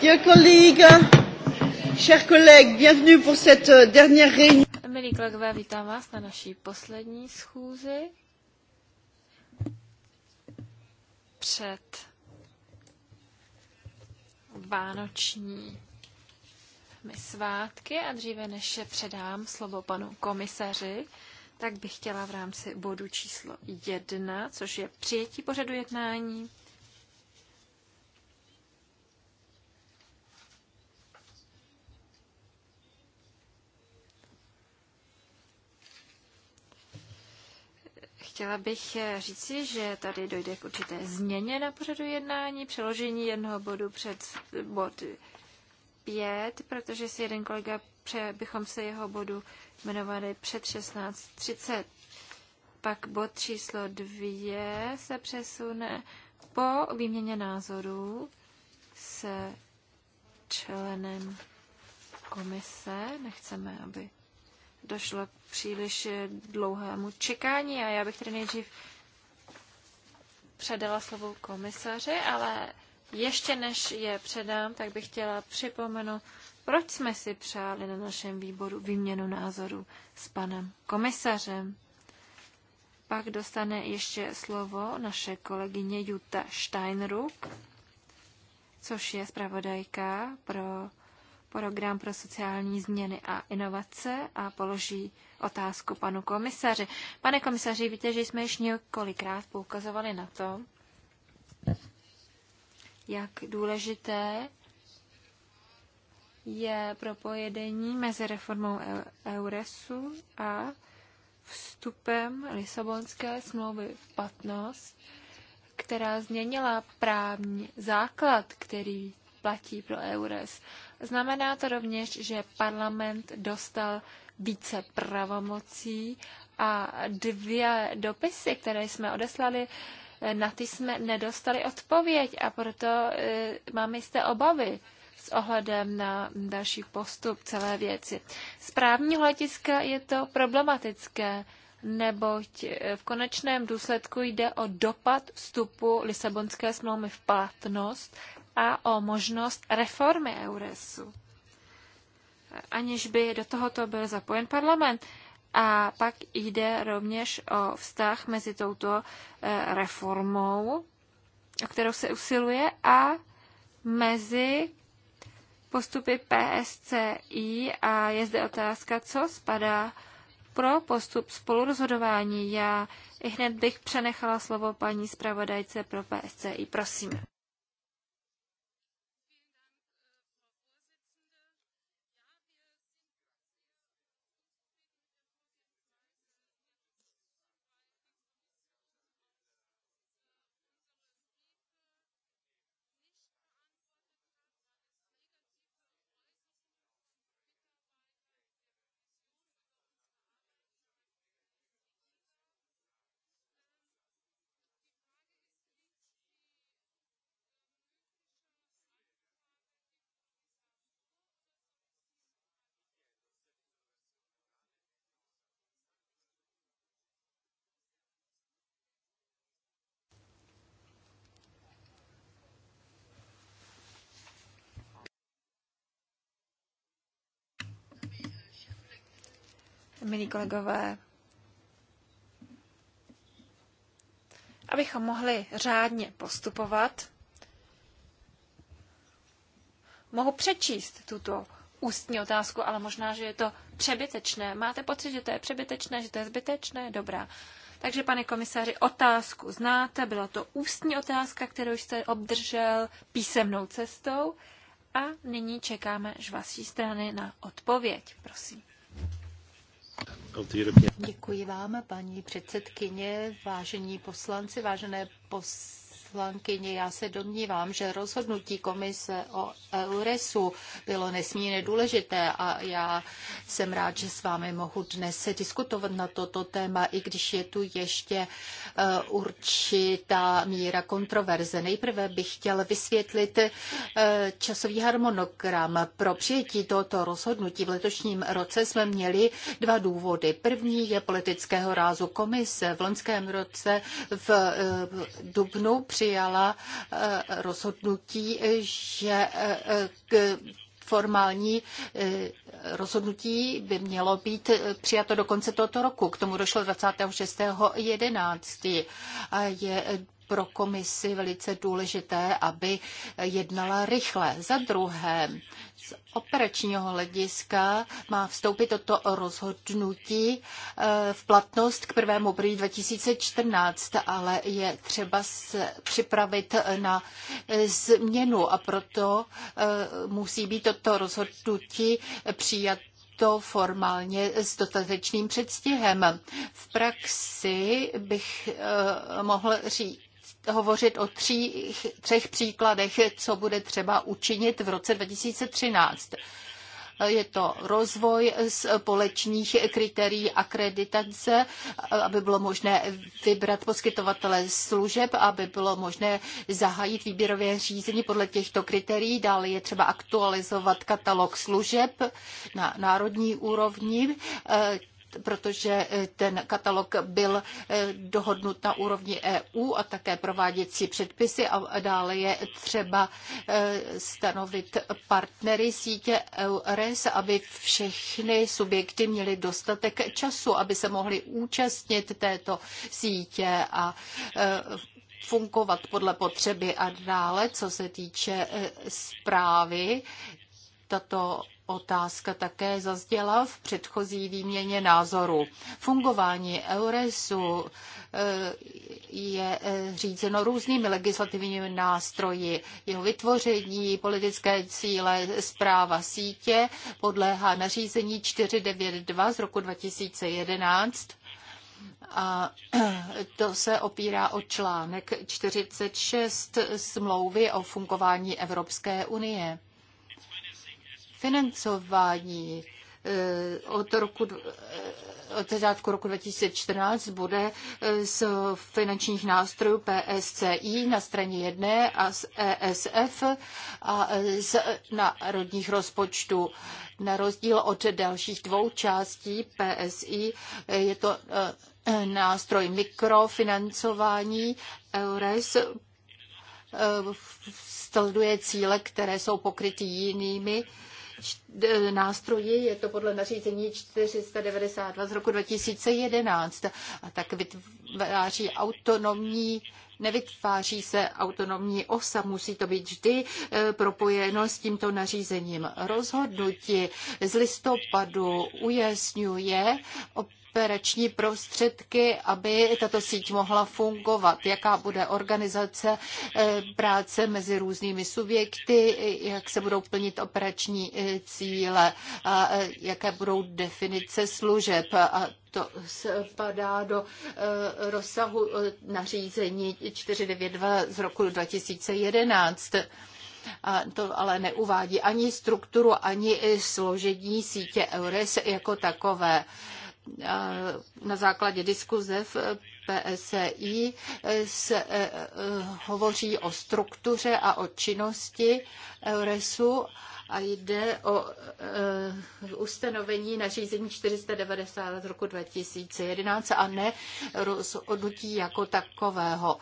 Dear colleague, chers collègues, bienvenue pour cette euh, dernière réunion. Milí kolegové, vítám vás na naší poslední schůzi před vánoční svátky a dříve než je předám slovo panu komisaři, tak bych chtěla v rámci bodu číslo jedna, což je přijetí pořadu jednání, Chtěla bych eh, říci, že tady dojde k určité změně na pořadu jednání, přeložení jednoho bodu před bod pět, protože si jeden kolega pře, bychom se jeho bodu jmenovali před 16.30. Pak bod číslo dvě se přesune po výměně názorů se členem komise. Nechceme, aby došlo k příliš dlouhému čekání a já bych tedy nejdřív předala slovo komisaři, ale ještě než je předám, tak bych chtěla připomenout, proč jsme si přáli na našem výboru výměnu názoru s panem komisařem. Pak dostane ještě slovo naše kolegyně Jutta Steinruck, což je zpravodajka pro program pro sociální změny a inovace a položí otázku panu komisaři. Pane komisaři, víte, že jsme již několikrát poukazovali na to, jak důležité je propojení mezi reformou Euresu a vstupem Lisabonské smlouvy v platnost, která změnila právní základ, který platí pro EURES. Znamená to rovněž, že parlament dostal více pravomocí a dvě dopisy, které jsme odeslali, na ty jsme nedostali odpověď a proto máme mám jisté obavy s ohledem na další postup celé věci. Z právního hlediska je to problematické, neboť e, v konečném důsledku jde o dopad vstupu Lisabonské smlouvy v platnost a o možnost reformy Euresu, aniž by do tohoto byl zapojen parlament. A pak jde rovněž o vztah mezi touto eh, reformou, o kterou se usiluje, a mezi postupy PSCI a je zde otázka, co spadá pro postup spolurozhodování. Já i hned bych přenechala slovo paní zpravodajce pro PSCI. Prosím. milí kolegové, abychom mohli řádně postupovat, mohu přečíst tuto ústní otázku, ale možná, že je to přebytečné. Máte pocit, že to je přebytečné, že to je zbytečné? Dobrá. Takže, pane komisáři, otázku znáte. Byla to ústní otázka, kterou jste obdržel písemnou cestou. A nyní čekáme z vaší strany na odpověď. Prosím. Děkuji vám, paní předsedkyně, vážení poslanci, vážené poslanci poslankyně, já se domnívám, že rozhodnutí komise o Euresu bylo nesmírně důležité a já jsem rád, že s vámi mohu dnes diskutovat na toto téma, i když je tu ještě eh, určitá míra kontroverze. Nejprve bych chtěl vysvětlit eh, časový harmonogram. Pro přijetí tohoto rozhodnutí v letošním roce jsme měli dva důvody. První je politického rázu komise. V loňském roce v eh, Dubnu při přijala eh, rozhodnutí, že eh, eh, k formální rozhodnutí by mělo být přijato do konce tohoto roku. K tomu došlo 26.11. A je pro komisi velice důležité, aby jednala rychle. Za druhé, operačního hlediska má vstoupit toto rozhodnutí eh, v platnost k 1. prý 2014, ale je třeba se připravit na eh, změnu a proto eh, musí být toto rozhodnutí přijat to formálně s dostatečným předstihem. V praxi bych mohl říct, hovořit o tří, třech příkladech, co bude třeba učinit v roce 2013. Je to rozvoj společných kritérií akreditace, aby bylo možné vybrat poskytovatele služeb, aby bylo možné zahájit výběrové řízení podle těchto kritérií. Dále je třeba aktualizovat katalog služeb na národní úrovni protože eh, ten katalog byl eh, dohodnut na úrovni EU a také prováděcí předpisy a dále je třeba eh, stanovit partnery sítě EURES, aby všechny subjekty měly dostatek času, aby se mohly účastnit této sítě a fungovat podle potřeby a dále, co se týče zprávy, tato otázka také zazděla v předchozí výměně názoru. Fungování Euresu eh, je eh, řízeno různými legislativními nástroji. Jeho vytvoření, politické cíle, zpráva sítě podléhá nařízení 492 z roku 2011 a to se opírá o článek 46 smlouvy o fungování Evropské unie financování eh, od, roku, eh, od začátku roku 2014 bude eh, z finančních nástrojů PSCI na straně jedné a z ESF a z národních rozpočtů. Na rozdíl od dalších dvou částí PSI je to nástroj mikrofinancování EURES sleduje cíle, které jsou pokryty jinými E, nástroji, je to podle nařízení 492 z roku 2011 a tak vytváří autonomní Nevytváří se autonomní osa, musí to být vždy e, propojeno s tímto nařízením. Rozhodnutí z listopadu ujasňuje operační prostředky, aby tato síť mohla fungovat? Jaká bude organizace eh, práce mezi různými subjekty? Jak se budou plnit operační eh, cíle? A eh, jaké budou definice služeb? A to spadá do rozsahu nařízení 492 z roku 2011. A to ale neuvádí ani strukturu, ani složení sítě EURES jako takové na základě diskuze v PSI se e, e, hovoří o struktuře a o činnosti Euresu a jde o e, ustanovení nařízení 490 z roku 2011 a ne rozhodnutí jako takového.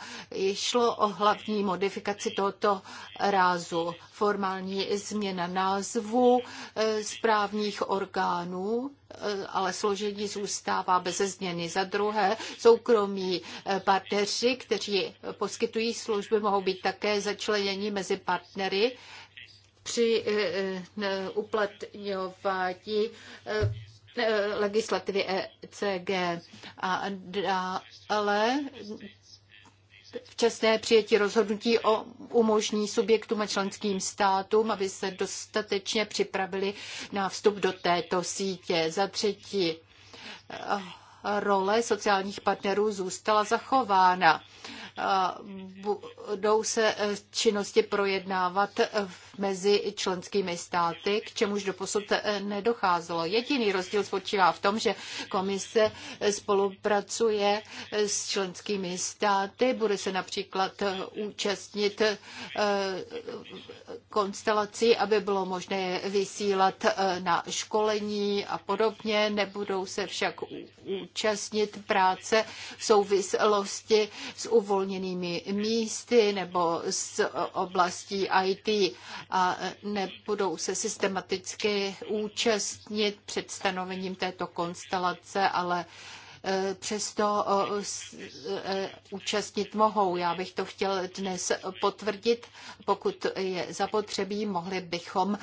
Šlo o hlavní modifikaci tohoto rázu, formální změna názvu e, správních orgánů eh, ale složení zůstává bez změny. Za druhé, soukromí partneři, kteří poskytují služby, mohou být také začleněni mezi partnery při eh, eh, uplatňování eh, legislativy ECG. A dále včasné přijetí rozhodnutí o umožní subjektům a členským státům, aby se dostatečně připravili na vstup do této sítě. Za třetí, role sociálních partnerů zůstala zachována. Eh, budou se eh, činnosti projednávat eh, mezi členskými státy, k čemuž doposud nedocházelo. Jediný rozdíl spočívá v tom, že komise spolupracuje s členskými státy, bude se například účastnit konstelací, aby bylo možné vysílat na školení a podobně, nebudou se však účastnit práce v souvislosti s uvolněnými místy nebo s oblastí IT a nebudou se systematicky účastnit před stanovením této konstelace, ale e, přesto e, účastnit mohou. Já bych to chtěl dnes potvrdit. Pokud je zapotřebí, mohli bychom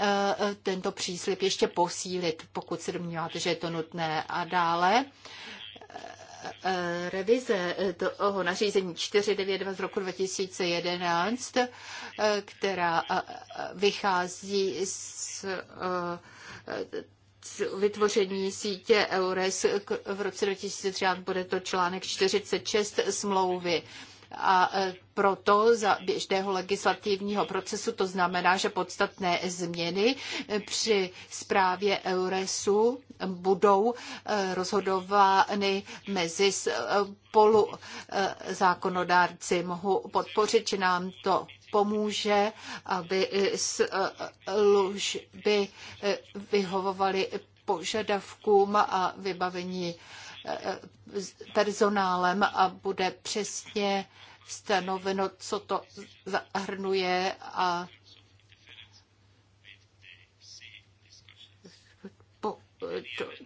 Eh, eh, tento příslip ještě posílit, pokud se domníváte, že je to nutné. A dále eh, revize toho nařízení 492 z roku 2011, která vychází z vytvoření sítě EURES v roce 2013, bude to článek 46 smlouvy a e, proto za běžného legislativního procesu to znamená, že podstatné změny e, při zprávě Euresu budou e, rozhodovány mezi spolu zákonodárci. Mohu podpořit, že nám to pomůže, aby služby vyhovovaly požadavkům a vybavení Eh, personálem a bude přesně stanoveno, co to zahrnuje a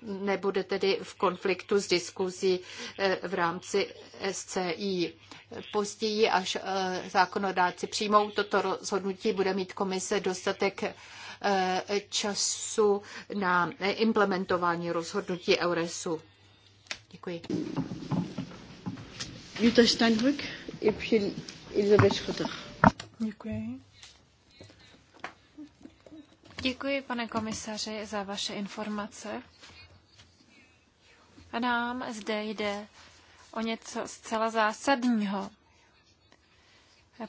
nebude tedy v konfliktu s diskuzí eh, v rámci SCI. Později, až eh, zákonodáci přijmou toto rozhodnutí, bude mít komise dostatek času na implementování rozhodnutí Euresu. Děkuji. Jutta Steinbrück a puis Elisabeth Schröter. Děkuji. Děkuji, pane komisaři, za vaše informace. A nám zde jde o něco zcela zásadního.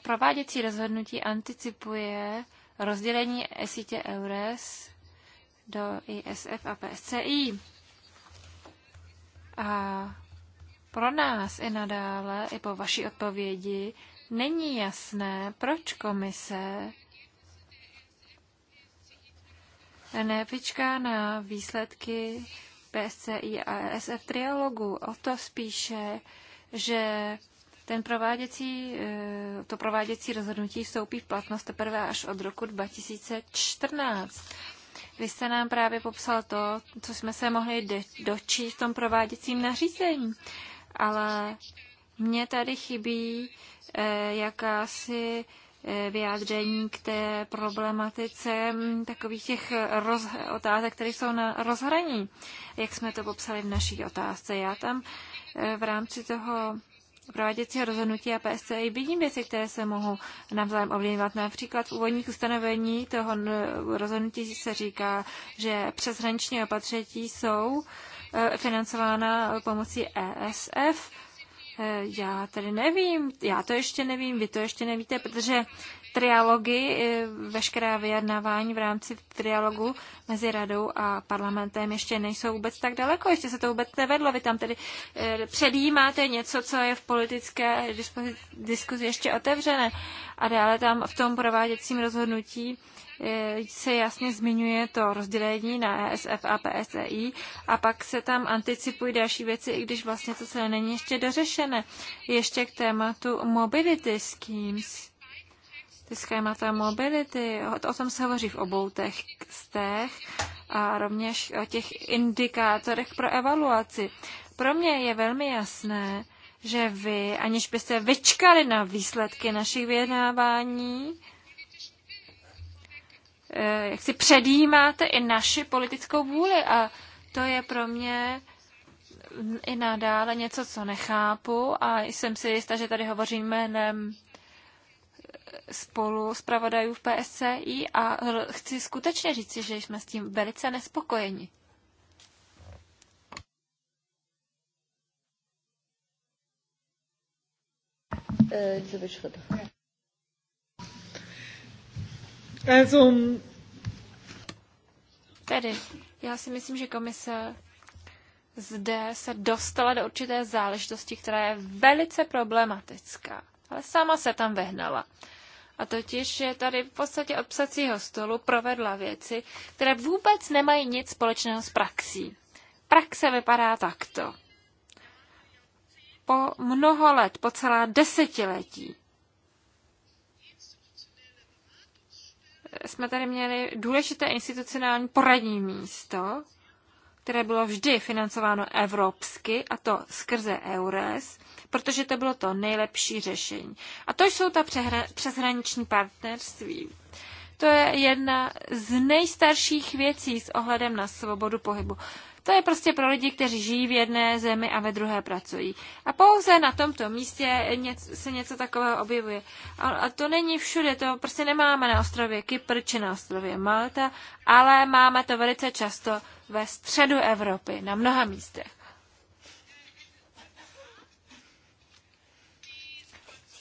Prováděcí rozhodnutí anticipuje rozdělení sítě EURES do ISF a PSCI. A pro nás i nadále, i po vaší odpovědi, není jasné, proč komise nevyčká na výsledky PSCI a ESF trialogu. O to spíše, že ten prováděcí, eh, to prováděcí rozhodnutí vstoupí v platnost teprve až od roku 2014. Vy jste nám právě popsal to, co jsme se mohli dočíst v tom prováděcím nařízení, ale mně tady chybí eh, jakási eh, vyjádření k té problematice hm, takových těch roz, otázek, které jsou na rozhraní, jak jsme to popsali v naší otázce. Já tam eh, v rámci toho prováděcího rozhodnutí a i vidím věci, které se mohou navzájem ovlivňovat. Například v úvodních ustanovení toho rozhodnutí se říká, že přeshraniční opatření jsou eh, financována pomocí ESF. Eh, já tedy nevím, já to ještě nevím, vy to ještě nevíte, protože trialogy, veškerá vyjednávání v rámci trialogu mezi radou a parlamentem ještě nejsou vůbec tak daleko, ještě se to vůbec nevedlo. Vy tam tedy eh, předjímáte něco, co je v politické diskuzi ještě otevřené. A dále tam v tom prováděcím rozhodnutí eh, se jasně zmiňuje to rozdělení na ESF a PSEI a pak se tam anticipují další věci, i když vlastně to celé není ještě dořešené. Ještě k tématu mobility schemes schémata mobility. O tom se hovoří v obou textech a rovněž o těch indikátorech pro evaluaci. Pro mě je velmi jasné, že vy, aniž byste vyčkali na výsledky našich vyjednávání, eh, jak si předjímáte i naši politickou vůli a to je pro mě i nadále něco, co nechápu a jsem si jistá, že tady hovoříme jménem spolu s v PSCI a chci skutečně říci, že jsme s tím velice nespokojeni. Um, Tedy, já si myslím, že komise zde se dostala do určité záležitosti, která je velice problematická ale sama se tam vehnala. A totiž je tady v podstatě od psacího stolu provedla věci, které vůbec nemají nic společného s praxí. Praxe vypadá takto. Po mnoho let, po celá desetiletí, jsme tady měli důležité institucionální poradní místo, které bylo vždy financováno evropsky, a to skrze EURES, protože to bylo to nejlepší řešení. A to jsou ta přehra- přeshraniční partnerství. To je jedna z nejstarších věcí s ohledem na svobodu pohybu. To je prostě pro lidi, kteří žijí v jedné zemi a ve druhé pracují. A pouze na tomto místě se něco takového objevuje. A, a to není všude, to prostě nemáme na ostrově Kypr či na ostrově Malta, ale máme to velice často ve středu Evropy, na mnoha místech.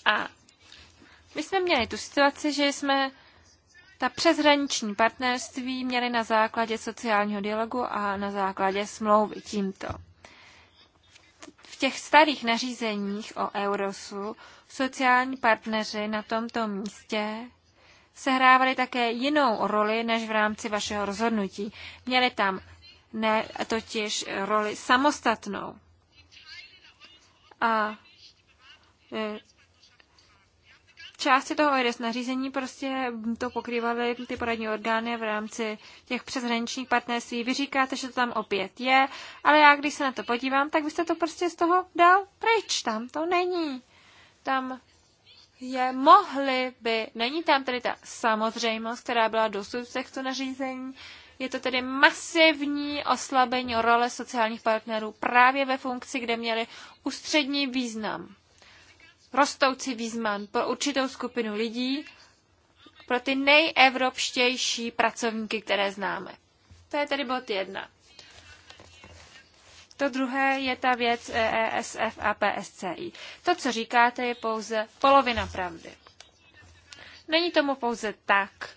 A my jsme měli tu situaci, že jsme ta přeshraniční partnerství měli na základě sociálního dialogu a na základě smlouvy tímto. V těch starých nařízeních o Eurosu sociální partneři na tomto místě sehrávali také jinou roli než v rámci vašeho rozhodnutí. Měli tam ne, totiž roli samostatnou. A e, části toho ERES nařízení prostě to pokrývaly ty poradní orgány v rámci těch přeshraničních partnerství. Vy říkáte, že to tam opět je, ale já když se na to podívám, tak byste to prostě z toho dal pryč. Tam to není. Tam je mohli by. Není tam tedy ta samozřejmost, která byla dosud v textu nařízení. Je to tedy masivní oslabení role sociálních partnerů právě ve funkci, kde měli ústřední význam rostoucí význam pro určitou skupinu lidí, pro ty nejevropštější pracovníky, které známe. To je tedy bod jedna. To druhé je ta věc ESF e a PSCI. To, co říkáte, je pouze polovina pravdy. Není tomu pouze tak,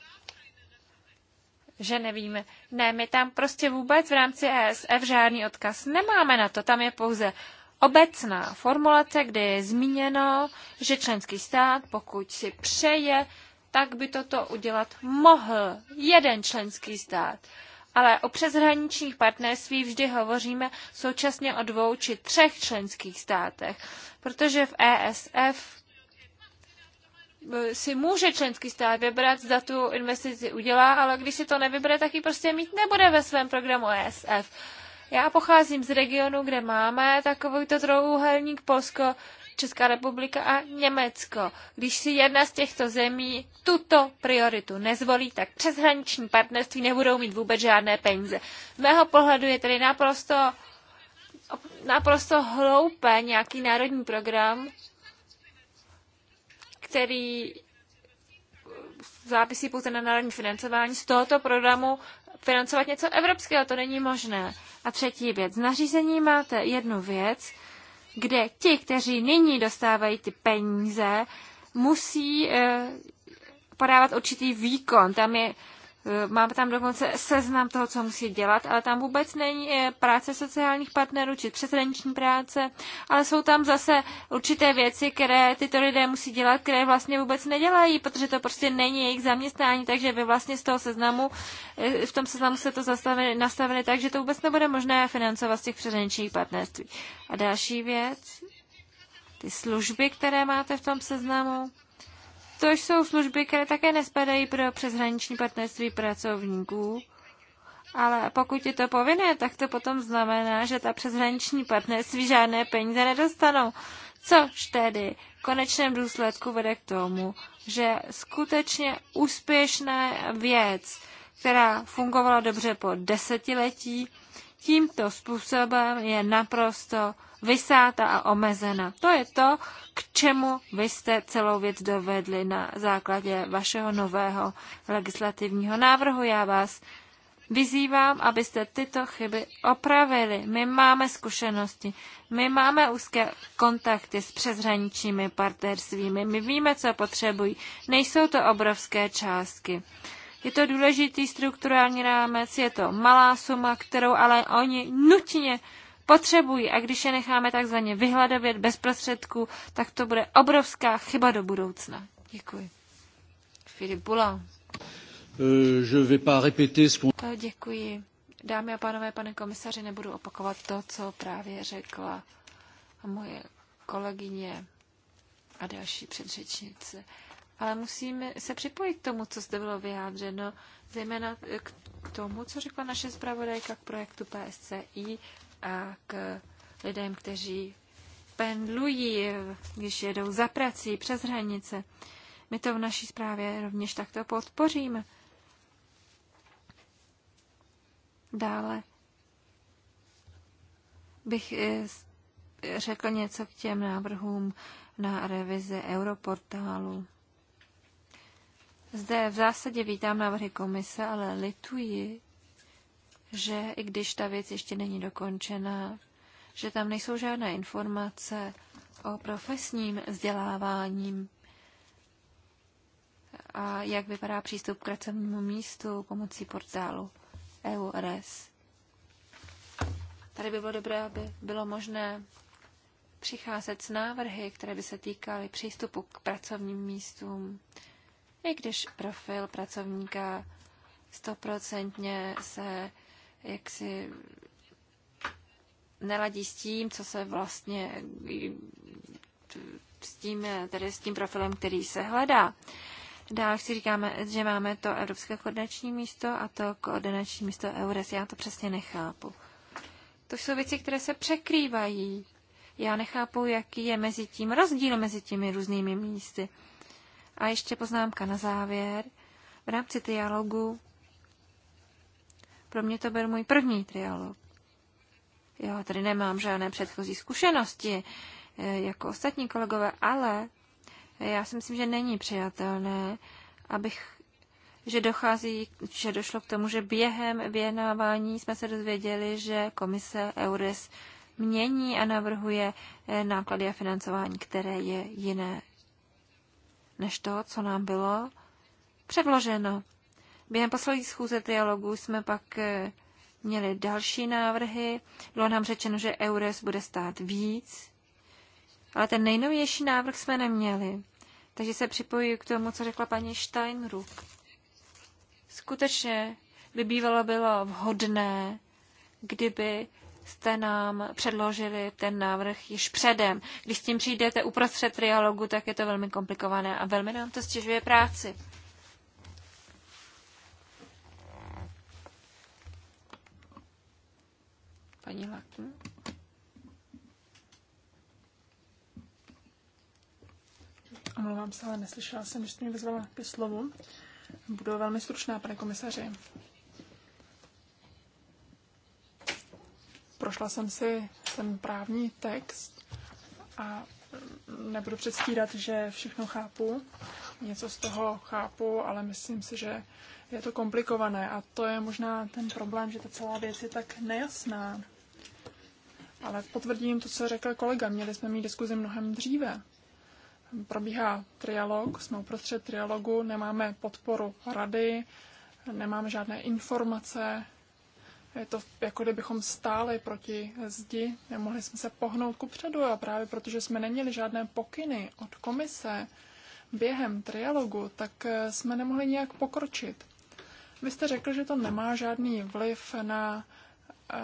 že nevíme. Ne, my tam prostě vůbec v rámci ESF žádný odkaz nemáme na to. Tam je pouze obecná formulace, kde je zmíněno, že členský stát, pokud si přeje, tak by toto udělat mohl jeden členský stát. Ale o přeshraničních partnerství vždy hovoříme současně o dvou či třech členských státech, protože v ESF eh, si může členský stát vybrat, zda tu investici udělá, ale když si to nevybere, tak ji prostě mít nebude ve svém programu ESF. Já pocházím z regionu, kde máme takovýto trojúhelník Polsko, Česká republika a Německo. Když si jedna z těchto zemí tuto prioritu nezvolí, tak přeshraniční partnerství nebudou mít vůbec žádné peníze. Z mého pohledu je tedy naprosto, naprosto hloupé nějaký národní program, který zápisí pouze na národní financování z tohoto programu financovat něco evropského, to není možné. A třetí věc, z nařízení máte jednu věc, kde ti, kteří nyní dostávají ty peníze, musí e, podávat určitý výkon. Tam je Eh, Mám tam dokonce seznam toho, co musí dělat, ale tam vůbec není eh, práce sociálních partnerů či přeshraniční práce, ale jsou tam zase určité věci, které tyto lidé musí dělat, které vlastně vůbec nedělají, protože to prostě není jejich zaměstnání, takže vy vlastně z toho seznamu, eh, v tom seznamu se to nastavili tak, že to vůbec nebude možné financovat z těch přeshraničních partnerství. A další věc, ty služby, které máte v tom seznamu, to jsou služby, které také nespadají pro přeshraniční partnerství pracovníků. Ale pokud je to povinné, tak to potom znamená, že ta přeshraniční partnerství žádné peníze nedostanou. Což tedy v konečném důsledku vede k tomu, že skutečně úspěšná věc, která fungovala dobře po desetiletí, tímto způsobem je naprosto vysáta a omezena. To je to, k čemu vy jste celou věc dovedli na základě vašeho nového legislativního návrhu. Já vás Vyzývám, abyste tyto chyby opravili. My máme zkušenosti, my máme úzké kontakty s přeshraničními partnerstvími, my víme, co potřebují. Nejsou to obrovské částky. Je to důležitý strukturální rámec, je to malá suma, kterou ale oni nutně potřebují a když je necháme takzvaně vyhladovět bez prostředků, tak to bude obrovská chyba do budoucna. Děkuji. Filip Bula. Euh, děkuji. Dámy a pánové, pane komisaři, nebudu opakovat to, co právě řekla moje kolegyně a další předřečnice ale musíme se připojit k tomu, co zde bylo vyjádřeno, zejména k tomu, co řekla naše zpravodajka k projektu PSCI a k lidem, kteří pendlují, když jedou za prací přes hranice. My to v naší zprávě rovněž takto podpoříme. Dále bych eh, řekl něco k těm návrhům na revizi Europortálu. Zde v zásadě vítám návrhy komise, ale lituji, že i když ta věc ještě není dokončena, že tam nejsou žádné informace o profesním vzděláváním a jak vypadá přístup k pracovnímu místu pomocí portálu EURES. Tady by bylo dobré, aby bylo možné přicházet s návrhy, které by se týkaly přístupu k pracovním místům, i když profil pracovníka stoprocentně se jaksi neladí s tím, co se vlastně s tím, tedy s tím profilem, který se hledá. Dále si říkáme, že máme to Evropské koordinační místo a to koordinační místo EURES. Já to přesně nechápu. To jsou věci, které se překrývají. Já nechápu, jaký je mezi tím rozdíl mezi těmi různými místy. A ještě poznámka na závěr. V rámci dialogu, pro mě to byl můj první trialog. Já tady nemám žádné předchozí zkušenosti eh, jako ostatní kolegové, ale já si myslím, že není přijatelné, abych že dochází, že došlo k tomu, že během vyjednávání jsme se dozvěděli, že komise EURES mění a navrhuje eh, náklady a financování, které je jiné než to, co nám bylo předloženo. Během poslední schůze dialogu jsme pak eh, měli další návrhy. Bylo nám řečeno, že EURES bude stát víc, ale ten nejnovější návrh jsme neměli. Takže se připojuji k tomu, co řekla paní Steinruck. Skutečně by bývalo bylo vhodné, kdyby jste nám předložili ten návrh již předem. Když s tím přijdete uprostřed trialogu, tak je to velmi komplikované a velmi nám to stěžuje práci. Paní Lakin. Omlouvám se, ale neslyšela jsem, že jste mě vyzvala ke slovu. Budu velmi stručná, pane komisaři. Prošla jsem si ten právní text a nebudu předstírat, že všechno chápu. Něco z toho chápu, ale myslím si, že je to komplikované a to je možná ten problém, že ta celá věc je tak nejasná. Ale potvrdím to, co řekl kolega. Měli jsme mít diskuzi mnohem dříve. Probíhá trialog, jsme uprostřed trialogu, nemáme podporu rady, nemáme žádné informace, je to jako kdybychom stáli proti zdi, nemohli jsme se pohnout ku předu a právě protože jsme neměli žádné pokyny od komise během trialogu, tak eh, jsme nemohli nějak pokročit. Vy jste řekl, že to nemá žádný vliv na eh,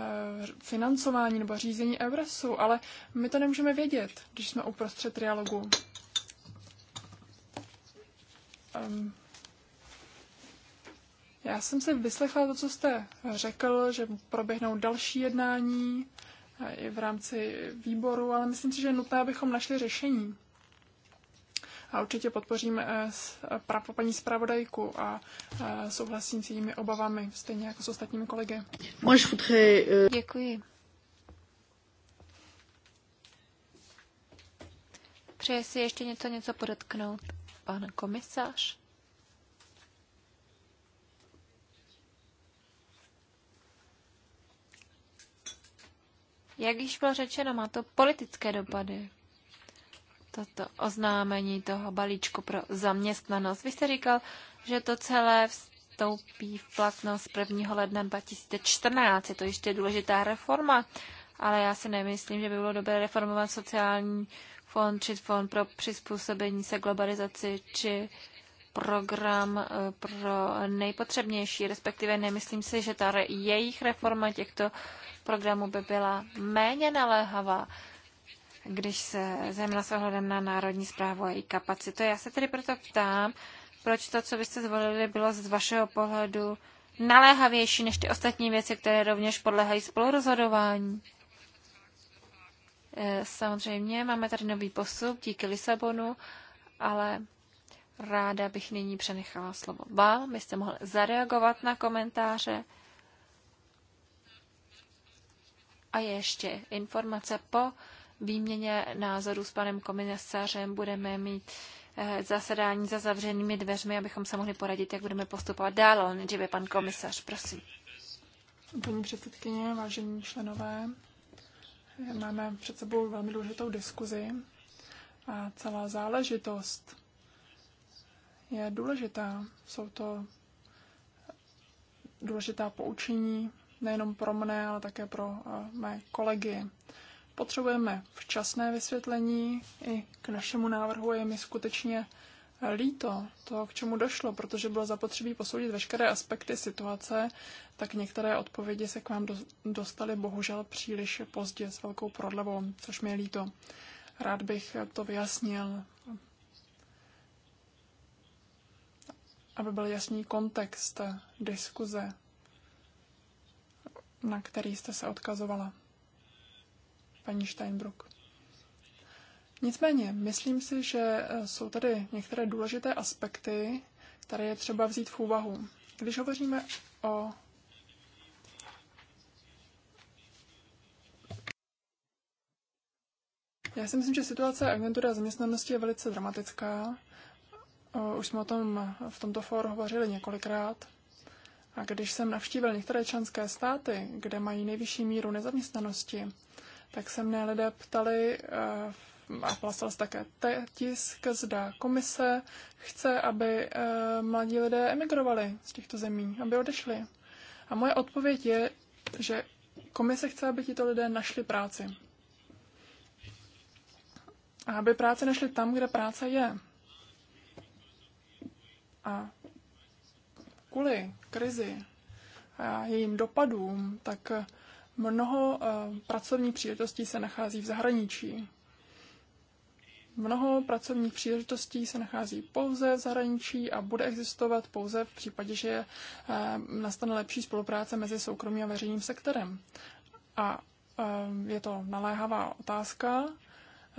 financování nebo řízení Evresu, ale my to nemůžeme vědět, když jsme uprostřed trialogu. Um, já jsem si vyslechla to, co jste řekl, že proběhnou další jednání eh, i v rámci výboru, ale myslím si, že je nutné, abychom našli řešení. A určitě podpořím eh, eh, paní zpravodajku a souhlasím s jejími obavami, stejně jako s ostatními kolegy. Euh, Děkuji. Přeje si ještě něco, něco podotknout pan komisař? Jak již bylo řečeno, má to politické dopady. Toto oznámení toho balíčku pro zaměstnanost. Vy jste říkal, že to celé vstoupí v platnost 1. ledna 2014. Je to ještě důležitá reforma, ale já si nemyslím, že by bylo dobré reformovat sociální fond či fond pro přizpůsobení se globalizaci či program eh, pro nejpotřebnější, respektive nemyslím si, že ta jejich reforma těchto programu by byla méně naléhavá, když se zejména s ohledem na národní zprávu a její kapacitu. Já se tedy proto ptám, proč to, co byste zvolili, bylo z vašeho pohledu naléhavější než ty ostatní věci, které rovněž podléhají spolurozhodování. Eh, samozřejmě máme tady nový posup díky Lisabonu, ale ráda bych nyní přenechala slovo vám, byste mohli zareagovat na komentáře A ještě informace po výměně názoru s panem komisařem budeme mít eh, zasedání za zavřenými dveřmi, abychom se mohli poradit, jak budeme postupovat dál. On dříve pan komisař, prosím. Paní předsedkyně, vážení členové, máme před sebou velmi důležitou diskuzi a celá záležitost je důležitá. Jsou to důležitá poučení nejenom pro mne, ale také pro eh, mé kolegy. Potřebujeme včasné vysvětlení i k našemu návrhu je mi skutečně líto to, k čemu došlo, protože bylo zapotřebí posoudit veškeré aspekty situace, tak některé odpovědi se k vám dostaly bohužel příliš pozdě s velkou prodlevou, což mi je líto. Rád bych to vyjasnil, aby byl jasný kontext diskuze na který jste se odkazovala, paní Steinbrück. Nicméně, myslím si, že e, jsou tady některé důležité aspekty, které je třeba vzít v úvahu. Když hovoříme o Já si myslím, že situace agentury a zaměstnanosti je velice dramatická. Už jsme o tom v tomto fóru hovořili několikrát. A když jsem navštívil některé členské státy, kde mají nejvyšší míru nezaměstnanosti, tak se mne lidé ptali, eh, a plasil se také tisk, zda komise chce, aby eh, mladí lidé emigrovali z těchto zemí, aby odešli. A moje odpověď je, že komise chce, aby tito lidé našli práci. A aby práce našli tam, kde práce je. A kvůli krizi a jejím dopadům, tak mnoho eh, pracovních příležitostí se nachází v zahraničí. Mnoho pracovních příležitostí se nachází pouze v zahraničí a bude existovat pouze v případě, že eh, nastane lepší spolupráce mezi soukromým a veřejným sektorem. A eh, je to naléhavá otázka.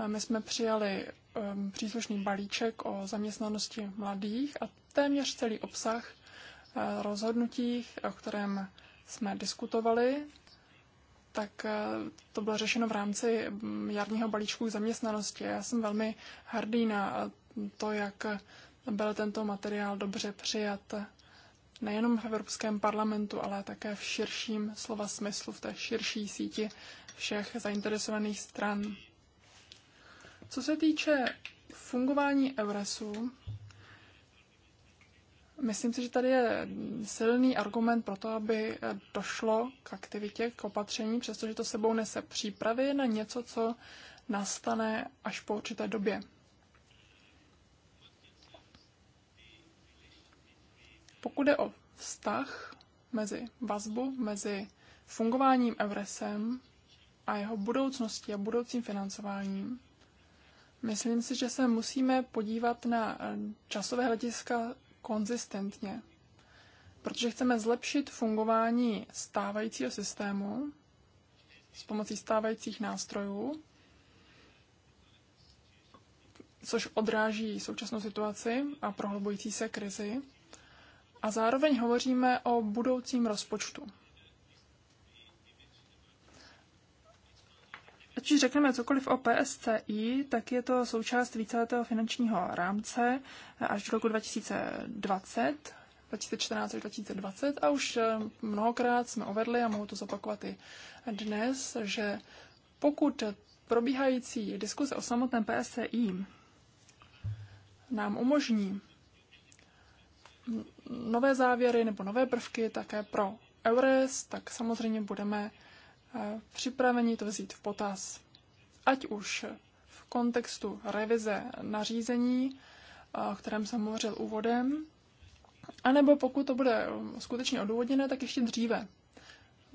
My jsme přijali příslušný balíček o zaměstnanosti mladých a téměř celý obsah Eh, rozhodnutích, o kterém jsme diskutovali, tak eh, to bylo řešeno v rámci mm, jarního balíčku zaměstnanosti. Já jsem velmi hrdý na eh, to, jak byl tento materiál dobře přijat nejenom v Evropském parlamentu, ale také v širším slova smyslu, v té širší síti všech zainteresovaných stran. Co se týče fungování Euresu, Myslím si, že tady je silný argument pro to, aby eh, došlo k aktivitě, k opatření, přestože to sebou nese přípravy na něco, co nastane až po určité době. Pokud je o vztah mezi vazbu, mezi fungováním Evresem a jeho budoucností a budoucím financováním, myslím si, že se musíme podívat na eh, časové hlediska konzistentně, protože chceme zlepšit fungování stávajícího systému s pomocí stávajících nástrojů, což odráží současnou situaci a prohlubující se krizi. A zároveň hovoříme o budoucím rozpočtu. už řekneme cokoliv o PSCI, tak je to součást víceletého finančního rámce až do roku 2020, 2014 až 2020 a už eh, mnohokrát jsme uvedli a mohu to zopakovat i dnes, že pokud probíhající diskuse o samotném PSCI nám umožní nové závěry nebo nové prvky také pro EURES, tak samozřejmě budeme připraveni to vzít v potaz. Ať už v kontextu revize nařízení, o kterém jsem hovořil úvodem, anebo pokud to bude um, skutečně odůvodněné, tak ještě dříve,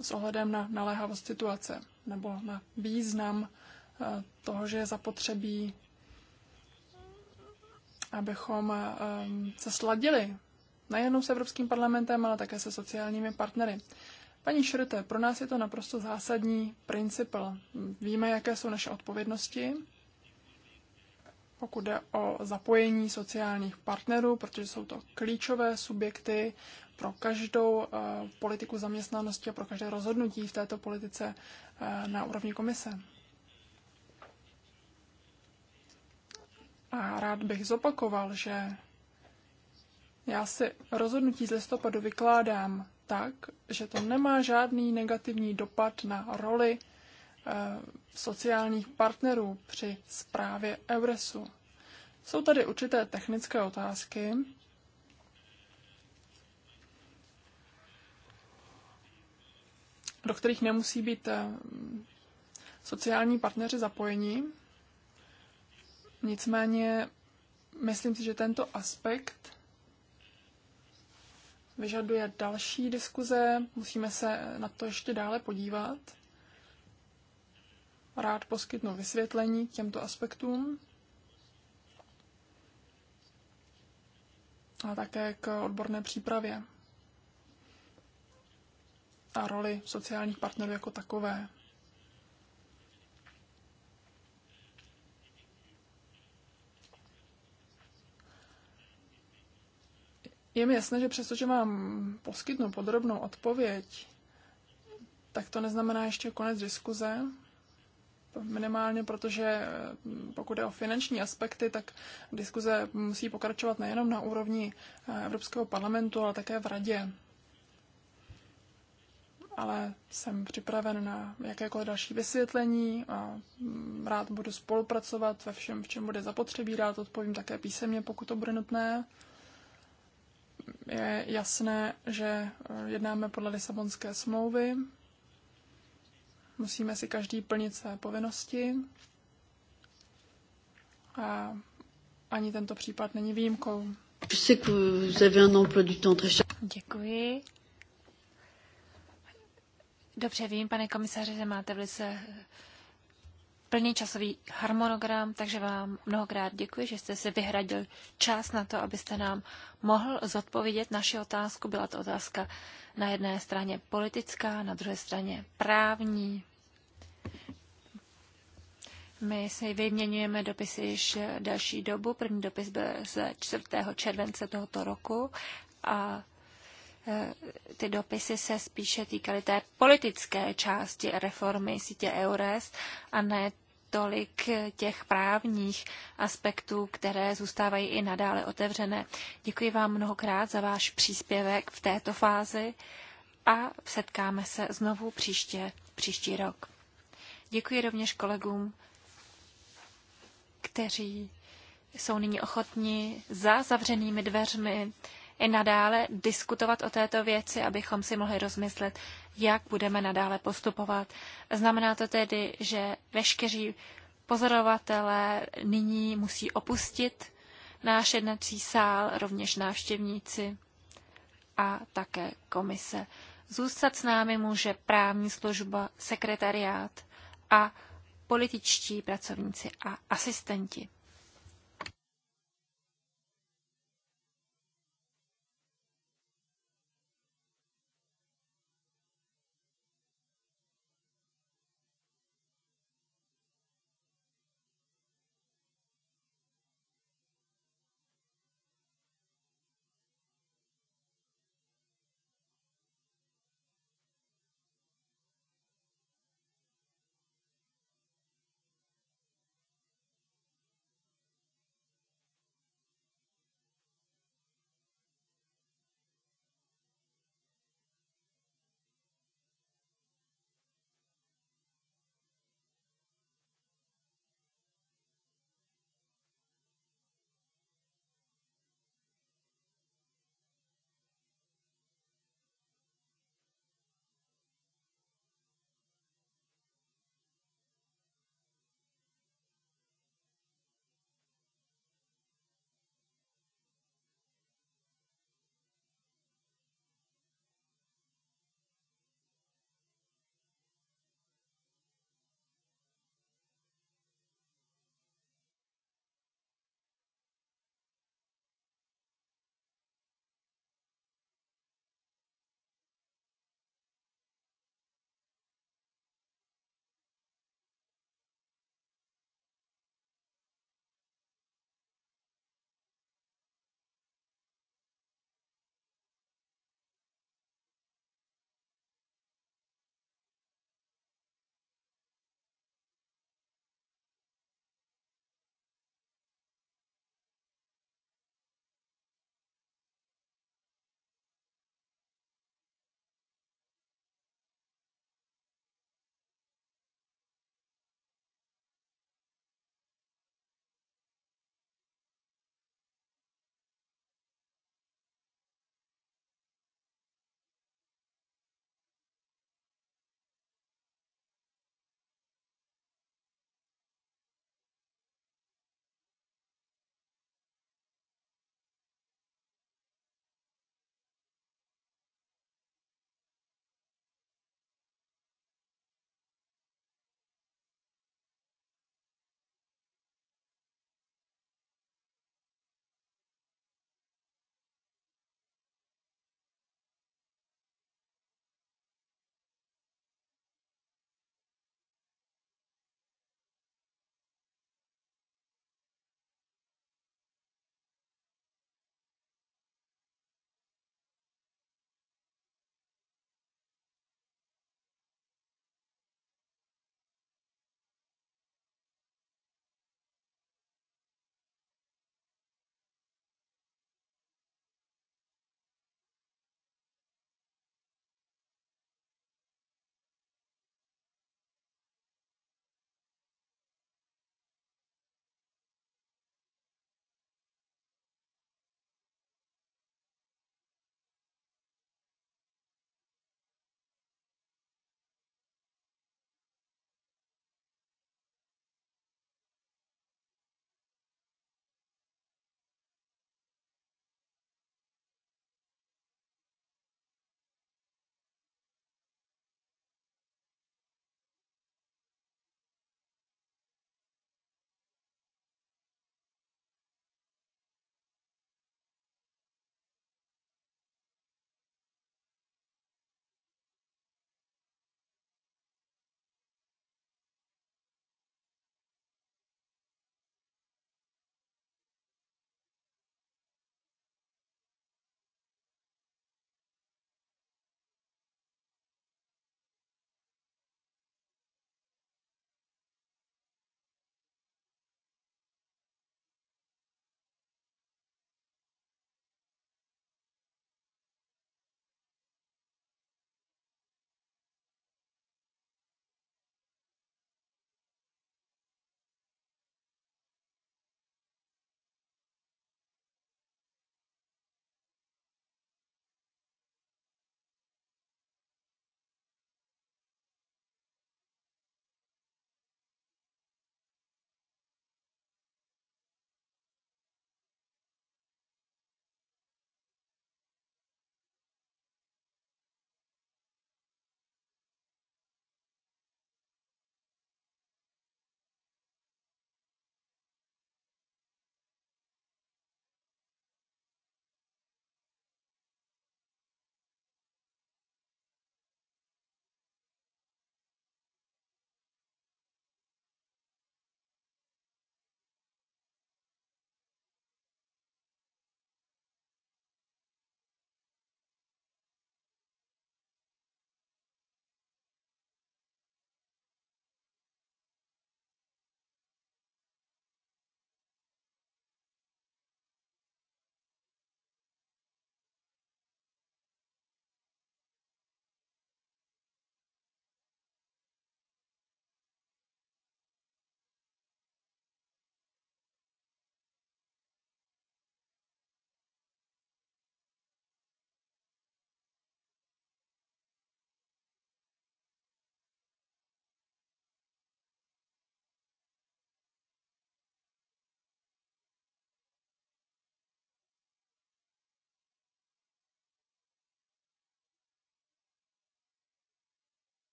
s ohledem na naléhavost situace nebo na význam toho, že je zapotřebí, abychom um, se sladili nejenom s Evropským parlamentem, ale také se sociálními partnery. Paní Šrte, pro nás je to naprosto zásadní princip. Víme, jaké jsou naše odpovědnosti, pokud jde o zapojení sociálních partnerů, protože jsou to klíčové subjekty pro každou uh, politiku zaměstnanosti a pro každé rozhodnutí v této politice uh, na úrovni komise. A rád bych zopakoval, že já si rozhodnutí z listopadu vykládám tak, že to nemá žádný negativní dopad na roli eh, sociálních partnerů při zprávě Euresu. Jsou tady určité technické otázky. do kterých nemusí být eh, sociální partneři zapojení. Nicméně myslím si, že tento aspekt vyžaduje další diskuze, musíme se na to ještě dále podívat. Rád poskytnu vysvětlení k těmto aspektům a také k odborné přípravě a roli sociálních partnerů jako takové. Je mi jasné, že přestože mám poskytnu podrobnou odpověď, tak to neznamená ještě konec diskuze. Minimálně protože mm, pokud je o finanční aspekty, tak diskuze musí pokračovat nejenom na úrovni eh, Evropského parlamentu, ale také v radě. Ale jsem připraven na jakékoliv další vysvětlení a mm, rád budu spolupracovat ve všem, v čem bude zapotřebí. Rád odpovím také písemně, pokud to bude nutné je jasné, že eh, jednáme podle Lisabonské smlouvy. Musíme si každý plnit své povinnosti. A ani tento případ není výjimkou. Děkuji. Dobře vím, pane komisaře, že máte velice plný časový harmonogram, takže vám mnohokrát děkuji, že jste si vyhradil čas na to, abyste nám mohl zodpovědět naši otázku. Byla to otázka na jedné straně politická, na druhé straně právní. My si vyměňujeme dopisy již další dobu. První dopis byl z 4. července tohoto roku a e, ty dopisy se spíše týkaly té politické části reformy sítě EURES a ne tolik těch právních aspektů, které zůstávají i nadále otevřené. Děkuji vám mnohokrát za váš příspěvek v této fázi a setkáme se znovu příště, příští rok. Děkuji rovněž kolegům, kteří jsou nyní ochotni za zavřenými dveřmi i nadále diskutovat o této věci, abychom si mohli rozmyslet, jak budeme nadále postupovat. Znamená to tedy, že veškeří pozorovatelé nyní musí opustit náš jednací sál, rovněž návštěvníci a také komise. Zůstat s námi může právní služba, sekretariát a političtí pracovníci a asistenti.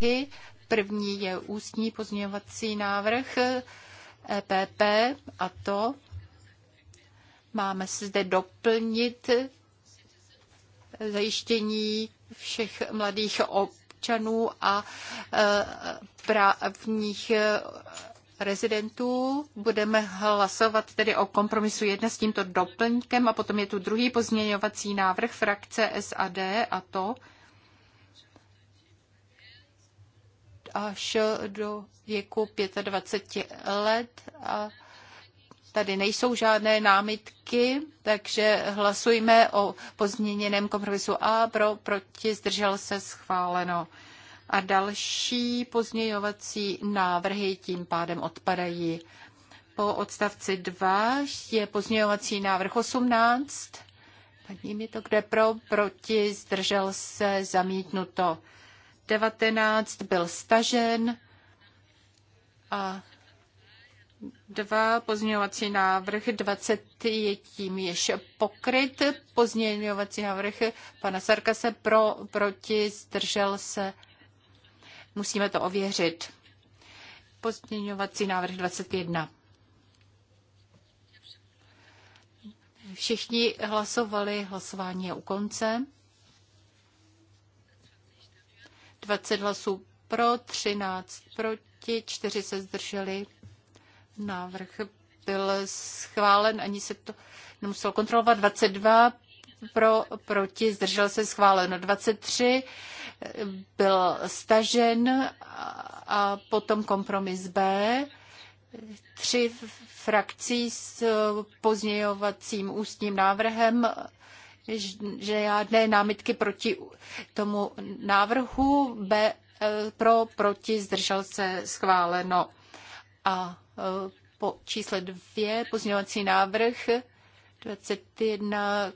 návrhy. První je ústní pozměňovací návrh EPP a to máme zde doplnit zajištění všech mladých občanů a e, právních rezidentů. Budeme hlasovat tedy o kompromisu jedna s tímto doplňkem a potom je tu druhý pozměňovací návrh frakce SAD a to až do věku 25 let a tady nejsou žádné námitky, takže hlasujme o pozměněném kompromisu A pro, proti, zdržel se schváleno. A další pozměňovací návrhy tím pádem odpadají. Po odstavci 2 je pozměňovací návrh 18. Paní mi to kde pro, proti, zdržel se, zamítnuto. 19 byl stažen a dva pozměňovací návrh 20 je tím již pokryt. Pozměňovací návrh pana Sarka se pro, proti, zdržel se. Musíme to ověřit. Pozměňovací návrh 21. Všichni hlasovali, hlasování je u konce. 20 hlasů pro, 13 proti, 4 se zdrželi. Návrh byl schválen, ani se to nemuselo kontrolovat. 22 pro, proti, zdržel se schváleno 23, byl stažen a potom kompromis B. Tři frakcí s pozměňovacím ústním návrhem že žádné námitky proti tomu návrhu, B eh, pro, proti, zdržel se, schváleno. A eh, po čísle dvě pozměňovací návrh 21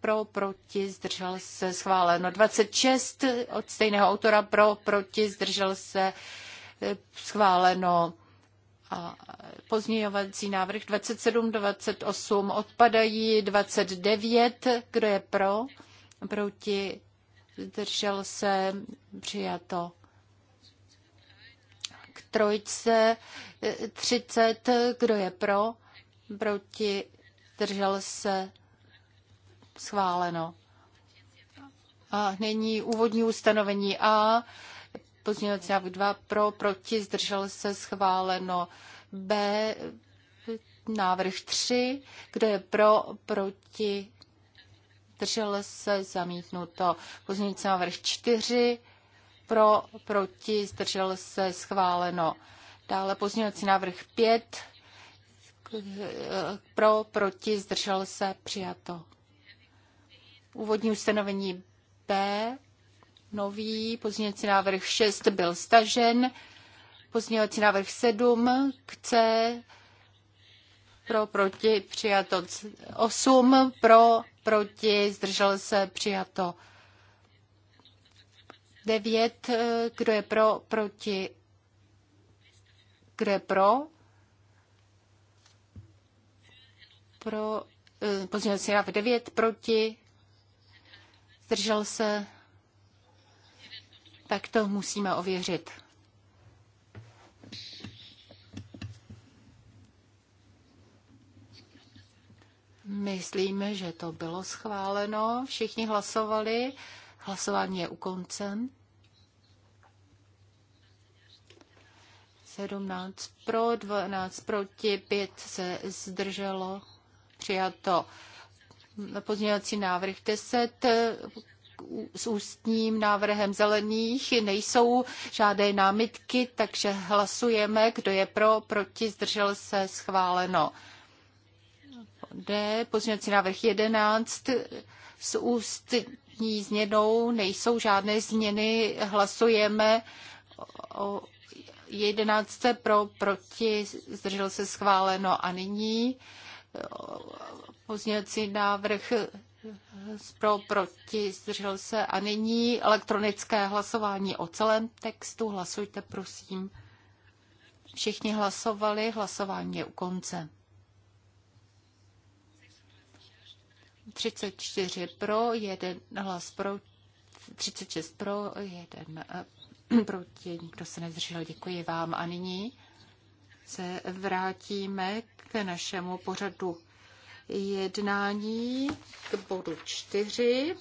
pro, proti, zdržel se, schváleno. 26 od stejného autora pro, proti, zdržel se, eh, schváleno. A pozměňovací návrh 27, 28 odpadají, 29, kdo je pro, proti, zdržel se, přijato. K trojce 30, kdo je pro, proti, zdržel se, schváleno. A nyní úvodní ustanovení A. Pozměňovací návrh 2 pro, proti, zdržel se, schváleno. B, návrh 3, kdo je pro, proti, zdržel se, zamítnuto. Pozměňovací návrh 4, pro, proti, zdržel se, schváleno. Dále pozměňovací návrh 5, pro, proti, zdržel se, přijato. Úvodní ustanovení B, nový, pozměňovací návrh 6 byl stažen, pozměňovací návrh 7 k C, pro, proti, přijato 8, pro, proti, zdržel se, přijato 9, kdo je pro, proti, kdo je pro, pro, eh, pozměňovací návrh 9, proti, zdržel se, tak to musíme ověřit. Myslíme, že to bylo schváleno. Všichni hlasovali. Hlasování je u konce. 17 pro, 12 proti, 5 se zdrželo. Přijato pozměňovací návrh 10 s ústním návrhem zelených. Nejsou žádné námitky, takže hlasujeme, kdo je pro, proti, zdržel se, schváleno. D, pozměňovací návrh 11 s ústní změnou, nejsou žádné změny, hlasujeme o 11 pro, proti, zdržel se schváleno a nyní pozměňovací návrh pro, proti, zdržel se. A nyní elektronické hlasování o celém textu. Hlasujte, prosím. Všichni hlasovali, hlasování je u konce. 34 pro, jeden hlas pro, 36 pro, jeden eh, proti, nikdo se nezdržel. Děkuji vám. A nyní se vrátíme k našemu pořadu jednání k bodu 4.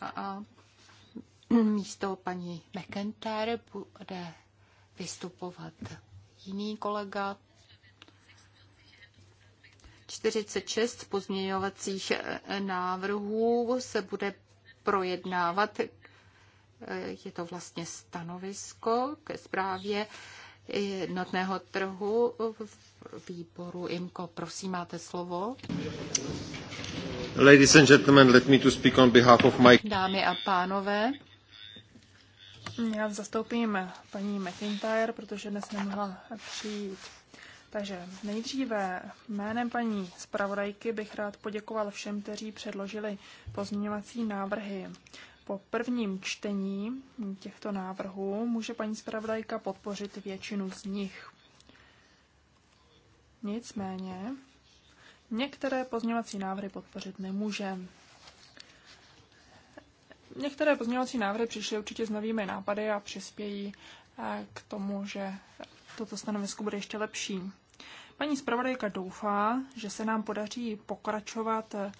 A místo paní McIntyre bude vystupovat jiný kolega. 46 pozměňovacích eh, návrhů se bude projednávat je to vlastně stanovisko ke zprávě jednotného trhu výboru IMCO. Prosím, máte slovo. Ladies and gentlemen, let me to speak on behalf of my... Dámy a pánové, já zastoupím paní McIntyre, protože dnes nemohla přijít. Takže nejdříve jménem paní zpravodajky bych rád poděkoval všem, kteří předložili pozměňovací návrhy. Po prvním čtení těchto návrhů může paní zpravodajka podpořit většinu z nich. Nicméně některé pozměňovací návrhy podpořit nemůže. Některé pozměňovací návrhy přišly určitě s novými nápady a přispějí eh, k tomu, že toto stanovisko bude ještě lepší. Paní zpravodajka doufá, že se nám podaří pokračovat eh,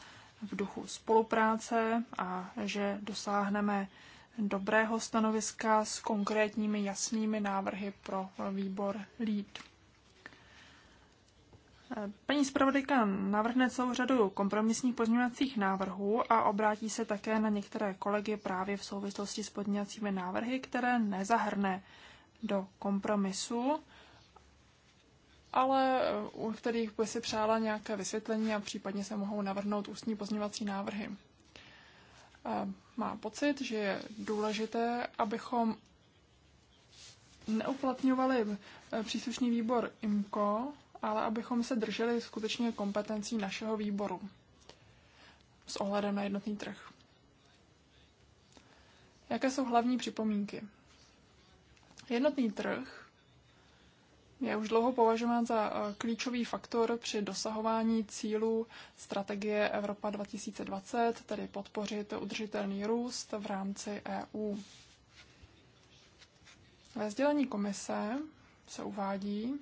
v duchu spolupráce a že dosáhneme dobrého stanoviska s konkrétními jasnými návrhy pro výbor LEAD. Paní zpravodajka navrhne celou řadu kompromisních pozměňovacích návrhů a obrátí se také na některé kolegy právě v souvislosti s pozměňovacími návrhy, které nezahrne do kompromisu ale eh, u kterých by si přála nějaké vysvětlení a případně se mohou navrhnout ústní pozměňovací návrhy. Eh, má pocit, že je důležité, abychom neuplatňovali eh, příslušný výbor IMCO, ale abychom se drželi skutečně kompetencí našeho výboru s ohledem na jednotný trh. Jaké jsou hlavní připomínky? Jednotný trh je už dlouho považován za eh, klíčový faktor při dosahování cílů strategie Evropa 2020, tedy podpořit udržitelný růst v rámci EU. Ve sdělení komise se uvádí,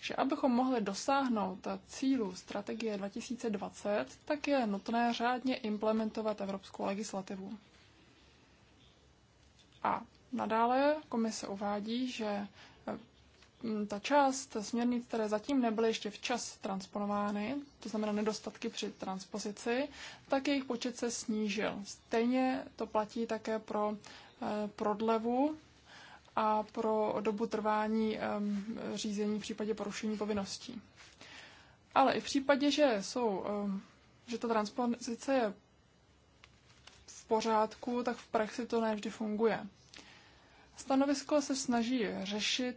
že abychom mohli dosáhnout cílů strategie 2020, tak je nutné řádně implementovat evropskou legislativu. A nadále komise uvádí, že Mm, ta část směrnic, které zatím nebyly ještě včas transponovány, to znamená nedostatky při transpozici, tak jejich počet se snížil. Stejně to platí také pro eh, prodlevu a pro dobu trvání ehm, řízení v případě porušení povinností. Ale i v případě, že, jsou, ehm, že ta transpozice je v pořádku, tak v praxi to ne vždy funguje. Stanovisko se snaží řešit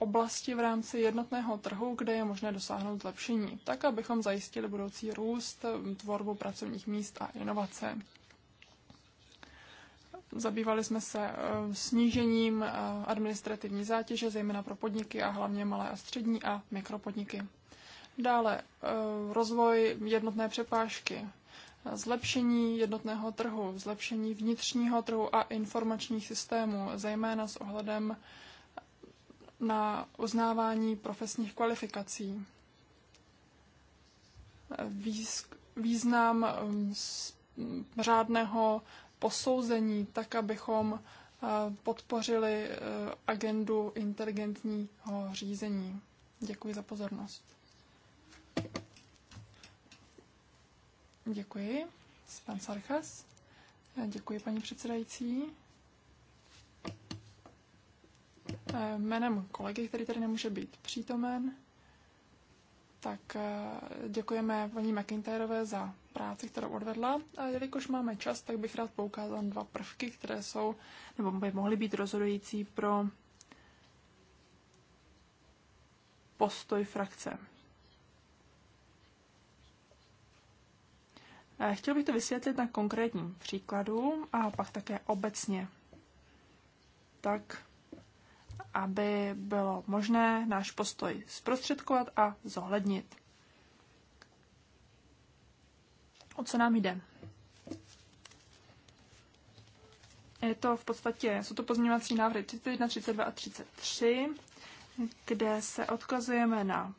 oblasti v rámci jednotného trhu, kde je možné dosáhnout zlepšení, tak abychom zajistili budoucí růst, tvorbu pracovních míst a inovace. Zabývali jsme se eh, snížením eh, administrativní zátěže, zejména pro podniky a hlavně malé a střední a mikropodniky. Dále eh, rozvoj jednotné přepážky, zlepšení jednotného trhu, zlepšení vnitřního trhu a informačních systémů, zejména s ohledem na uznávání profesních kvalifikací. Význam um, řádného posouzení, tak abychom uh, podpořili uh, agendu inteligentního řízení. Děkuji za pozornost. Děkuji, pan Sarkas. Děkuji, paní předsedající. Eh, jménem kolegy, který tady nemůže být přítomen, tak eh, děkujeme paní McIntyrové za práci, kterou odvedla. A jelikož máme čas, tak bych rád poukázal dva prvky, které jsou, nebo by mohly být rozhodující pro postoj frakce. Eh, chtěl bych to vysvětlit na konkrétním příkladu a pak také obecně. Tak, aby bylo možné náš postoj zprostředkovat a zohlednit. O co nám jde? Je to v podstatě, jsou to pozměňovací návrhy 31, 32 a 33, kde se odkazujeme na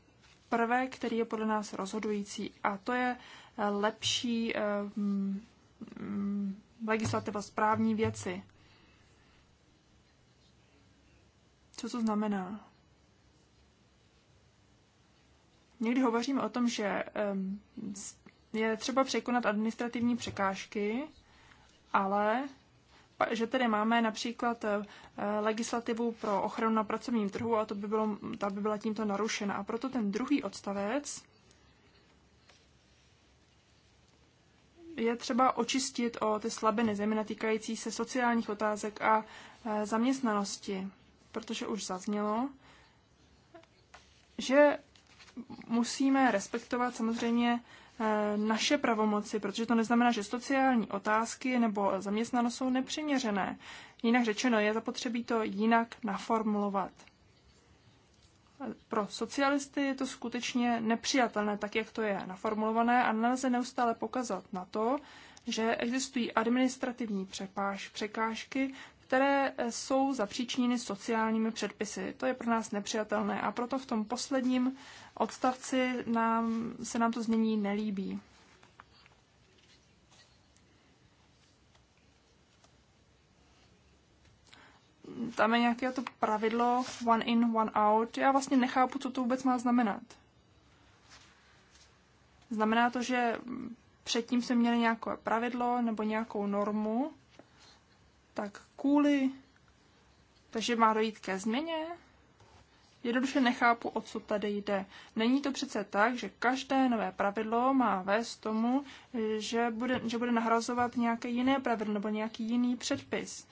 prvek, který je podle nás rozhodující, a to je eh, lepší um, um, legislativa správní věci. co to znamená. Někdy hovoříme o tom, že je třeba překonat administrativní překážky, ale že tedy máme například eh, legislativu pro ochranu na pracovním trhu a to by bylo, ta by byla tímto narušena. A proto ten druhý odstavec je třeba očistit o ty slabiny, zejména týkající se sociálních otázek a eh, zaměstnanosti protože už zaznělo, že musíme respektovat samozřejmě eh, naše pravomoci, protože to neznamená, že sociální otázky nebo zaměstnanost jsou nepřiměřené. Jinak řečeno, je zapotřebí to jinak naformulovat. Pro socialisty je to skutečně nepřijatelné, tak jak to je naformulované a nelze neustále pokazat na to, že existují administrativní přepáž, překážky, které eh, jsou zapříčněny sociálními předpisy. To je pro nás nepřijatelné a proto v tom posledním odstavci nám, se nám to znění nelíbí. Tam je nějaké to pravidlo one in, one out. Já vlastně nechápu, co to vůbec má znamenat. Znamená to, že předtím jsme měli nějaké pravidlo nebo nějakou normu, tak kvůli, takže má dojít ke změně. Jednoduše nechápu, o co tady jde. Není to přece tak, že každé nové pravidlo má vést tomu, že bude, že bude nahrazovat nějaké jiné pravidlo nebo nějaký jiný předpis.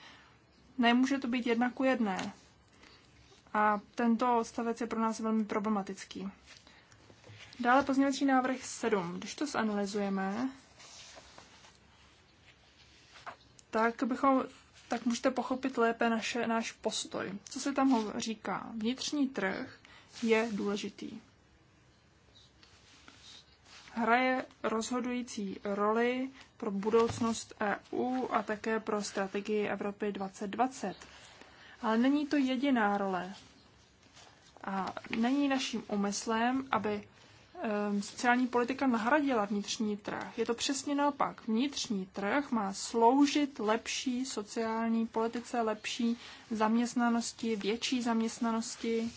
Nemůže to být jedna ku jedné. A tento odstavec je pro nás velmi problematický. Dále pozměňovací návrh 7. Když to zanalizujeme, tak bychom tak můžete pochopit lépe naše, náš postoj. Co se tam říká? Vnitřní trh je důležitý. Hraje rozhodující roli pro budoucnost EU a také pro strategii Evropy 2020. Ale není to jediná role. A není naším úmyslem, aby Ehm, sociální politika nahradila vnitřní trh. Je to přesně naopak. Vnitřní trh má sloužit lepší sociální politice, lepší zaměstnanosti, větší zaměstnanosti.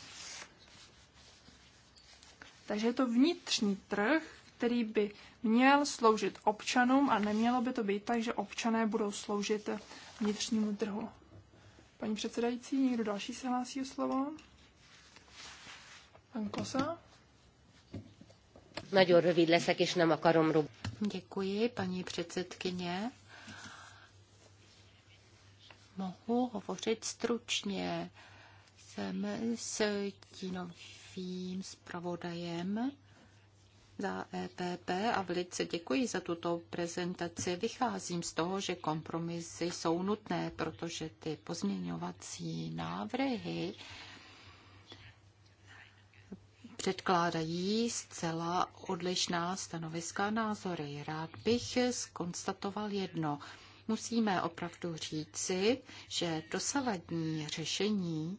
Takže je to vnitřní trh, který by měl sloužit občanům a nemělo by to být tak, že občané budou sloužit vnitřnímu trhu. Paní předsedající, někdo další se hlásí o slovo? Pan Kosa? Nagyon rövid leszek, és nem akarom rub. Děkuji, paní předsedkyně. Mohu hovořit stručně. Jsem s tínovým zpravodajem za EPP a velice děkuji za tuto prezentaci. Vycházím z toho, že kompromisy jsou nutné, protože ty pozměňovací návrhy, předkládají zcela odlišná stanoviska názory. Rád bych skonstatoval jedno. Musíme opravdu říci, že dosavadní řešení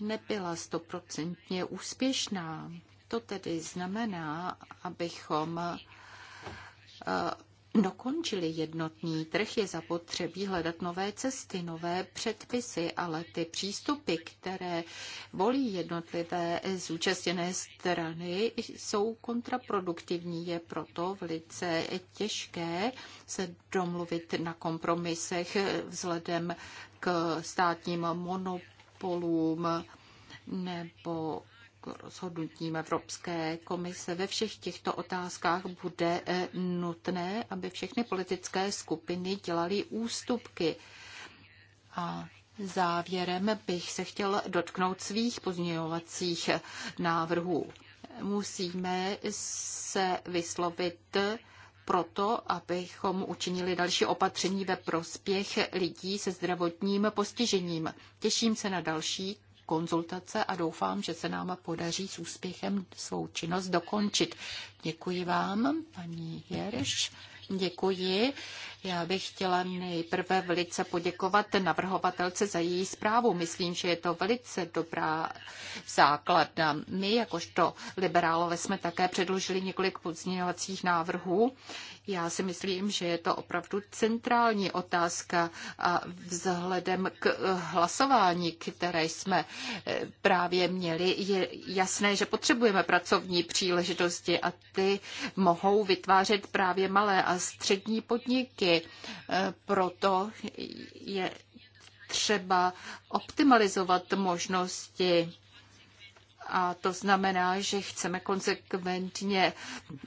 nebyla stoprocentně úspěšná. To tedy znamená, abychom eh, dokončili jednotný trh, je zapotřebí hledat nové cesty, nové předpisy, ale ty přístupy, které volí jednotlivé zúčastněné strany, jsou kontraproduktivní. Je proto velice těžké se domluvit na kompromisech vzhledem k státním monopolům nebo rozhodnutím Evropské komise. Ve všech těchto otázkách bude eh, nutné, aby všechny politické skupiny dělaly ústupky. A závěrem bych se chtěl dotknout svých pozměňovacích návrhů. Musíme se vyslovit proto, abychom učinili další opatření ve prospěch lidí se zdravotním postižením. Těším se na další konzultace a doufám, že se nám podaří s úspěchem svou činnost dokončit. Děkuji vám, paní Jereš. Děkuji. Já bych chtěla nejprve velice poděkovat navrhovatelce za její zprávu. Myslím, že je to velice dobrá základna. My, jakožto liberálové, jsme také předložili několik pozměňovacích návrhů. Já si myslím, že je to opravdu centrální otázka a vzhledem k hlasování, které jsme eh, právě měli, je jasné, že potřebujeme pracovní příležitosti a ty mohou vytvářet právě malé a střední podniky proto je třeba optimalizovat možnosti a to znamená, že chceme konsekventně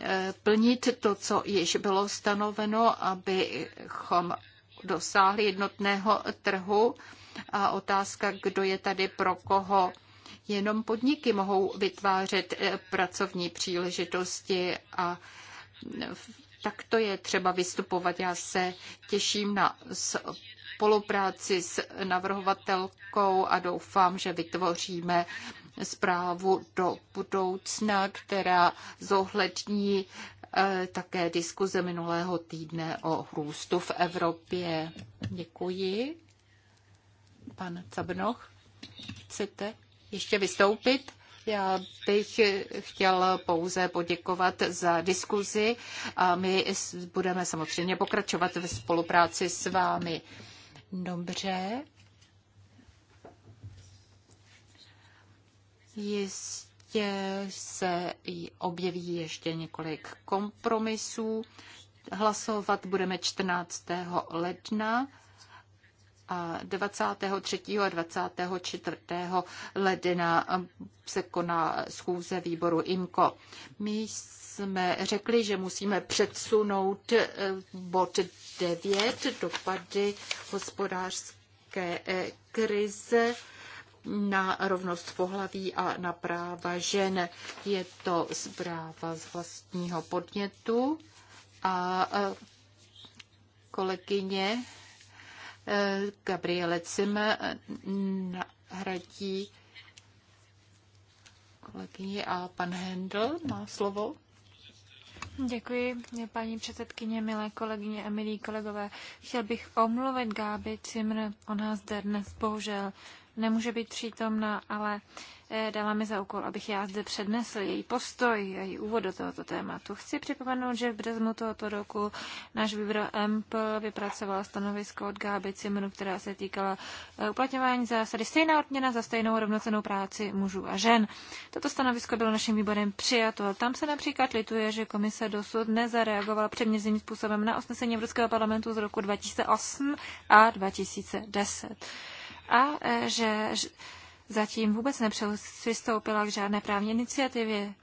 eh, plnit to, co již bylo stanoveno, abychom dosáhli jednotného trhu. A otázka, kdo je tady pro koho. Jenom podniky mohou vytvářet eh, pracovní příležitosti a eh, tak to je třeba vystupovat. Já se těším na spolupráci s navrhovatelkou a doufám, že vytvoříme zprávu do budoucna, která zohlední eh, také diskuze minulého týdne o růstu v Evropě. Děkuji. Pan Cabnoch, chcete ještě vystoupit? Já bych chtěl pouze poděkovat za diskuzi a my budeme samozřejmě pokračovat ve spolupráci s vámi. Dobře. Jistě se objeví ještě několik kompromisů. Hlasovat budeme 14. ledna. A 23. a 24. ledna se koná schůze výboru IMCO. My jsme řekli, že musíme předsunout eh, bod 9, dopady hospodářské eh, krize na rovnost pohlaví a na práva žen. Je to zpráva z vlastního podnětu a eh, kolegyně Gabriele Cime nahradí kolegyně a pan Hendl má slovo. Děkuji, paní předsedkyně, milé kolegyně a milí kolegové. Chtěl bych omluvit Gáby Cimr, ona zde dnes bohužel nemůže být přítomna, ale uh, Eh, dala mi za úkol, abych já zde přednesl její postoj její úvod do tohoto tématu. Chci připomenout, že v březnu tohoto roku náš výbor MP vypracoval stanovisko od Gáby Cimru, která se týkala eh, uplatňování zásady stejná odměna za stejnou rovnocenou práci mužů a žen. Toto stanovisko bylo naším výborem přijato. Tam se například lituje, že komise dosud nezareagovala přeměřeným způsobem na usnesení Evropského parlamentu z roku 2008 a 2010. A eh, že zatím vůbec nepřistoupila k žádné právní iniciativě.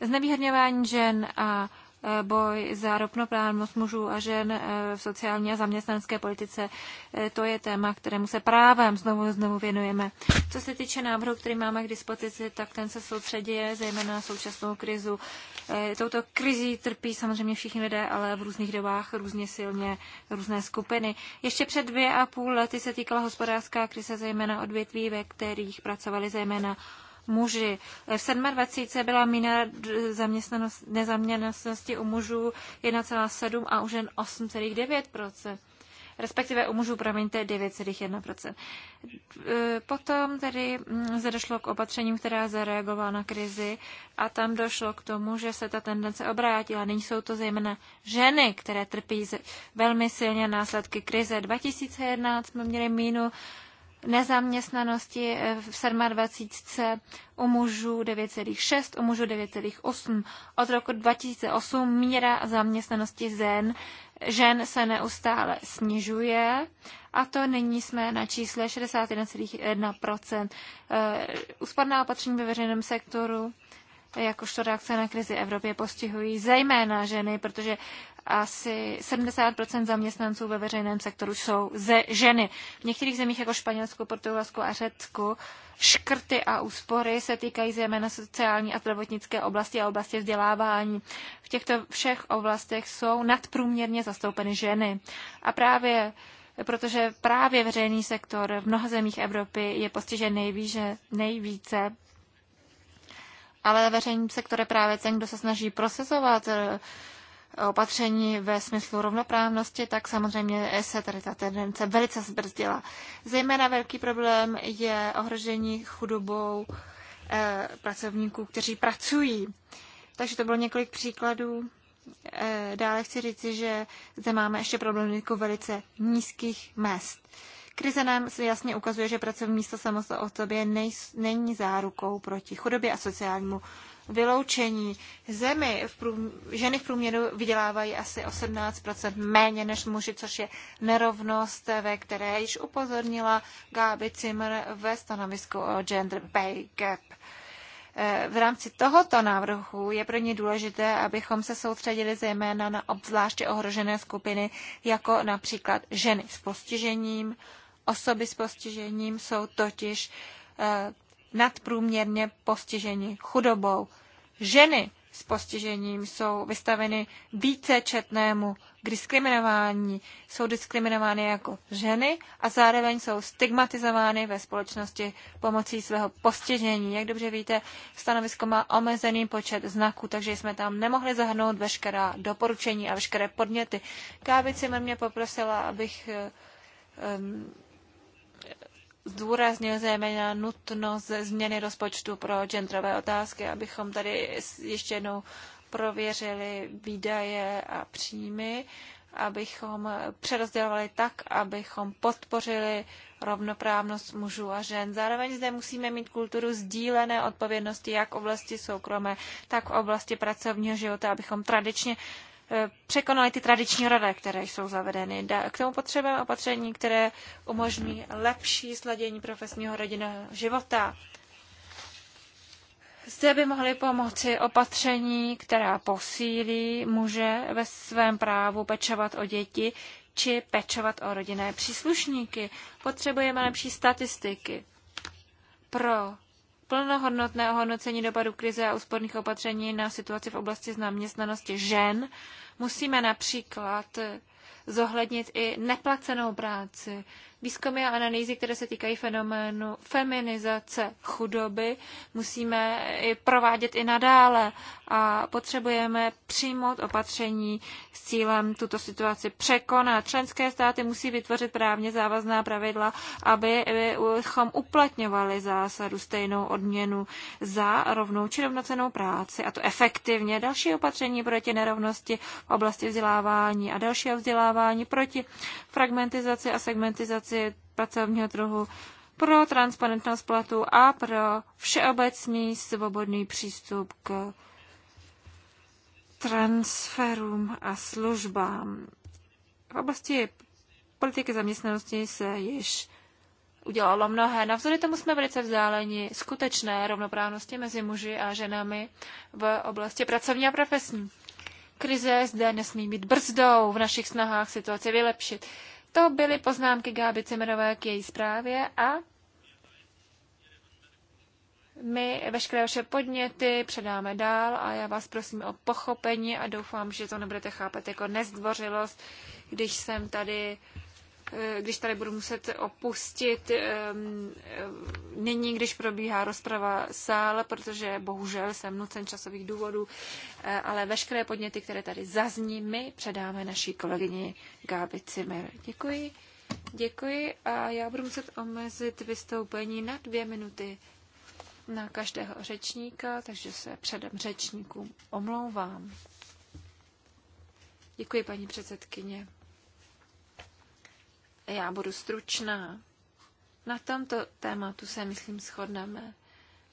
Znevýhodňování žen a E, boj za rovnoprávnost mužů a žen e, v sociální a zaměstnanské politice. E, to je téma, kterému se právem znovu znovu věnujeme. Co se týče návrhu, který máme k dispozici, tak ten se soustředí zejména na současnou krizu. Touto krizí trpí samozřejmě všichni lidé, ale v různých dobách různě silně různé skupiny. Ještě před dvě a půl lety se týkala hospodářská krize zejména odvětví, ve kterých pracovali zejména muži. V 27 byla míra nezaměstnanosti u mužů 1,7 a u žen 8,9 respektive u mužů, promiňte, 9,1%. Potom tedy se mm, došlo k opatřením, která zareagovala na krizi a tam došlo k tomu, že se ta tendence obrátila. Nyní jsou to zejména ženy, které trpí velmi silně následky krize. 2011 jsme měli mínu nezaměstnanosti eh, v 27 u mužů 9,6, u mužů 9,8. Od roku 2008 míra zaměstnanosti žen, žen se neustále snižuje a to nyní jsme na čísle 61,1 eh, Úsporná opatření ve veřejném sektoru jakožto reakce na krizi Evropě postihují zejména ženy, protože asi 70 zaměstnanců ve veřejném sektoru jsou ze ženy. V některých zemích jako Španělsku, Portugalsku a Řecku škrty a úspory se týkají zejména sociální a zdravotnické oblasti a oblasti vzdělávání. V těchto všech oblastech jsou nadprůměrně zastoupeny ženy. A právě protože právě veřejný sektor v mnoha zemích Evropy je postižen nejvíce, nejvíce ale veřejný sektor je právě ten, kdo se snaží procesovat eh, opatření ve smyslu rovnoprávnosti, tak samozřejmě se tady ta tendence velice zbrzdila. Zejména velký problém je ohrožení chudobou eh, pracovníků, kteří pracují. Takže to bylo několik příkladů. Eh, dále chci říci, že zde máme ještě problém jako velice nízkých mest. Krize nám jasně ukazuje, že pracovní místo samo o sobě nej, není zárukou proti chudobě a sociálnímu vyloučení. Zemi v prům, ženy v průměru vydělávají asi 18 méně než muži, což je nerovnost, ve které již upozornila Gáby Zimmer ve stanovisku o gender pay gap. E, v rámci tohoto návrhu je pro ně důležité, abychom se soustředili zejména na obzvláště ohrožené skupiny, jako například ženy s postižením. Osoby s postižením jsou totiž e, nadprůměrně postiženi chudobou. Ženy s postižením jsou vystaveny více četnému k diskriminování. Jsou diskriminovány jako ženy a zároveň jsou stigmatizovány ve společnosti pomocí svého postižení. Jak dobře víte, stanovisko má omezený počet znaků, takže jsme tam nemohli zahrnout veškerá doporučení a veškeré podněty. Kávici mě poprosila, abych um, zdůraznil zejména nutnost změny rozpočtu pro genderové otázky, abychom tady ještě jednou prověřili výdaje a příjmy, abychom přerozdělovali tak, abychom podpořili rovnoprávnost mužů a žen. Zároveň zde musíme mít kulturu sdílené odpovědnosti jak v oblasti soukromé, tak v oblasti pracovního života, abychom tradičně Eh, překonali ty tradiční rada, které jsou zavedeny. K tomu potřebujeme opatření, které umožní lepší sladění profesního rodinného života. Zde by mohly pomoci opatření, která posílí muže ve svém právu pečovat o děti či pečovat o rodinné příslušníky. Potřebujeme lepší statistiky pro plnohodnotné ohodnocení dopadu krize a úsporných opatření na situaci v oblasti zaměstnanosti žen musíme například zohlednit i neplacenou práci, výzkumy a analýzy, které se týkají fenoménu feminizace chudoby, musíme i provádět i nadále a potřebujeme přijmout opatření s cílem tuto situaci překonat. Členské státy musí vytvořit právně závazná pravidla, aby bychom uplatňovali zásadu stejnou odměnu za rovnou či rovnocenou práci, a to efektivně. Další opatření proti nerovnosti v oblasti vzdělávání a dalšího vzdělávání proti fragmentizaci a segmentizaci rámci pracovního trhu pro transparentnost platu a pro všeobecný svobodný přístup k transferům a službám. V oblasti politiky zaměstnanosti se již udělalo mnohé. Navzdory tomu jsme velice vzdáleni skutečné rovnoprávnosti mezi muži a ženami v oblasti pracovní a profesní. Krize zde nesmí být brzdou v našich snahách situaci vylepšit. To byly poznámky Gáby Cimerové k její zprávě a my veškeré vaše podněty předáme dál a já vás prosím o pochopení a doufám, že to nebudete chápat jako nezdvořilost, když jsem tady Eh, když tady budu muset opustit nyní, když probíhá rozprava sál, protože bohužel jsem nucen časových důvodů, eh, ale veškeré podněty, které tady zazní, my předáme naší kolegyni Gábi Cimer. Děkuji. Děkuji a já budu muset omezit vystoupení na dvě minuty na každého řečníka, takže se předem řečníkům omlouvám. Děkuji, paní předsedkyně. Já budu stručná. Na tomto tématu se, myslím, shodneme.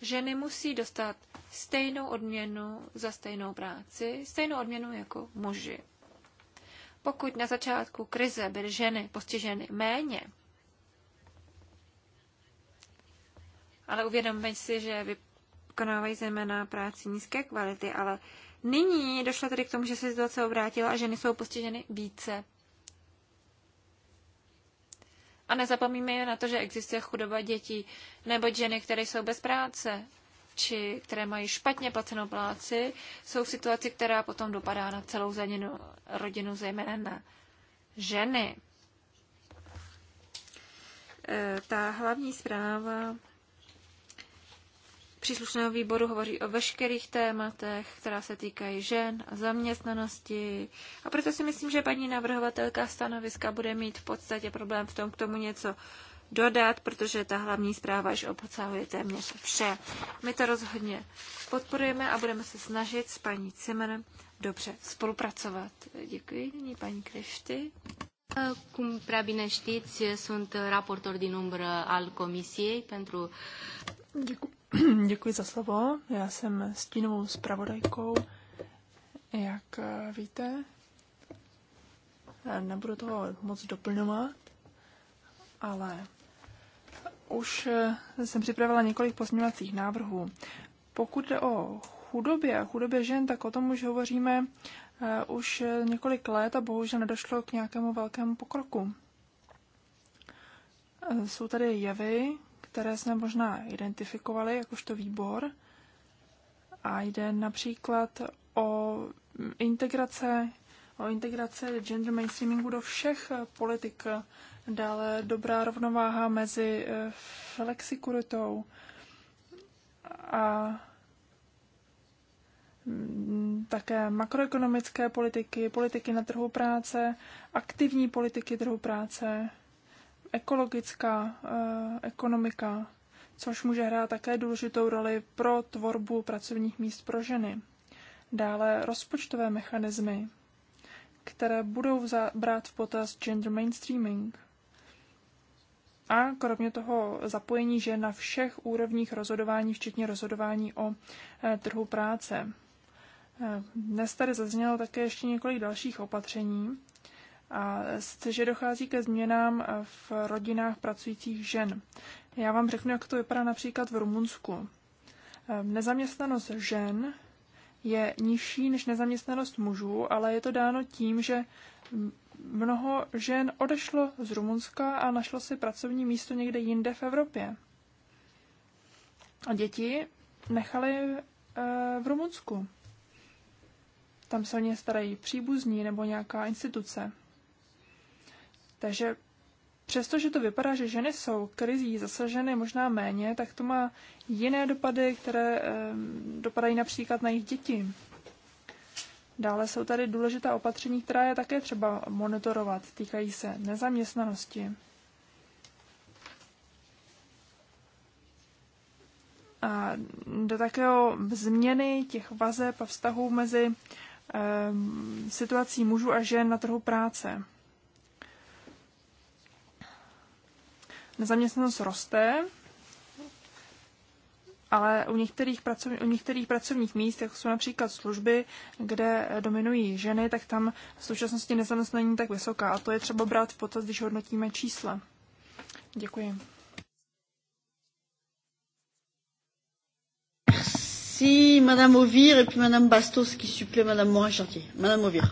Ženy musí dostat stejnou odměnu za stejnou práci, stejnou odměnu jako muži. Pokud na začátku krize byly ženy postiženy méně, ale uvědomme si, že vykonávají zejména práci nízké kvality, ale nyní došlo tedy k tomu, že se situace obrátila a ženy jsou postiženy více a nezapomíme na to, že existuje chudoba dětí, nebo ženy, které jsou bez práce, či které mají špatně placenou práci, jsou v situaci, která potom dopadá na celou zaninu, rodinu, zejména na ženy. E, ta hlavní zpráva příslušného výboru hovoří o veškerých tématech, která se týkají žen a zaměstnanosti. A proto si myslím, že paní navrhovatelka stanoviska bude mít v podstatě problém v tom k tomu něco dodat, protože ta hlavní zpráva již obsahuje téměř vše. My to rozhodně podporujeme a budeme se snažit s paní Cimerem dobře spolupracovat. Děkuji, nyní paní Krišty. Cum prea bine știți, sunt raportor din umbră al Comisiei pentru... Děkuji. Děkuji za slovo. Já jsem stínovou zpravodajkou, jak eh, víte. Já eh, nebudu toho moc doplňovat, ale už eh, jsem připravila několik pozměňovacích návrhů. Pokud jde o chudobě a chudobě žen, tak o tom už hovoříme už několik let a bohužel nedošlo k nějakému velkému pokroku. Jsou tady jevy, které jsme možná identifikovali jakožto výbor. A jde například o integrace, o integrace gender mainstreamingu do všech politik. Dále dobrá rovnováha mezi eh, flexikuritou a mm, také makroekonomické politiky, politiky na trhu práce, aktivní politiky trhu práce, ekologická eh, ekonomika, což může hrát také důležitou roli pro tvorbu pracovních míst pro ženy. Dále rozpočtové mechanismy, které budou brát v potaz gender mainstreaming. A kromě toho zapojení žen na všech úrovních rozhodování, včetně rozhodování o eh, trhu práce. Eh, dnes tady zaznělo také ještě několik dalších opatření, a že dochází ke změnám v rodinách pracujících žen. Já vám řeknu, jak to vypadá například v Rumunsku. Ehm, nezaměstnanost žen je nižší než nezaměstnanost mužů, ale je to dáno tím, že mnoho žen odešlo z Rumunska a našlo si pracovní místo někde jinde v Evropě. A děti nechali e, v Rumunsku. Tam se o ně starají příbuzní nebo nějaká instituce. Takže přestože to vypadá, že ženy jsou krizí zasaženy možná méně, tak to má jiné dopady, které eh, dopadají například na jejich děti. Dále jsou tady důležitá opatření, která je také třeba monitorovat. Týkají se nezaměstnanosti. A do takého změny těch vazeb a vztahů mezi e, situací mužů a žen na trhu práce. Nezaměstnanost roste, ale u některých, pracov, u některých pracovních míst, jako jsou například služby, kde dominují ženy, tak tam v současnosti nezaměstnanost není tak vysoká. A to je třeba brát v potaz, když hodnotíme čísla. Děkuji. Merci, Madame Ovir, et puis Madame Bastos qui Madame morin Madame Ovir.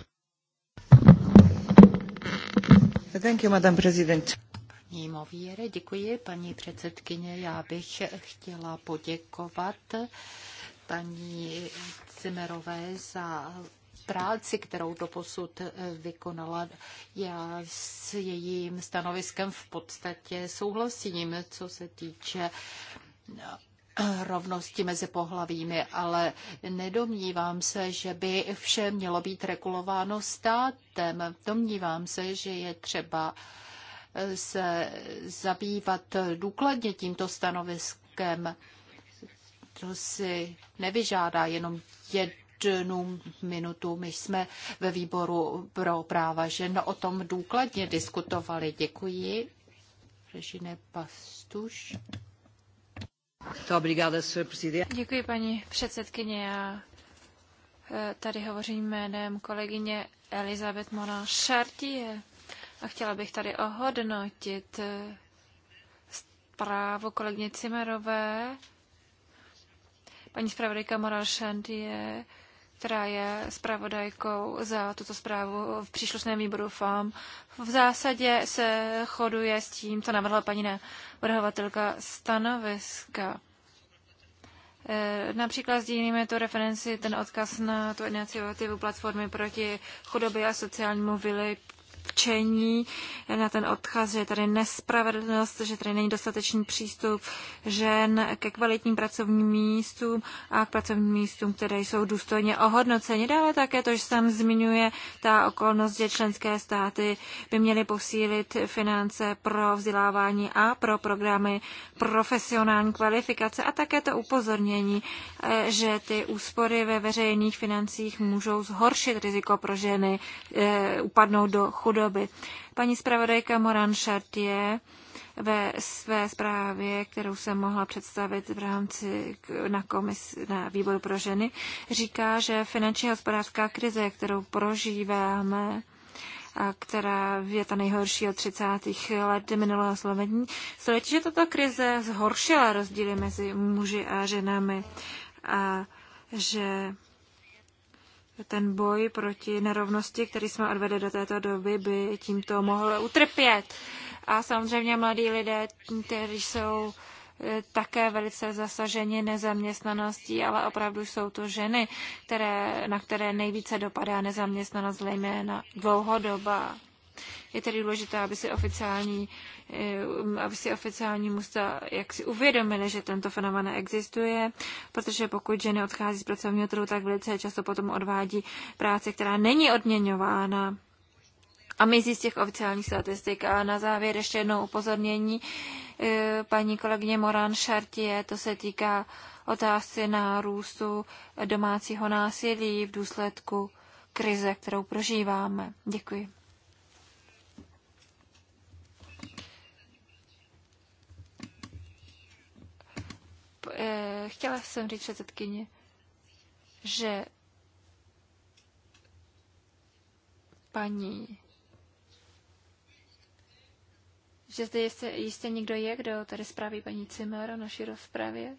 Thank you, Madame President paní Movíre. Děkuji, paní předsedkyně. Já bych chtěla poděkovat paní Cimerové za práci, kterou doposud vykonala. Já s jejím stanoviskem v podstatě souhlasím, co se týče rovnosti mezi pohlavími, ale nedomnívám se, že by vše mělo být regulováno státem. Domnívám se, že je třeba se zabývat důkladně tímto stanoviskem. To si nevyžádá jenom jednu minutu. My jsme ve výboru pro práva žen o tom důkladně diskutovali. Děkuji. Režine Pastuš. Děkuji, paní předsedkyně. Já eh, tady hovořím jménem kolegyně Elizabeth Mona Chartier. A chtěla bych tady ohodnotit eh, zprávu kolegyně Cimerové, paní zpravodajka Moral Šandie, která je zpravodajkou za tuto zprávu v příslušném výboru FAM. V zásadě se choduje s tím, co navrhla paní navrhovatelka stanoviska. Eh, například sdílíme tu referenci, ten odkaz na tu iniciativu platformy proti chudobě a sociálnímu čení na ten odchaz, že je tady nespravedlnost, že tady není dostatečný přístup žen ke kvalitním pracovním místům a k pracovním místům, které jsou důstojně ohodnoceny. Dále také to, že se tam zmiňuje ta okolnost, že členské státy by měly posílit finance pro vzdělávání a pro programy profesionální kvalifikace a také to upozornění, eh, že ty úspory ve veřejných financích můžou zhoršit riziko pro ženy, eh, upadnout do chudoby chudoby. Paní zpravodajka Moran Chartier ve své zprávě, kterou jsem mohla představit v rámci na, komis, na výboru pro ženy, říká, že finanční hospodářská krize, kterou prožíváme, a která je ta nejhorší od 30. let minulého slovení, století, že tato krize zhoršila rozdíly mezi muži a ženami a že ten boj proti nerovnosti, který jsme odvedli do této doby, by tímto mohl utrpět. A samozřejmě mladí lidé, kteří jsou eh, také velice zasaženi nezaměstnaností, ale opravdu jsou to ženy, které, na které nejvíce dopadá nezaměstnanost, zejména dlouhodobá. Je tedy důležité, aby si oficiální, eh, aby si oficiální musta jak si uvědomili, že tento fenomen existuje, protože pokud ženy odchází z pracovního trhu, tak velice často potom odvádí práce, která není odměňována a mizí z těch oficiálních statistik. A na závěr ještě jedno upozornění eh, paní kolegyně Moran Šartie, to se týká otázky nárůstu domácího násilí v důsledku krize, kterou prožíváme. Děkuji. Eh, chtěla jsem říct předsedkyně, že paní že zde jistě, jistě někdo je, kdo tady zpráví paní Cimero naší rozpravě.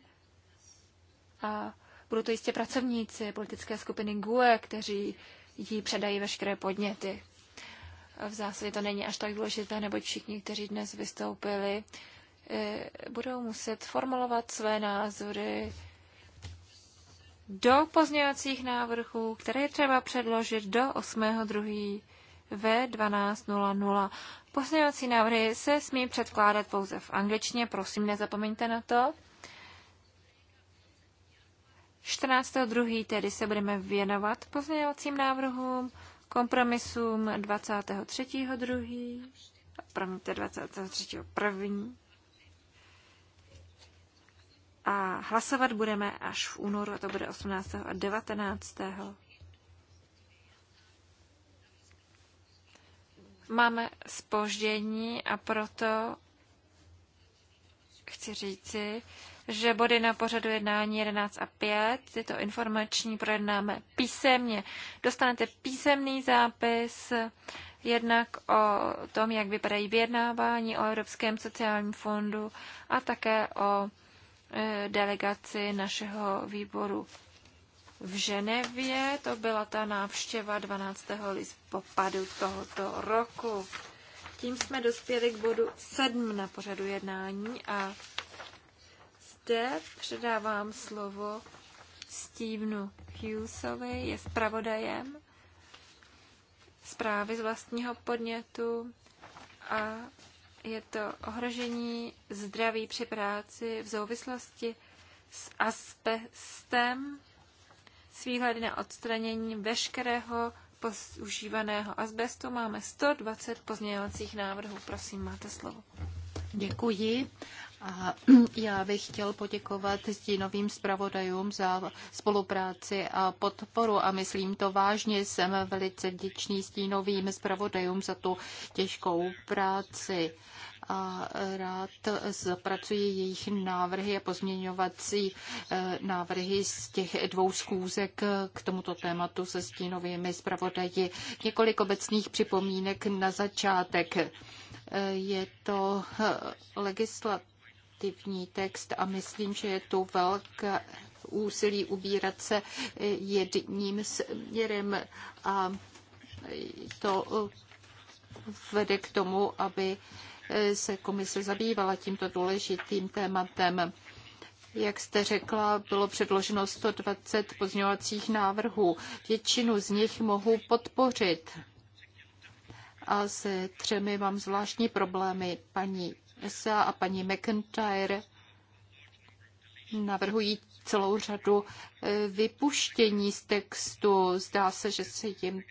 A budou to jistě pracovníci politické skupiny GUE, kteří jí předají veškeré podněty. A v zásadě to není až tak důležité, neboť všichni, kteří dnes vystoupili, E, budou muset formulovat své názory do pozněvacích návrhů, které je třeba předložit do 8.2. ve 12.00. Pozněvací návrhy se smí předkládat pouze v angličtině, prosím, nezapomeňte na to. 14.2. tedy se budeme věnovat pozměňovacím návrhům, kompromisům 23.2. promiňte 23.1. A hlasovat budeme až v únoru, a to bude 18. a 19. Máme spoždění a proto chci říci, že body na pořadu jednání 11 a 5, tyto informační projednáme písemně. Dostanete písemný zápis jednak o tom, jak vypadají vyjednávání o Evropském sociálním fondu a také o Eh, delegaci našeho výboru v Ženevě. To byla ta návštěva 12. listopadu tohoto roku. Tím jsme dospěli k bodu 7 na pořadu jednání a zde předávám slovo Stevenu Hughesovi, je zpravodajem zprávy z vlastního podnětu a je to ohrožení zdraví při práci v souvislosti s asbestem s výhledy na odstranění veškerého používaného asbestu. Máme 120 pozměňovacích návrhů. Prosím, máte slovo. Děkuji. A já bych chtěl poděkovat stínovým zpravodajům za spolupráci a podporu a myslím to vážně. Jsem velice vděčný stínovým zpravodajům za tu těžkou práci a rád zapracuji jejich návrhy a pozměňovací eh, návrhy z těch dvou zkůzek k tomuto tématu se stínovými zpravodaji. Několik obecných připomínek na začátek. Eh, je to eh, legislativní legislativní text a myslím, že je to velké úsilí ubírat se jedním směrem a to vede k tomu, aby se komise zabývala tímto důležitým tématem. Jak jste řekla, bylo předloženo 120 pozňovacích návrhů. Většinu z nich mohu podpořit. A se třemi mám zvláštní problémy. Paní Sa a paní McIntyre navrhují celou řadu eh, vypuštění z textu. Zdá se, že se jim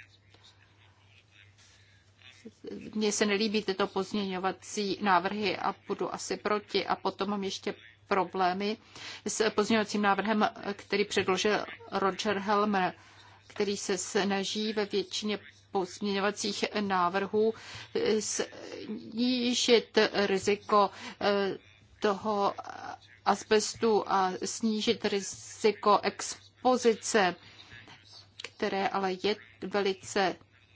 mně se nelíbí tyto pozměňovací návrhy a budu asi proti. A potom mám ještě problémy s pozměňovacím návrhem, který předložil Roger Helmer, který se snaží ve většině pozměňovacích návrhů snížit riziko eh, toho asbestu a snížit riziko expozice, které ale je velice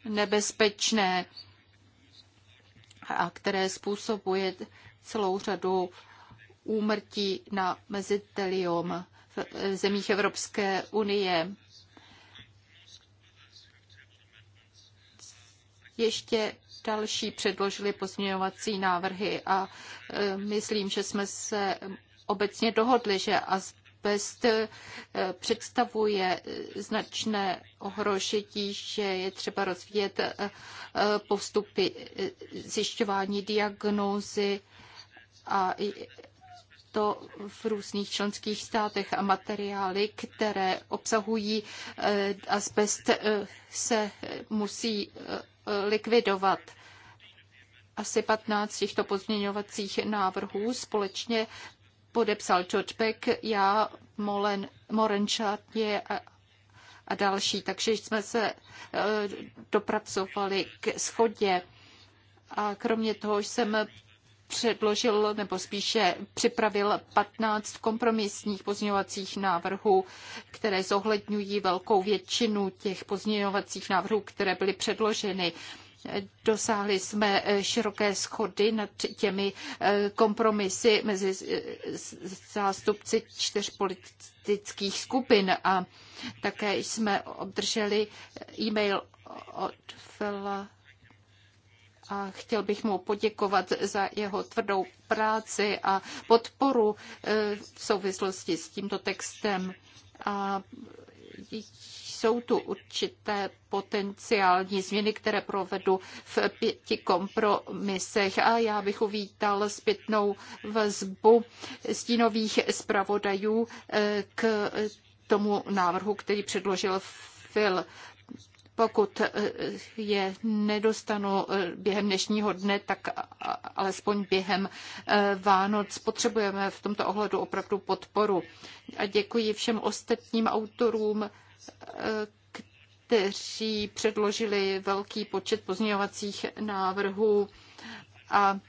nebezpečné a které způsobuje celou řadu úmrtí na mezitelium v eh, zemích Evropské unie. ještě další předložili pozměňovací návrhy a e, myslím, že jsme se obecně dohodli, že azbest e, představuje značné ohrožení, že je třeba rozvíjet e, postupy zjišťování diagnózy a to v různých členských státech a materiály, které obsahují asbest, se musí likvidovat. Asi 15 těchto pozměňovacích návrhů společně podepsal George Beck, já, Molen, Moren je a, a další. Takže jsme se e, dopracovali k schodě. A kromě toho jsem předložil nebo spíše připravil 15 kompromisních pozměňovacích návrhů, které zohledňují velkou většinu těch pozměňovacích návrhů, které byly předloženy. Dosáhli jsme eh, široké schody nad těmi eh, kompromisy mezi eh, zástupci čtyř politických skupin a také jsme obdrželi e-mail od Fela a chtěl bych mu poděkovat za jeho tvrdou práci a podporu eh, v souvislosti s tímto textem. A jsou tu určité potenciální změny, které provedu v pěti kompromisech a já bych uvítal zpětnou vazbu stínových zpravodajů eh, k tomu návrhu, který předložil Phil pokud eh, je nedostanu eh, během dnešního dne, tak alespoň během eh, Vánoc potřebujeme v tomto ohledu opravdu podporu. A děkuji všem ostatním autorům, kteří předložili velký počet pozměňovacích návrhů a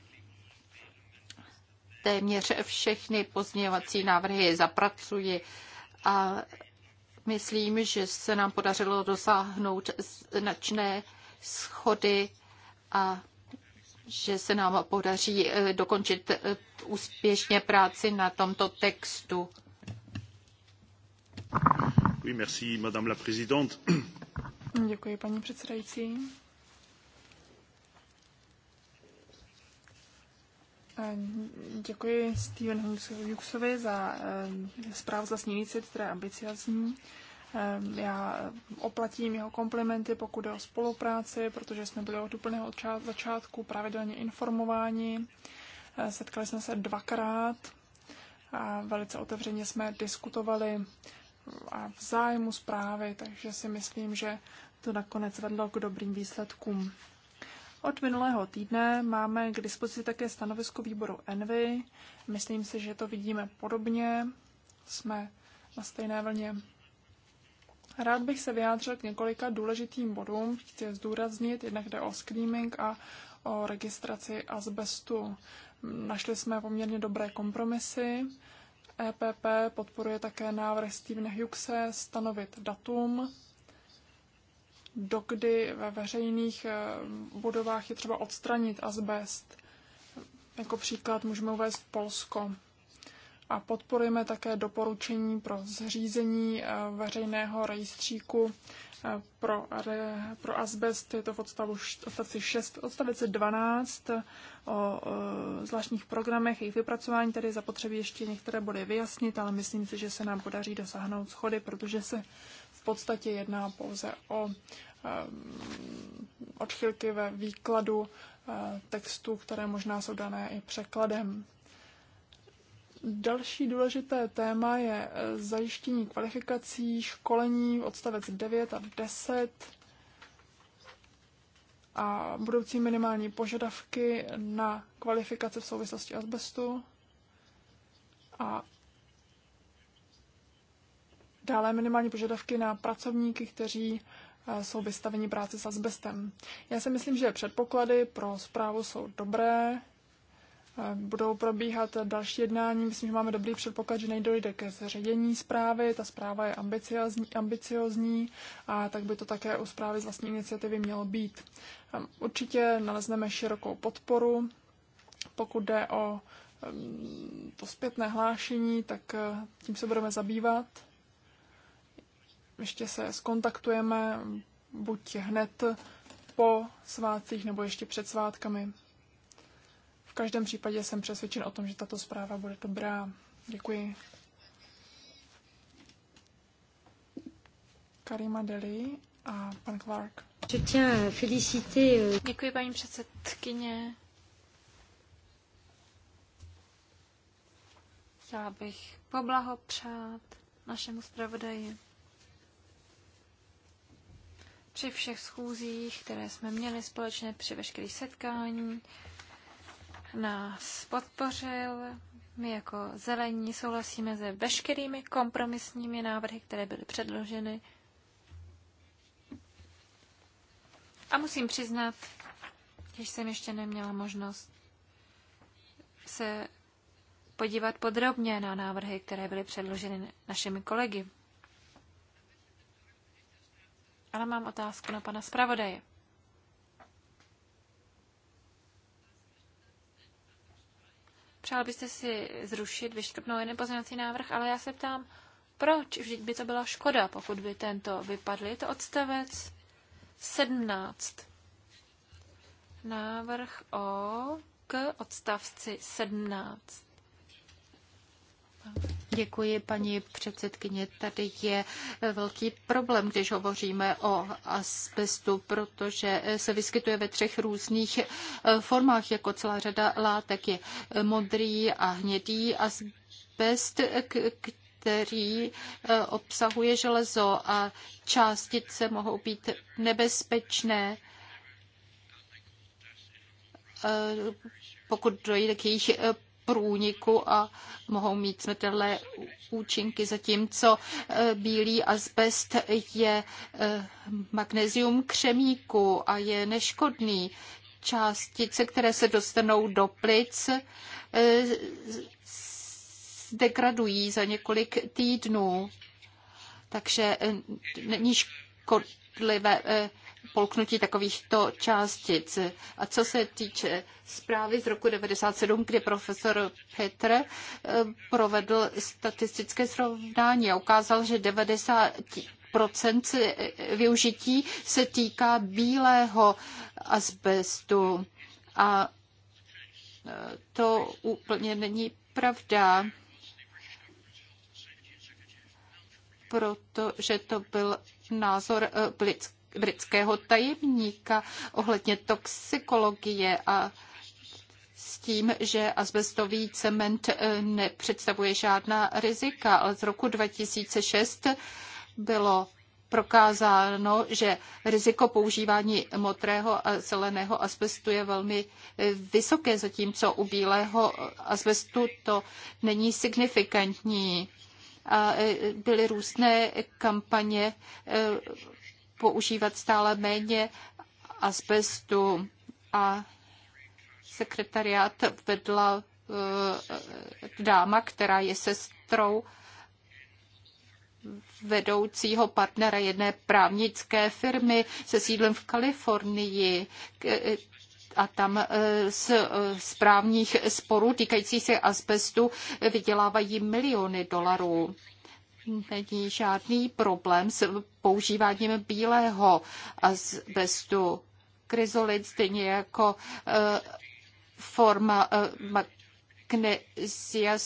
téměř všechny pozměňovací návrhy zapracuji a Myslím, že se nám podařilo dosáhnout značné schody a že se nám podaří eh, dokončit eh, úspěšně práci na tomto textu. Děkuji, paní předsedající. Eh, děkuji Steven Huxovi za eh, zprávu z vlastní iniciativy, která je ambiciozní. Eh, já oplatím jeho komplimenty, pokud jde o spolupráci, protože jsme byli od úplného začátku pravidelně informováni. Setkali jsme se dvakrát a velice otevřeně jsme diskutovali a v zájmu zprávy, takže si myslím, že to nakonec vedlo k dobrým výsledkům. Od minulého týdne máme k dispozici také stanovisko výboru Envy. Myslím si, že to vidíme podobně. Jsme na stejné vlně. Rád bych se vyjádřil k několika důležitým bodům. Chci zdůraznit, jednak jde o screening a o registraci asbestu. Našli jsme poměrně dobré kompromisy. EPP podporuje také návrh Stevena Hughese stanovit datum dokdy ve veřejných eh, budovách je třeba odstranit azbest. Jako příklad můžeme uvést Polsko. A podporujeme také doporučení pro zřízení eh, veřejného rejstříku eh, pro, pro azbest. Je to v odstavu, odstavci 6, odstavec 12 o, zvláštních programech, jejich vypracování. Tady zapotřebí ještě některé body vyjasnit, ale myslím si, že se nám podaří dosáhnout schody, protože se podstatě jedná pouze o eh, odchylky ve výkladu eh, textů, které možná jsou dané i překladem. Další důležité téma je eh, zajištění kvalifikací, školení, odstavec 9 a 10 a budoucí minimální požadavky na kvalifikace v souvislosti asbestu a Dále minimální požadavky na pracovníky, kteří eh, jsou vystaveni práci s asbestem. Já si myslím, že předpoklady pro zprávu jsou dobré. Eh, budou probíhat další jednání. Myslím, že máme dobrý předpoklad, že nejdojde ke zředění zprávy. Ta zpráva je ambiciozní, ambiciozní a tak by to také u zprávy z vlastní iniciativy mělo být. Eh, určitě nalezneme širokou podporu. Pokud jde o to zpětné hlášení, tak tím se budeme zabývat ještě se skontaktujeme buď hned po svátcích nebo ještě před svátkami. V každém případě jsem přesvědčen o tom, že tato zpráva bude dobrá. Děkuji. Karima Deli a pan Clark. Euh, Děkuji, paní předsedkyně. Chtěla bych poblahopřát našemu zpravodaji při všech schůzích, které jsme měli společně, při veškerých setkání, nás podpořil. My jako zelení souhlasíme se veškerými kompromisními návrhy, které byly předloženy. A musím přiznat, když jsem ještě neměla možnost se podívat podrobně na návrhy, které byly předloženy našimi kolegy. Ale mám otázku na pana zpravodaje. Přál byste si zrušit, vyškrtnout jeden pozměňovací návrh, ale já se ptám, proč? Vždyť by to byla škoda, pokud by tento vypadl. Je to odstavec 17. Návrh o k odstavci 17. Děkuji, paní předsedkyně. Tady je velký problém, když hovoříme o asbestu, protože se vyskytuje ve třech různých eh, formách, jako celá řada látek. Je modrý a hnědý asbest, který eh, obsahuje železo a částice mohou být nebezpečné eh, pokud dojde k jejich průniku a mohou mít smrtelné účinky, zatímco eh, bílý azbest je eh, magnézium křemíku a je neškodný. Částice, které se dostanou do plic, eh, degradují za několik týdnů. Takže není škodlivé polknutí takovýchto částic. A co se týče zprávy z roku 1997, kdy profesor Petr eh, provedl statistické srovnání a ukázal, že 90 procent eh, využití se týká bílého asbestu. A eh, to úplně není pravda, protože to byl názor britské britského tajemníka ohledně toxikologie a s tím, že asbestový cement eh, nepředstavuje žádná rizika, ale z roku 2006 bylo prokázáno, že riziko používání modrého a zeleného asbestu je velmi eh, vysoké, zatímco u bílého asbestu to není signifikantní. A eh, byly různé kampaně používat stále méně asbestu a sekretariát vedla eh, dáma, která je sestrou vedoucího partnera jedné právnické firmy se sídlem v Kalifornii eh, a tam eh, z správních sporů týkajících se asbestu vydělávají miliony dolarů není žádný problém s používáním bílého azbestu. Kryzolit stejně jako eh, forma eh, magnesia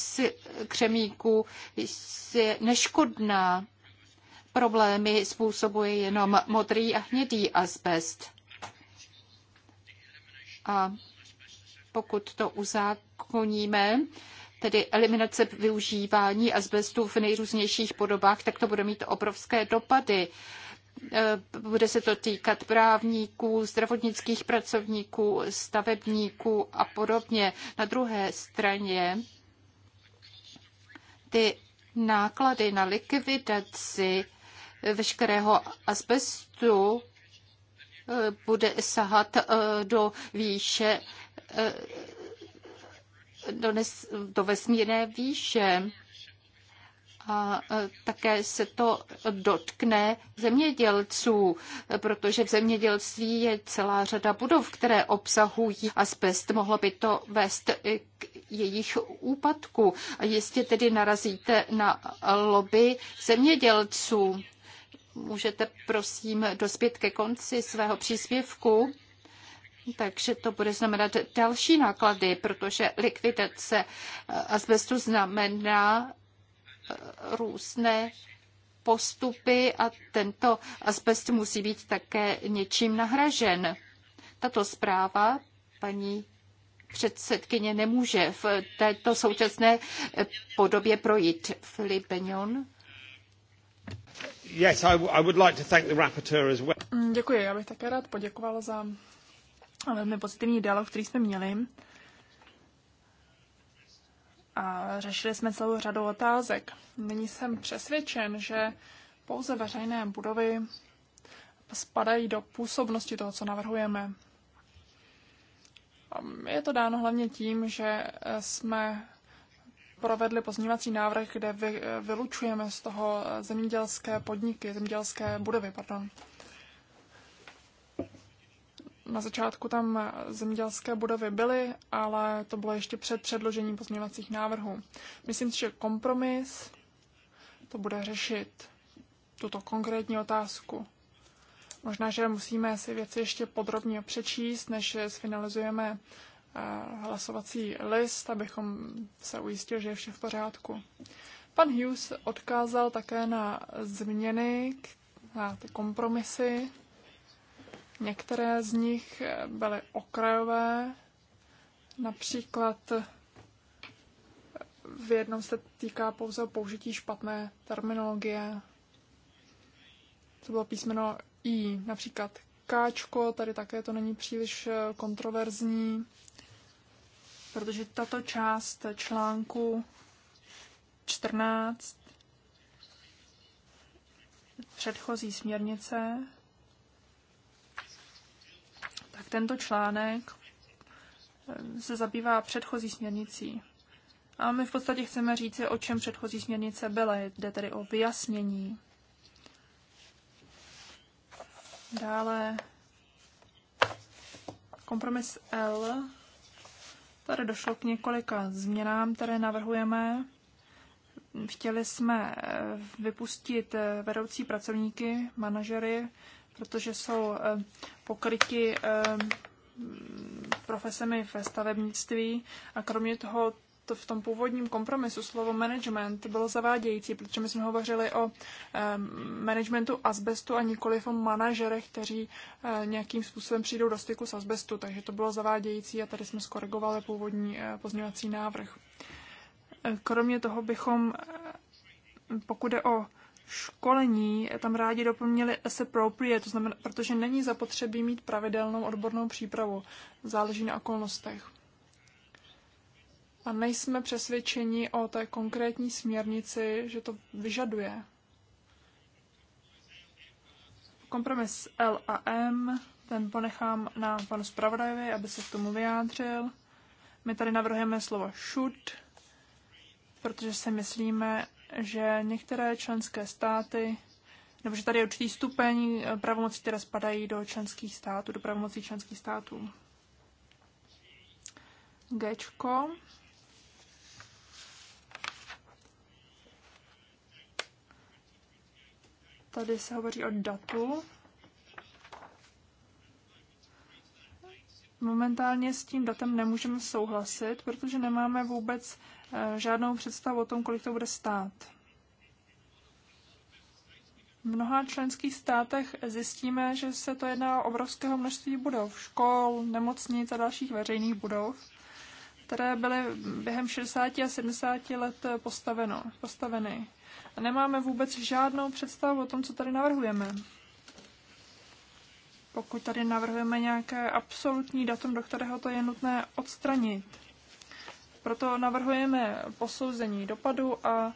křemíku je neškodná. Problémy způsobuje jenom modrý a hnědý asbest. A pokud to uzákoníme, tedy eliminace využívání azbestu v nejrůznějších podobách, tak to bude mít obrovské dopady. E, bude se to týkat právníků, zdravotnických pracovníků, stavebníků a podobně. Na druhé straně ty náklady na likvidaci veškerého asbestu e, bude sahat e, do výše nes, do vesmírné výše. A e, také se to dotkne zemědělců, protože v zemědělství je celá řada budov, které obsahují asbest. Mohlo by to vést k jejich úpadku. A jistě tedy narazíte na lobby zemědělců. Můžete prosím dospět ke konci svého příspěvku takže to bude znamenat další náklady, protože likvidace eh, asbestu znamená eh, různé postupy a tento asbest musí být také něčím nahražen. Tato zpráva, paní předsedkyně, nemůže v této současné eh, podobě projít. Filip Benjon. Yes, I, would like to thank the rapporteur as well. Děkuji, já bych také rád poděkoval za a velmi pozitivní dialog, který jsme měli. A řešili jsme celou řadu otázek. Nyní jsem přesvědčen, že pouze veřejné budovy spadají do působnosti toho, co navrhujeme. Je to dáno hlavně tím, že jsme provedli pozměňovací návrh, kde vy, vylučujeme z toho zemědělské podniky, zemědělské budovy, pardon na začátku tam zemědělské budovy byly, ale to bylo ještě před předložením pozměňovacích návrhů. Myslím si, že kompromis to bude řešit tuto konkrétní otázku. Možná, že musíme si věci ještě podrobně přečíst, než sfinalizujeme eh, hlasovací list, abychom se ujistili, že je vše v pořádku. Pan Hughes odkázal také na změny, na ty kompromisy, Některé z nich eh, byly okrajové, například eh, v jednom se týká pouze použití špatné terminologie. To bylo písmeno I, například káčko. tady také to není příliš eh, kontroverzní, protože tato část článku 14 předchozí směrnice tento článek se zabývá předchozí směrnicí. A my v podstatě chceme říct, o čem předchozí směrnice byla. Jde tedy o vyjasnění. Dále kompromis L. Tady došlo k několika změnám, které navrhujeme. Chtěli jsme vypustit vedoucí pracovníky, manažery protože jsou eh, pokryti eh, profesemi ve stavebnictví a kromě toho to v tom původním kompromisu slovo management bylo zavádějící, protože my jsme hovořili o eh, managementu asbestu a nikoliv o manažerech, kteří nějakým způsobem přijdou do styku s asbestu, takže to bylo zavádějící a tady jsme skoregovali původní pozměňovací návrh. Kromě toho bychom, pokud je o školení tam rádi doplnili as appropriate, to znamená, protože není zapotřebí mít pravidelnou odbornou přípravu. Záleží na okolnostech. A nejsme přesvědčeni o té konkrétní směrnici, že to vyžaduje. Kompromis L a M, ten ponechám na panu zpravodajovi, aby se k tomu vyjádřil. My tady navrhujeme slovo should, protože si myslíme, že některé členské státy, nebo že tady je určitý stupeň eh, pravomocí, které spadají do členských států, do pravomocí členských států. Gčko. Tady se hovoří o datu. Momentálně s tím datem nemůžeme souhlasit, protože nemáme vůbec Eh, žádnou představu o tom, kolik to bude stát. V mnoha členských státech zjistíme, že se to jedná o obrovského množství budov, škol, nemocnic a dalších veřejných budov, které byly během 60 a 70 let postaveno, postaveny. A nemáme vůbec žádnou představu o tom, co tady navrhujeme. Pokud tady navrhujeme nějaké absolutní datum, do kterého to je nutné odstranit, proto navrhujeme posouzení dopadu a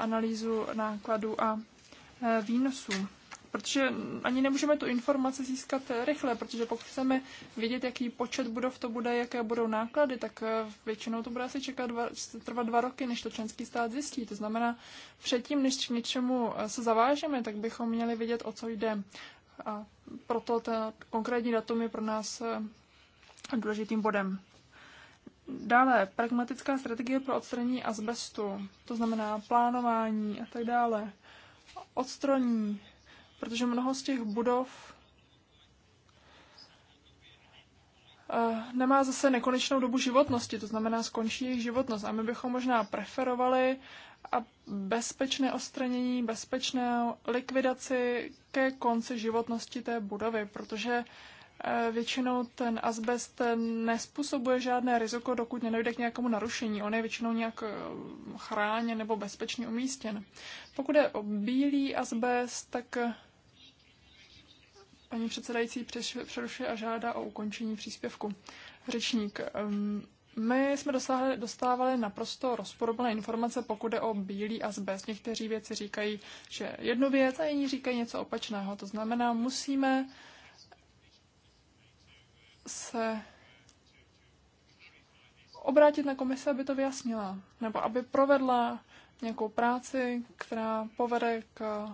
analýzu nákladů a e, výnosů. Protože ani nemůžeme tu informaci získat rychle, protože pokud chceme vidět, jaký počet budov to bude, jaké budou náklady, tak e, většinou to bude asi čekat dva, trvat dva roky, než to členský stát zjistí. To znamená, předtím, než k něčemu e, se zavážeme, tak bychom měli vidět, o co jde. A proto ten konkrétní datum je pro nás důležitým bodem. Dále, pragmatická strategie pro odstranění azbestu, to znamená plánování a tak dále. Odstranění, protože mnoho z těch budov eh, nemá zase nekonečnou dobu životnosti, to znamená skončí jejich životnost. A my bychom možná preferovali a bezpečné odstranění, bezpečné likvidaci ke konci životnosti té budovy, protože Eh, většinou ten asbest nespůsobuje žádné riziko, dokud nedojde k nějakému narušení. On je většinou nějak eh, chráněn nebo bezpečně umístěn. Pokud je o bílý asbest, tak eh, paní předsedající přerušuje a žádá o ukončení příspěvku. Řečník, ehm, my jsme dostávali dostávali naprosto rozporuplné informace, pokud je o bílý asbest. Někteří věci říkají, že jednu věc a jiní říkají něco opačného. To znamená, musíme se obrátit na komise, aby to vyjasnila, nebo aby provedla nějakou práci, která povede k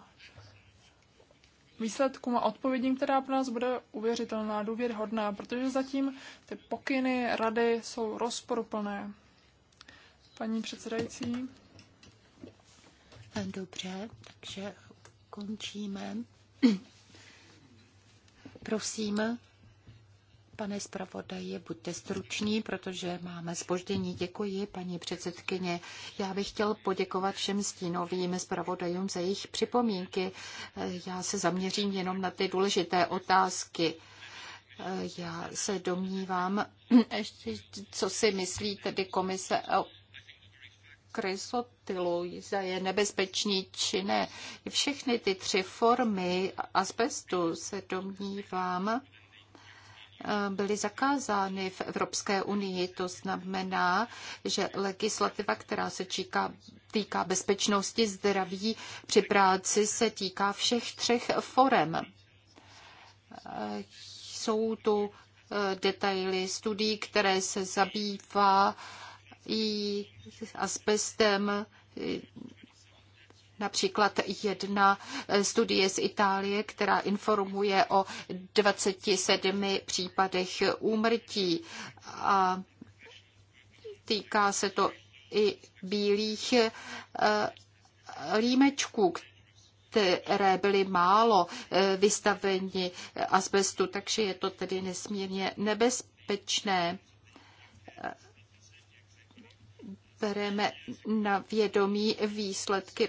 výsledkům a odpovědím, která pro nás bude uvěřitelná, důvěryhodná, protože zatím ty pokyny, rady jsou rozporuplné. Paní předsedající. Dobře, takže končíme. Prosím, Pane zpravodaji, buďte struční, protože máme spoždění. Děkuji, paní předsedkyně. Já bych chtěl poděkovat všem stínovým zpravodajům za jejich připomínky. Já se zaměřím jenom na ty důležité otázky. Já se domnívám, co si myslí tedy komise o krysotilu, zda je nebezpečný či ne. Všechny ty tři formy asbestu se domnívám, Eh, byly zakázány v Evropské unii. To znamená, že legislativa, která se číká, týká bezpečnosti zdraví při práci, se týká všech třech forem. Eh, jsou tu eh, detaily studií, které se zabývá i asbestem, Například jedna eh, studie z Itálie, která informuje o 27 případech úmrtí a týká se to i bílých eh, límečků, které byly málo eh, vystaveni asbestu, takže je to tedy nesmírně nebezpečné. Bereme na vědomí výsledky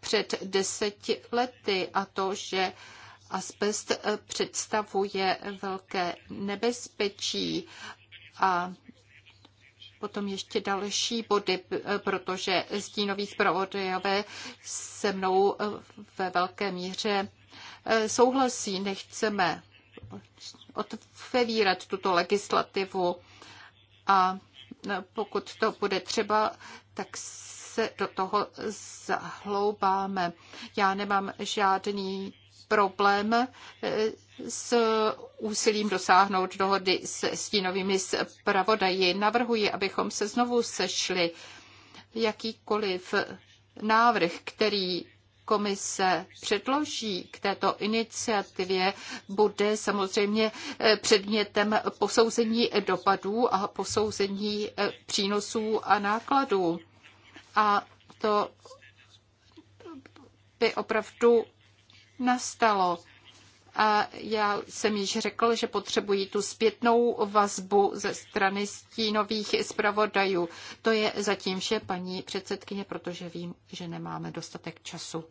před deseti lety a to, že asbest eh, představuje velké nebezpečí a potom ještě další body, eh, protože stínoví zpravodajové se mnou eh, ve velké míře souhlasí. Nechceme otevírat tuto legislativu a no, pokud to bude třeba, tak se do toho zahloubáme. Já nemám žádný problém eh, s úsilím dosáhnout dohody s stínovými zpravodaji. Navrhuji, abychom se znovu sešli. Jakýkoliv návrh, který komise předloží k této iniciativě, bude samozřejmě eh, předmětem posouzení dopadů a posouzení eh, přínosů a nákladů a to by opravdu nastalo. A já jsem již řekl, že potřebují tu zpětnou vazbu ze strany stínových zpravodajů. To je zatím vše, paní předsedkyně, protože vím, že nemáme dostatek času.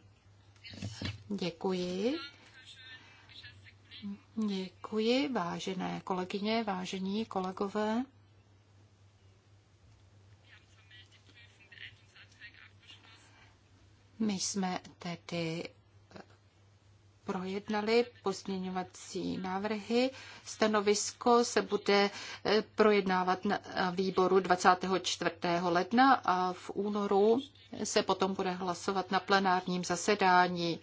Děkuji. Děkuji, vážené kolegyně, vážení kolegové. My jsme tedy eh, projednali pozměňovací návrhy. Stanovisko se bude eh, projednávat na eh, výboru 24. ledna a v únoru se potom bude hlasovat na plenárním zasedání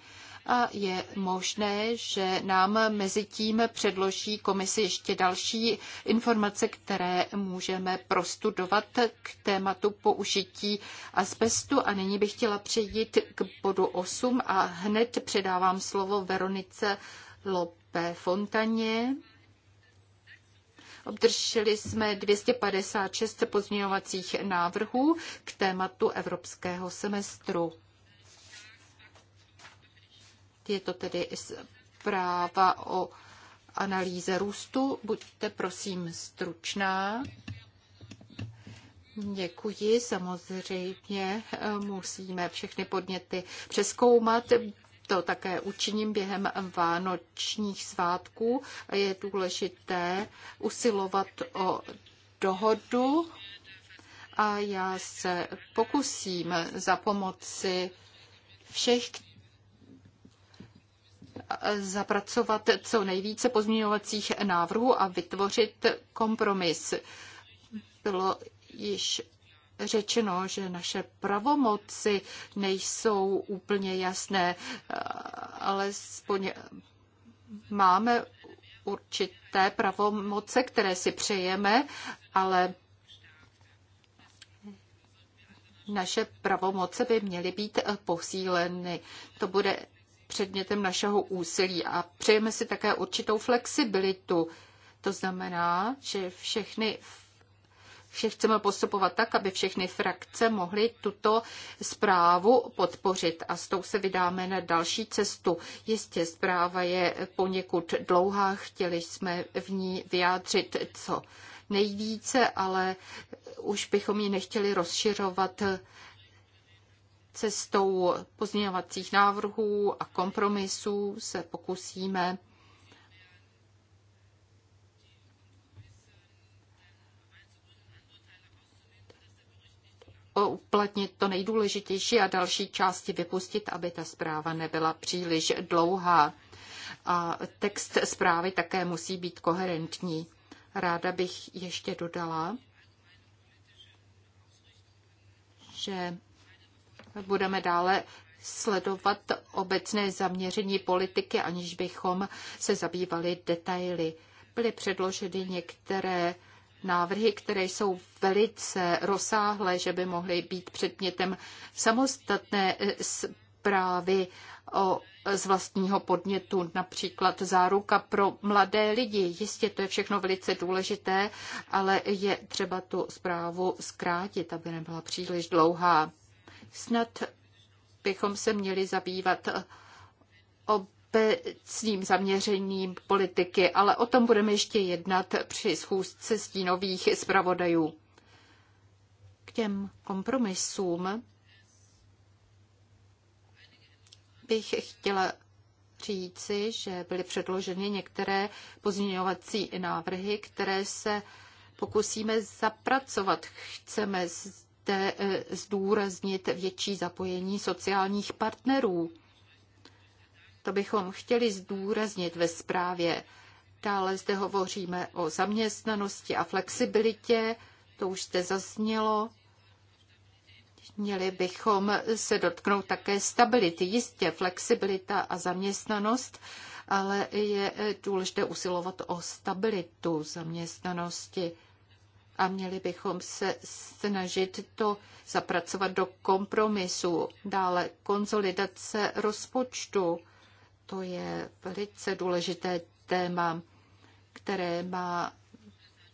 a je možné, že nám mezi tím předloží komisi ještě další informace, které můžeme prostudovat k tématu použití asbestu. A nyní bych chtěla přejít k bodu 8 a hned předávám slovo Veronice Lope Fontaně. Obdrželi jsme 256 pozměňovacích návrhů k tématu evropského semestru. Je to tedy zpráva o analýze růstu. Buďte prosím stručná. Děkuji. Samozřejmě eh, musíme všechny podněty přeskoumat. To také učiním během vánočních svátků. Je důležité usilovat o dohodu a já se pokusím za pomoci všech, zapracovat co nejvíce pozměňovacích návrhů a vytvořit kompromis. Bylo již řečeno, že naše pravomoci nejsou úplně jasné, ale máme určité pravomoce, které si přejeme, ale naše pravomoce by měly být posíleny. To bude předmětem našeho úsilí a přejeme si také určitou flexibilitu. To znamená, že všechny vše chceme postupovat tak, aby všechny frakce mohly tuto zprávu podpořit a s tou se vydáme na další cestu. Jistě zpráva je poněkud dlouhá, chtěli jsme v ní vyjádřit co nejvíce, ale už bychom ji nechtěli rozšiřovat cestou pozměňovacích návrhů a kompromisů se pokusíme uplatnit to nejdůležitější a další části vypustit, aby ta zpráva nebyla příliš dlouhá. A text zprávy také musí být koherentní. Ráda bych ještě dodala, že budeme dále sledovat obecné zaměření politiky, aniž bychom se zabývali detaily. Byly předloženy některé návrhy, které jsou velice rozsáhlé, že by mohly být předmětem samostatné eh, zprávy o, z vlastního podnětu, například záruka pro mladé lidi. Jistě to je všechno velice důležité, ale je třeba tu zprávu zkrátit, aby nebyla příliš dlouhá. Snad bychom se měli zabývat obecným zaměřením politiky, ale o tom budeme ještě jednat při schůzce stínových zpravodajů. K těm kompromisům bych chtěla říci, že byly předloženy některé pozměňovací návrhy, které se pokusíme zapracovat. Chceme důležité eh, zdůraznit větší zapojení sociálních partnerů. To bychom chtěli zdůraznit ve zprávě. Dále zde hovoříme o zaměstnanosti a flexibilitě, to už zde zaznělo. Měli bychom se dotknout také stability. Jistě flexibilita a zaměstnanost, ale je eh, důležité usilovat o stabilitu zaměstnanosti a měli bychom se snažit to zapracovat do kompromisu. Dále konsolidace rozpočtu. To je velice důležité téma, které má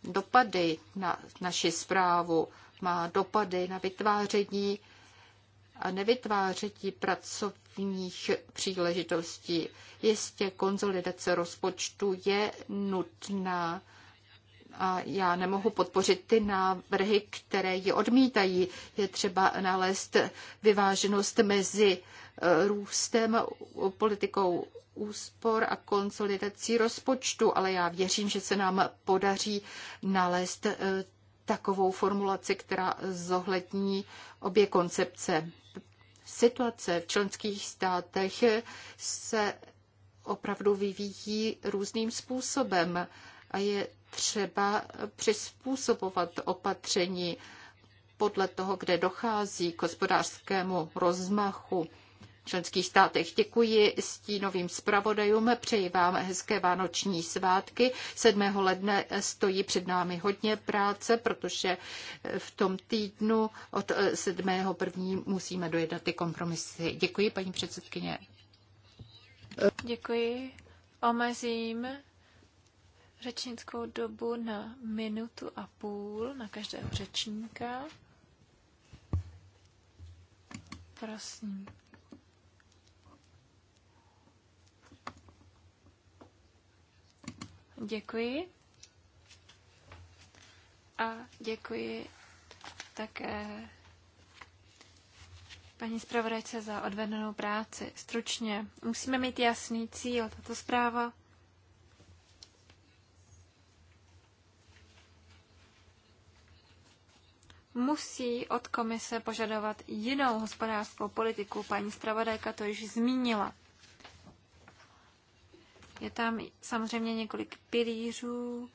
dopady na naši zprávu, má dopady na vytváření a nevytváření pracovních příležitostí. Jistě konzolidace rozpočtu je nutná a já nemohu podpořit ty návrhy, které ji odmítají. Je třeba nalézt vyváženost mezi eh, růstem, politikou úspor a konsolidací rozpočtu, ale já věřím, že se nám podaří nalézt eh, takovou formulaci, která zohlední obě koncepce. Situace v členských státech se opravdu vyvíjí různým způsobem a je třeba přizpůsobovat opatření podle toho, kde dochází k hospodářskému rozmachu v členských státech. Děkuji stínovým zpravodajům, přeji vám hezké vánoční svátky. 7. ledne stojí před námi hodně práce, protože v tom týdnu od 7. první musíme dojednat ty kompromisy. Děkuji, paní předsedkyně. Děkuji. Omezím řečnickou dobu na minutu a půl na každého řečníka. Prosím. Děkuji. A děkuji také paní zpravodajce za odvedenou práci. Stručně, musíme mít jasný cíl. Tato zpráva musí od komise požadovat jinou hospodářskou politiku. Paní zpravodajka to již zmínila. Je tam samozřejmě několik pilířů,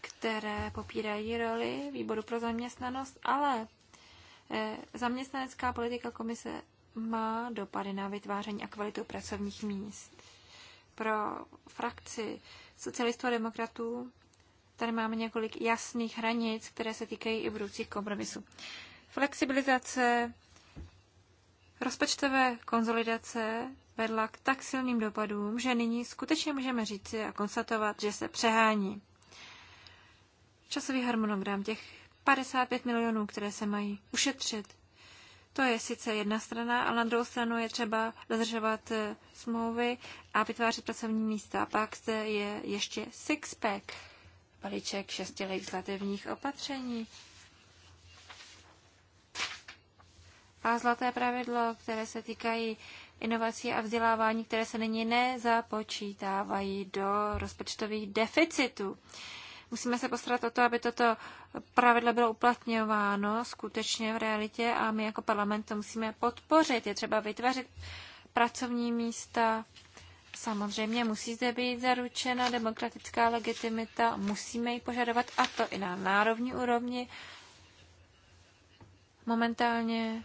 které popírají roli výboru pro zaměstnanost, ale eh, zaměstnanecká politika komise má dopady na vytváření a kvalitu pracovních míst. Pro frakci socialistů a demokratů Tady máme několik jasných hranic, které se týkají i budoucích kompromisů. Flexibilizace rozpočtové konsolidace vedla k tak silným dopadům, že nyní skutečně můžeme říci a konstatovat, že se přehání. Časový harmonogram těch 55 milionů, které se mají ušetřit, to je sice jedna strana, ale na druhou stranu je třeba dodržovat eh, smlouvy a vytvářet pracovní místa. Pak je ještě six-pack, balíček šesti legislativních opatření. A zlaté pravidlo, které se týkají inovací a vzdělávání, které se nyní nezapočítávají do rozpočtových deficitů. Musíme se postarat o to, aby toto pravidlo bylo uplatňováno skutečně v realitě a my jako parlament to musíme podpořit. Je třeba vytvářet pracovní místa, Samozřejmě musí zde být zaručena demokratická legitimita, musíme ji požadovat a to i na národní úrovni. Momentálně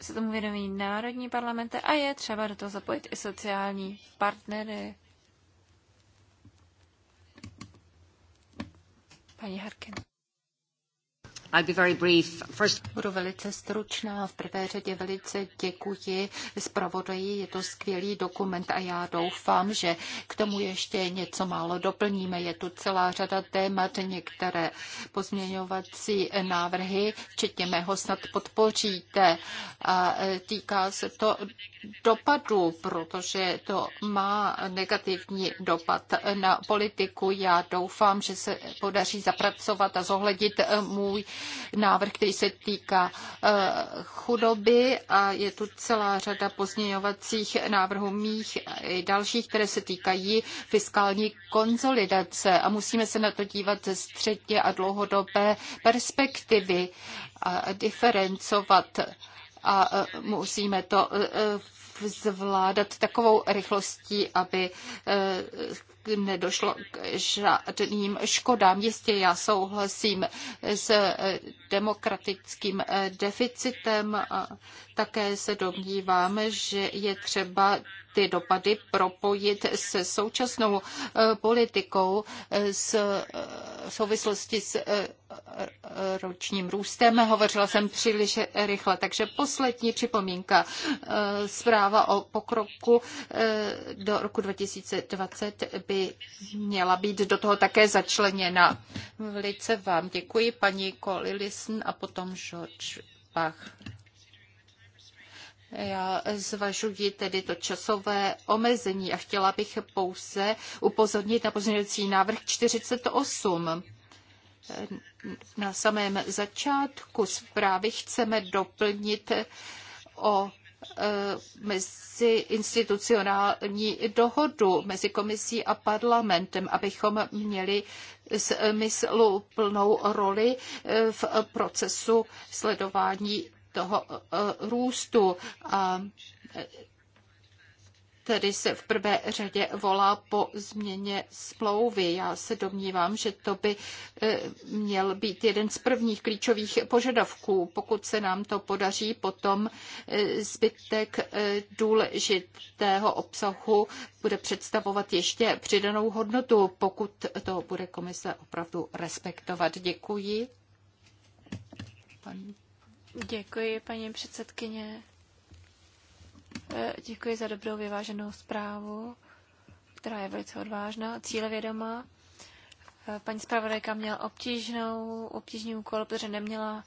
se tomu vědomí národní parlamenty a je třeba do toho zapojit i sociální partnery. Paní Harkin. Budu velice stručná. V prvé řadě velice děkuji zpravodaji. Je to skvělý dokument a já doufám, že k tomu ještě něco málo doplníme. Je tu celá řada témat, některé pozměňovací návrhy, včetně mého snad podpoříte. A e, týká se to dopadu, protože to má negativní dopad na politiku. Já doufám, že se podaří zapracovat a zohlednit e, můj návrh, který se týká eh, chudoby a je tu celá řada pozměňovacích návrhů mých i dalších, které se týkají fiskální konsolidace a musíme se na to dívat ze středně a dlouhodobé perspektivy a diferencovat a eh, musíme to eh, zvládat takovou rychlostí, aby nedošlo k žádným škodám. Jistě já souhlasím s eh, demokratickým eh, deficitem a také se domníváme, že je třeba ty dopady propojit se současnou eh, politikou s, v souvislosti s ročním růstem. Hovořila jsem příliš rychle, takže poslední připomínka. Zpráva o pokroku do roku 2020 by by měla být do toho také začleněna. Velice vám děkuji, paní Kolilisn, a potom George Bach. Já zvažuji tedy to časové omezení a chtěla bych pouze upozornit na pozměňovací návrh 48. Na samém začátku zprávy chceme doplnit o Eh, mezi institucionální dohodu mezi komisí a parlamentem, abychom měli smyslu eh, plnou roli eh, v procesu sledování toho růstu. A Tedy se v prvé řadě volá po změně smlouvy. Já se domnívám, že to by eh, měl být jeden z prvních klíčových požadavků. Pokud se nám to podaří, potom eh, zbytek eh, důležitého obsahu bude představovat ještě přidanou hodnotu, pokud to bude komise opravdu respektovat. Děkuji. Pan... Děkuji, paní předsedkyně. E, děkuji za dobrou vyváženou zprávu, která je velice odvážná, cílevědomá. E, paní zpravodajka měla obtížnou, obtížný úkol, protože neměla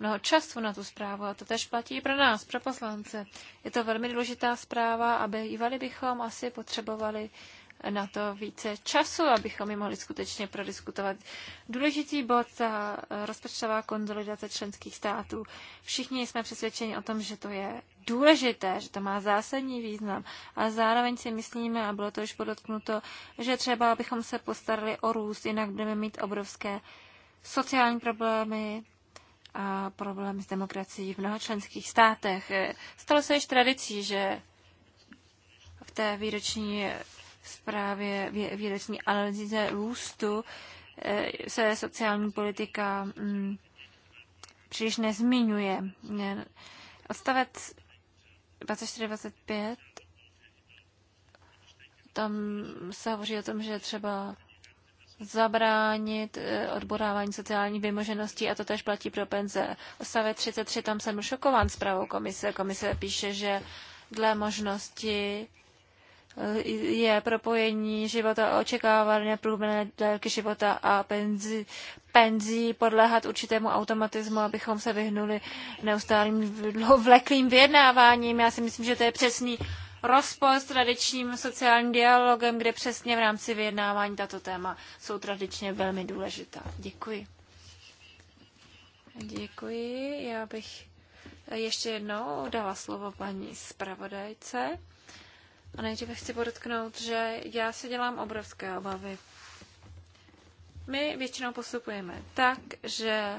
mnoho času na tu zprávu a to tež platí i pro nás, pro poslance. Je to velmi důležitá zpráva a bývali bychom asi potřebovali na to více času, abychom ji mohli skutečně prodiskutovat. Důležitý bod, ta eh, rozpočtová konzolidace členských států. Všichni jsme přesvědčeni o tom, že to je důležité, že to má zásadní význam. A zároveň si myslíme, a bylo to už podotknuto, že třeba abychom se postarali o růst, jinak budeme mít obrovské sociální problémy, a problémy s demokracií v mnoha členských státech. Eh, stalo se již tradicí, že v té výroční zprávě vědeční analýze růstu eh, se sociální politika mm, příliš nezmiňuje. Odstavec 24-25, tam se hovoří o tom, že třeba zabránit eh, odborávání sociální vymoženosti a to tež platí pro penze. Ostave 33, tam jsem šokován zprávou komise. Komise píše, že dle možnosti Eh, je propojení života, očekávání, průměrné délky života a penzí, penzí podléhat určitému automatismu, abychom se vyhnuli neustálým vleklým vyjednáváním. Já si myslím, že to je přesný rozpor s tradičním sociálním dialogem, kde přesně v rámci vyjednávání tato téma jsou tradičně velmi důležitá. Děkuji. Děkuji. Já bych ještě jednou dala slovo paní zpravodajce. A nejdříve chci podotknout, že já si dělám obrovské obavy. My většinou postupujeme tak, že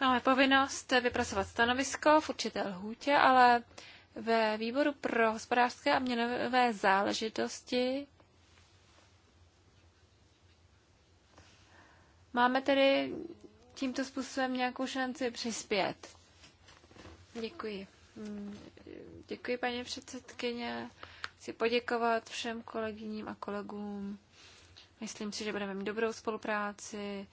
máme povinnost vypracovat stanovisko v určité lhůtě, ale ve výboru pro hospodářské a měnové záležitosti máme tedy tímto způsobem nějakou šanci přispět. Děkuji. Děkuji, paní předsedkyně. Chci poděkovat všem kolegyním a kolegům. Myslím si, že budeme mít dobrou spolupráci.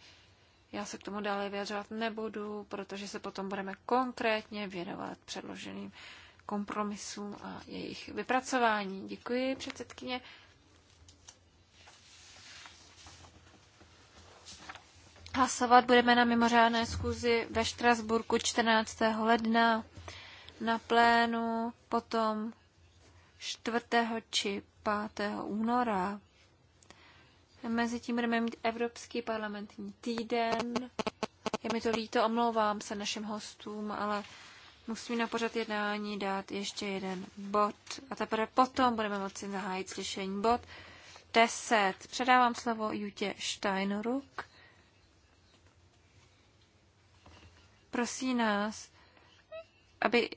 Já se k tomu dále vyjadřovat nebudu, protože se potom budeme konkrétně věnovat předloženým kompromisům a jejich vypracování. Děkuji, předsedkyně. Hlasovat budeme na mimořádné schůzi ve Štrasburku 14. ledna na plénu potom 4. či 5. února. Mezitím budeme mít Evropský parlamentní týden. Je mi to líto, omlouvám se našim hostům, ale musím na pořad jednání dát ještě jeden bod. A teprve potom budeme moci zahájit slyšení bod 10. Předávám slovo Jutě Steinruck. Prosí nás, aby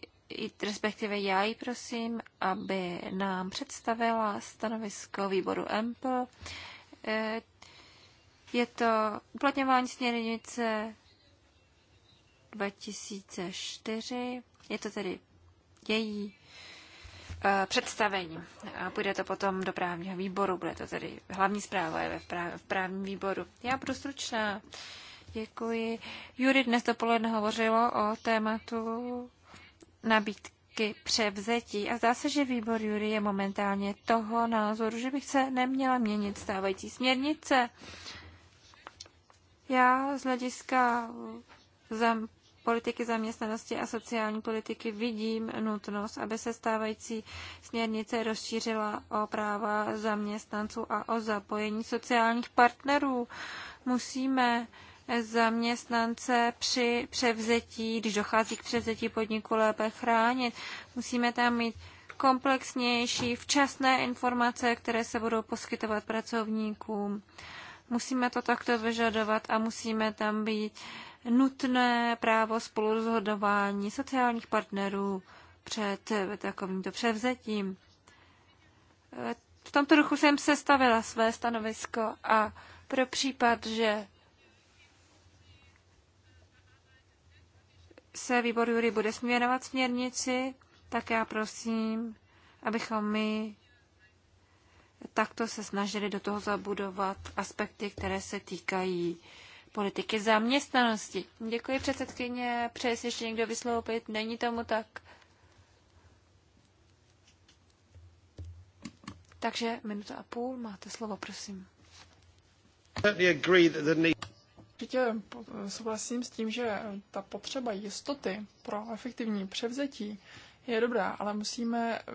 respektive já ji prosím, aby nám představila stanovisko výboru EMPL. E, je to uplatňování směrnice 2004. Je to tedy její e, představení. A půjde to potom do právního výboru, bude to tedy hlavní zpráva je v, právním výboru. Já budu stručná. Děkuji. Jury dnes dopoledne hovořilo o tématu nabídky převzetí. A zdá se, že výbor Jury je momentálně toho názoru, že bych se neměla měnit stávající směrnice. Já z hlediska zam, politiky zaměstnanosti a sociální politiky vidím nutnost, aby se stávající směrnice rozšířila o práva zaměstnanců a o zapojení sociálních partnerů. Musíme uh, zaměstnance při převzetí, když dochází k převzetí podniku, lépe chránit. Musíme tam mít komplexnější, včasné informace, které se budou poskytovat pracovníkům. Musíme to takto vyžadovat a musíme tam být nutné právo spolurozhodování sociálních partnerů před takovýmto převzetím. V tomto duchu jsem sestavila své stanovisko a pro případ, že se výbor Jury bude směrovat směrnici, tak já prosím, abychom my takto se snažili do toho zabudovat aspekty, které se týkají politiky zaměstnanosti. Děkuji předsedkyně. Přeje si ještě někdo vysloupit? Není tomu tak. Takže minuta a půl, máte slovo, prosím určitě souhlasím s tím, že ta potřeba jistoty pro efektivní převzetí je dobrá, ale musíme eh,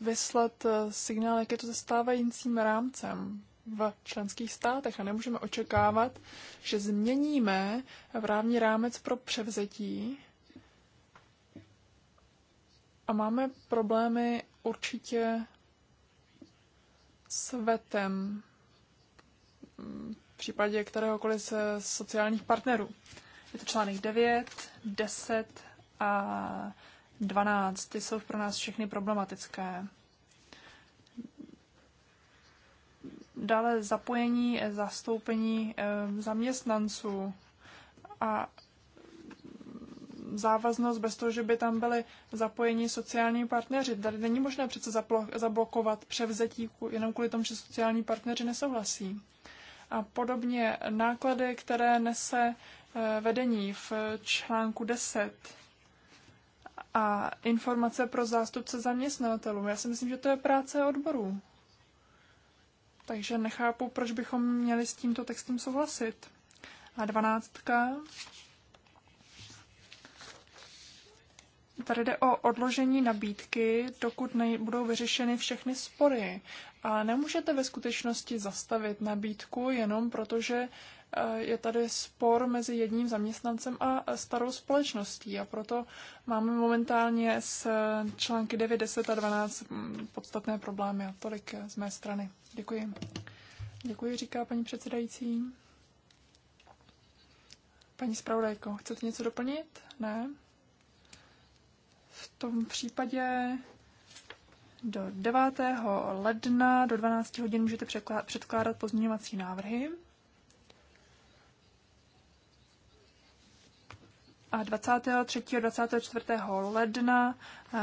vyslat eh, signál, jak je to se stávajícím rámcem v členských státech a nemůžeme očekávat, že změníme právní rámec pro převzetí a máme problémy určitě s vetem případě kteréhokoliv z sociálních partnerů. Je to článek 9, 10 a 12. Ty jsou pro nás všechny problematické. Dále zapojení, zastoupení eh, zaměstnanců a závaznost bez toho, že by tam byly zapojeni sociální partneři. Tady není možné přece zablokovat převzetí jenom kvůli tomu, že sociální partneři nesouhlasí a podobně náklady, které nese eh, vedení v článku 10 a informace pro zástupce zaměstnavatelů. Já si myslím, že to je práce odborů. Takže nechápu, proč bychom měli s tímto textem souhlasit. A dvanáctka. tady jde o odložení nabídky, dokud nebudou vyřešeny všechny spory. A nemůžete ve skutečnosti zastavit nabídku jenom protože eh, je tady spor mezi jedním zaměstnancem a eh, starou společností a proto máme momentálně s eh, články 9, 10 a 12 mm, podstatné problémy. A tolik z mé strany. Děkuji. Děkuji, říká paní předsedající. Paní zpravodajko, chcete něco doplnit? Ne? V tom případě do 9. ledna do 12 hodin můžete předkládat pozměňovací návrhy. A 23. a 24. ledna eh,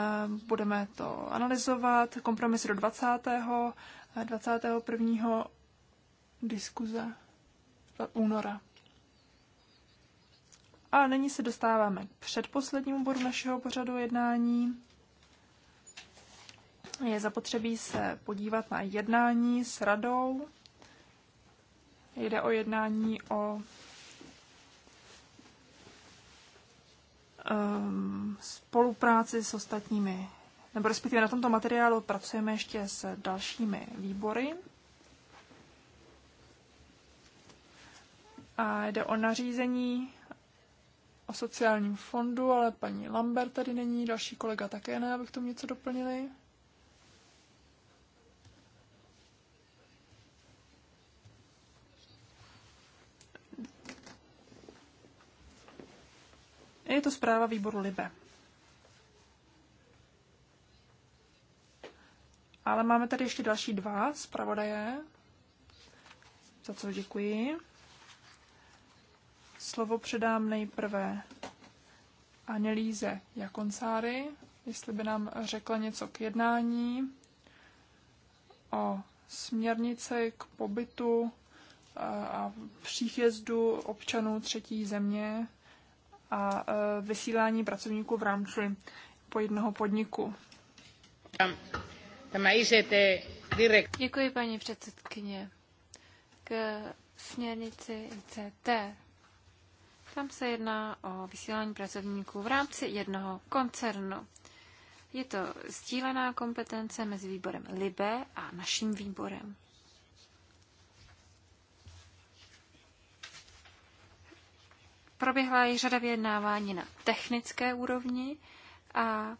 budeme to analyzovat. kompromis do 20. 21. Eh, diskuze eh, února. A nyní se dostáváme k předposlednímu bodu našeho pořadu jednání. Je zapotřebí se podívat na jednání s radou. Jde o jednání o um, spolupráci s ostatními, nebo respektive na tomto materiálu pracujeme ještě s dalšími výbory. A jde o nařízení o sociálním fondu, ale paní Lambert tady není, další kolega také ne, abych tomu něco doplnili. Je to zpráva výboru Libe. Ale máme tady ještě další dva zpravodaje, za co děkuji. Slovo předám nejprve Anelíze Jakoncáry, jestli by nám řekla něco k jednání o směrnici k pobytu eh, a příjezdu občanů třetí země a eh, vysílání pracovníků v rámci po jednoho podniku. Děkuji, paní předsedkyně. K směrnici ICT tam se jedná o vysílání pracovníků v rámci jednoho koncernu. Je to sdílená kompetence mezi výborem LIBE a naším výborem. Proběhla i řada vyjednávání na technické úrovni a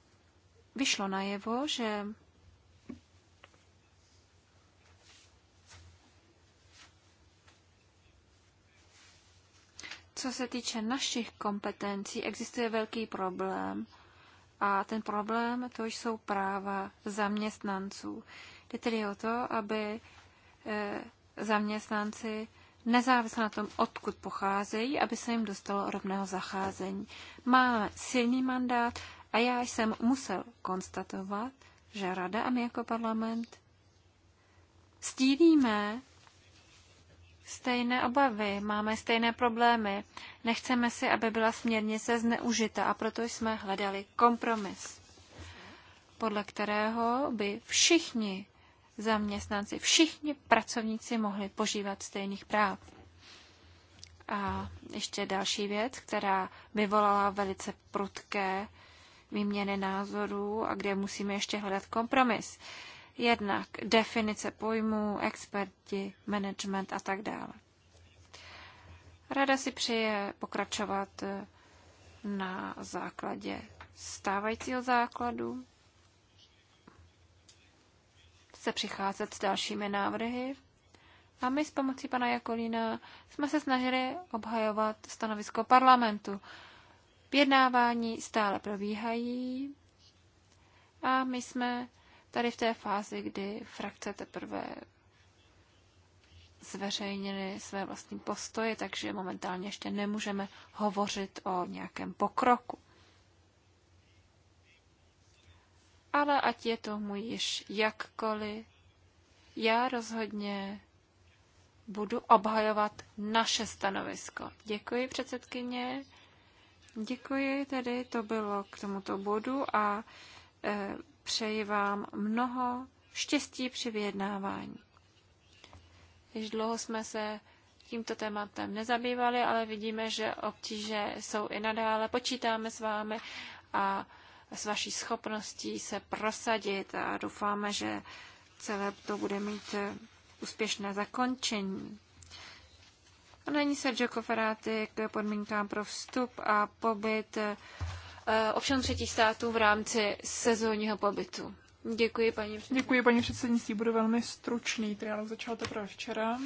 vyšlo najevo, že Co se týče našich kompetencí, existuje velký problém a ten problém to jsou práva zaměstnanců. Jde tedy o to, aby eh, zaměstnanci nezávisle na tom, odkud pocházejí, aby se jim dostalo rovného zacházení. Máme silný mandát a já jsem musel konstatovat, že Rada a my jako parlament stílíme stejné obavy, máme stejné problémy. Nechceme si, aby byla směrnice zneužita a proto jsme hledali kompromis, podle kterého by všichni zaměstnanci, všichni pracovníci mohli požívat stejných práv. A ještě další věc, která vyvolala velice prudké výměny názorů a kde musíme ještě hledat kompromis jednak definice pojmů, experti, management a tak dále. Rada si přeje pokračovat eh, na základě stávajícího základu, Se přicházet s dalšími návrhy a my s pomocí pana Jakolína jsme se snažili obhajovat stanovisko parlamentu. Vyjednávání stále probíhají a my jsme tady v té fázi, kdy frakce teprve zveřejnili své vlastní postoje, takže momentálně ještě nemůžeme hovořit o nějakém pokroku. Ale ať je můj již jakkoliv, já rozhodně budu obhajovat naše stanovisko. Děkuji, předsedkyně. Děkuji, tedy to bylo k tomuto bodu a eh, přeji vám mnoho štěstí při vyjednávání. Již dlouho jsme se tímto tématem nezabývali, ale vidíme, že obtíže jsou i nadále. Počítáme s vámi a s vaší schopností se prosadit a doufáme, že celé to bude mít eh, úspěšné zakončení. A není Sergio Koferáty k podmínkám pro vstup a pobyt eh, Eh, občanů třetích států v rámci sezónního pobytu. Děkuji, paní předsednictví. Děkuji, paní předsednictví. Budu velmi stručný. Trialog začal teprve včera.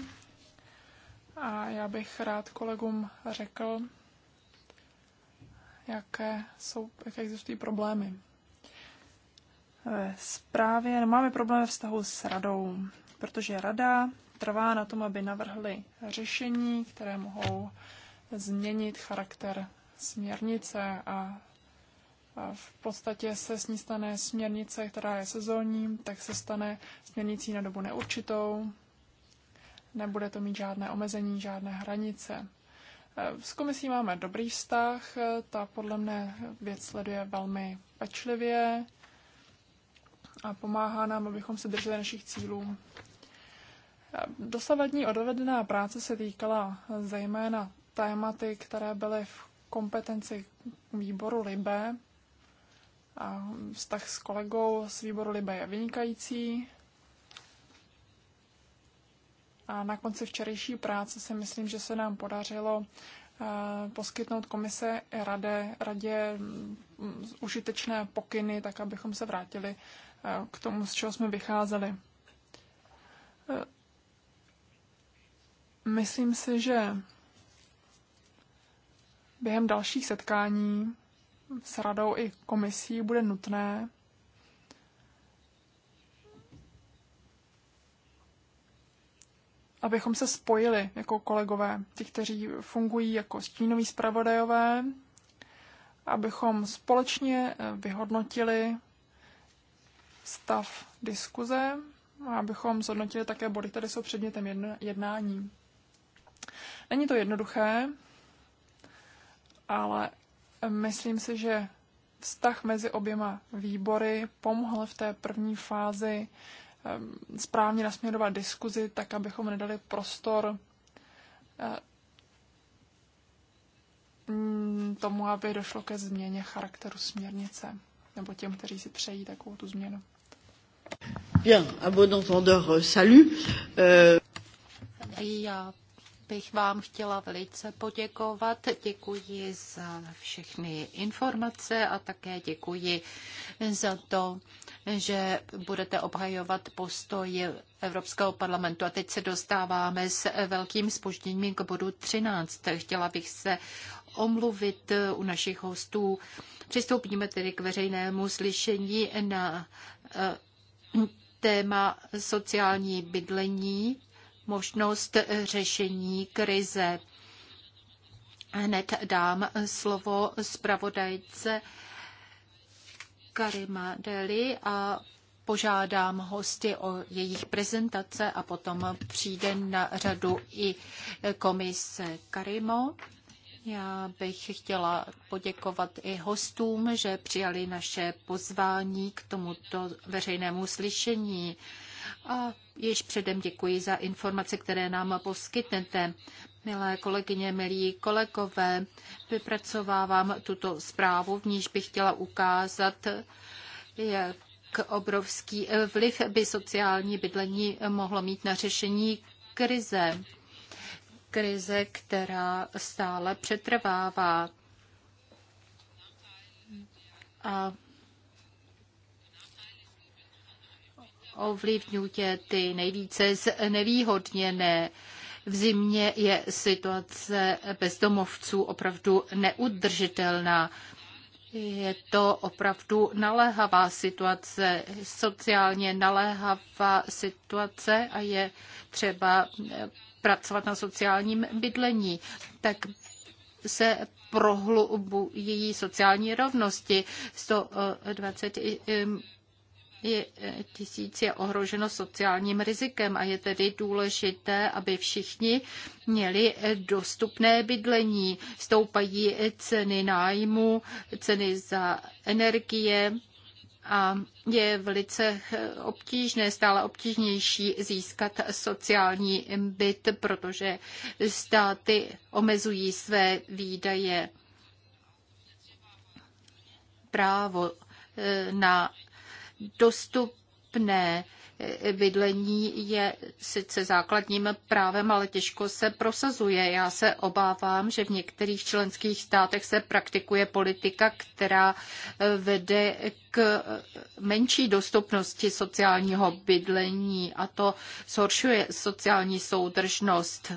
A já bych rád kolegům řekl, jaké, jsou, jaké existují problémy. Ve zprávě máme problém ve vztahu s radou, protože rada trvá na tom, aby navrhli řešení, které mohou změnit charakter směrnice a v podstatě se s ní stane směrnice, která je sezónní, tak se stane směrnicí na dobu neurčitou. Nebude to mít žádné omezení, žádné hranice. E, s komisí máme dobrý vztah, e, ta podle mne věc sleduje velmi pečlivě a pomáhá nám, abychom se drželi našich cílů. E, dosavadní odvedená práce se týkala zejména tématy, které byly v kompetenci výboru LIBE, a vztah s kolegou z výboru liba je vynikající. A na konci včerejší práce si myslím, že se nám podařilo eh, poskytnout komise rade, radě mm, užitečné pokyny, tak abychom se vrátili eh, k tomu, z čeho jsme vycházeli. Eh, myslím si, že během dalších setkání s radou i komisí bude nutné abychom se spojili jako kolegové, ti, kteří fungují jako stínoví zpravodajové, abychom společně eh, vyhodnotili stav diskuze a abychom zhodnotili také body, které jsou předmětem jednání. Není to jednoduché, ale Myslím si, že vztah mezi oběma výbory pomohl v té první fázi ehm, správně nasměrovat diskuzi, tak abychom nedali prostor ehm, tomu, aby došlo ke změně charakteru směrnice, nebo těm, kteří si přejí takovou tu změnu. Bien, à bon entendeur, euh, salut. Euh, Já bych vám chtěla velice poděkovat. Děkuji za všechny informace a také děkuji za to, že budete obhajovat postoj Evropského parlamentu. A teď se dostáváme s velkým spožděním k bodu 13. Chtěla bych se omluvit u našich hostů. Přistoupíme tedy k veřejnému slyšení na eh, téma sociální bydlení možnost řešení krize. Hned dám slovo zpravodajce Karima Deli a požádám hosty o jejich prezentace a potom přijde na řadu i komise Karimo. Já bych chtěla poděkovat i hostům, že přijali naše pozvání k tomuto veřejnému slyšení a již předem děkuji za informace, které nám poskytnete. Milé kolegyně, milí kolegové, vypracovávám tuto zprávu, v níž bych chtěla ukázat, jak obrovský vliv by sociální bydlení mohlo mít na řešení krize. Krize, která stále přetrvává. A ovlivňuje ty nejvíce znevýhodněné. V zimě je situace bezdomovců opravdu neudržitelná. Je to opravdu naléhavá situace, sociálně naléhavá situace a je třeba pracovat na sociálním bydlení. Tak se prohlubují sociální rovnosti. 120 tisíc je ohroženo sociálním rizikem a je tedy důležité, aby všichni měli dostupné bydlení. Stoupají ceny nájmu, ceny za energie a je velice obtížné, stále obtížnější získat sociální byt, protože státy omezují své výdaje. Právo eh, na dostupné bydlení je sice základním právem, ale těžko se prosazuje. Já se obávám, že v některých členských státech se praktikuje politika, která vede k menší dostupnosti sociálního bydlení a to zhoršuje sociální soudržnost.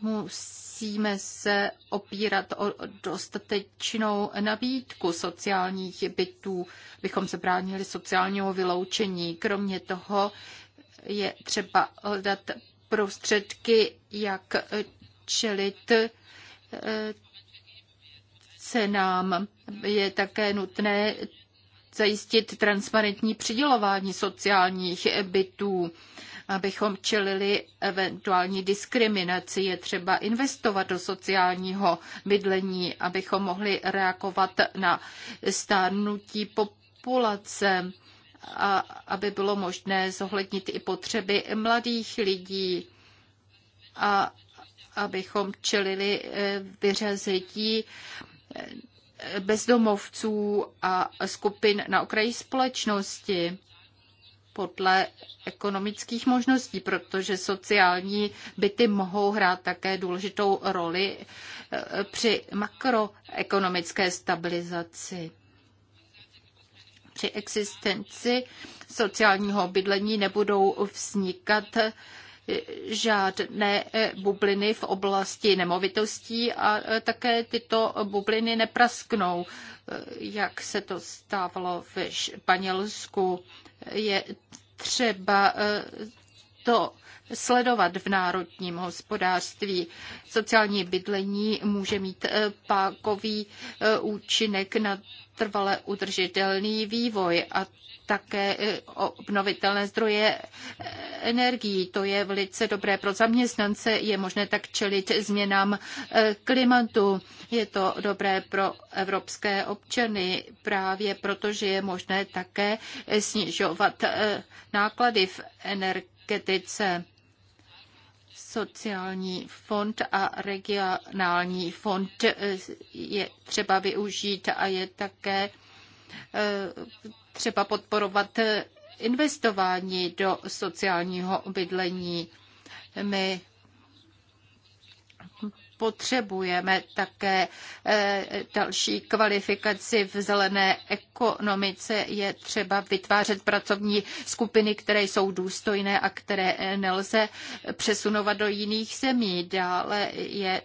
Musí musíme se opírat o dostatečnou nabídku sociálních bytů, bychom se bránili sociálního vyloučení. Kromě toho je třeba hledat prostředky, jak čelit eh, cenám. Je také nutné zajistit transparentní přidělování sociálních bytů abychom čelili eventuální diskriminaci. Je třeba investovat do sociálního bydlení, abychom mohli reagovat na stárnutí populace a aby bylo možné zohlednit i potřeby mladých lidí a abychom čelili eh, vyřazetí eh, bezdomovců a skupin na okraji společnosti podle ekonomických možností, protože sociální byty mohou hrát také důležitou roli eh, při makroekonomické stabilizaci. Při existenci sociálního bydlení nebudou vznikat žádné eh, bubliny v oblasti nemovitostí a eh, také tyto bubliny neprasknou, eh, jak se to stávalo ve Španělsku. Je třeba to sledovat v národním hospodářství. Sociální bydlení může mít pákový účinek na trvale udržitelný vývoj a také obnovitelné zdroje energií. To je velice dobré pro zaměstnance, je možné tak čelit změnám eh, klimatu. Je to dobré pro evropské občany právě protože je možné také snižovat eh, náklady v energetice sociální fond a regionální fond eh, je třeba využít a je také třeba podporovat eh, investování do sociálního bydlení. My potřebujeme také eh, další kvalifikaci v zelené ekonomice. Je třeba vytvářet pracovní skupiny, které jsou důstojné a které eh, nelze přesunovat do jiných zemí. Dále je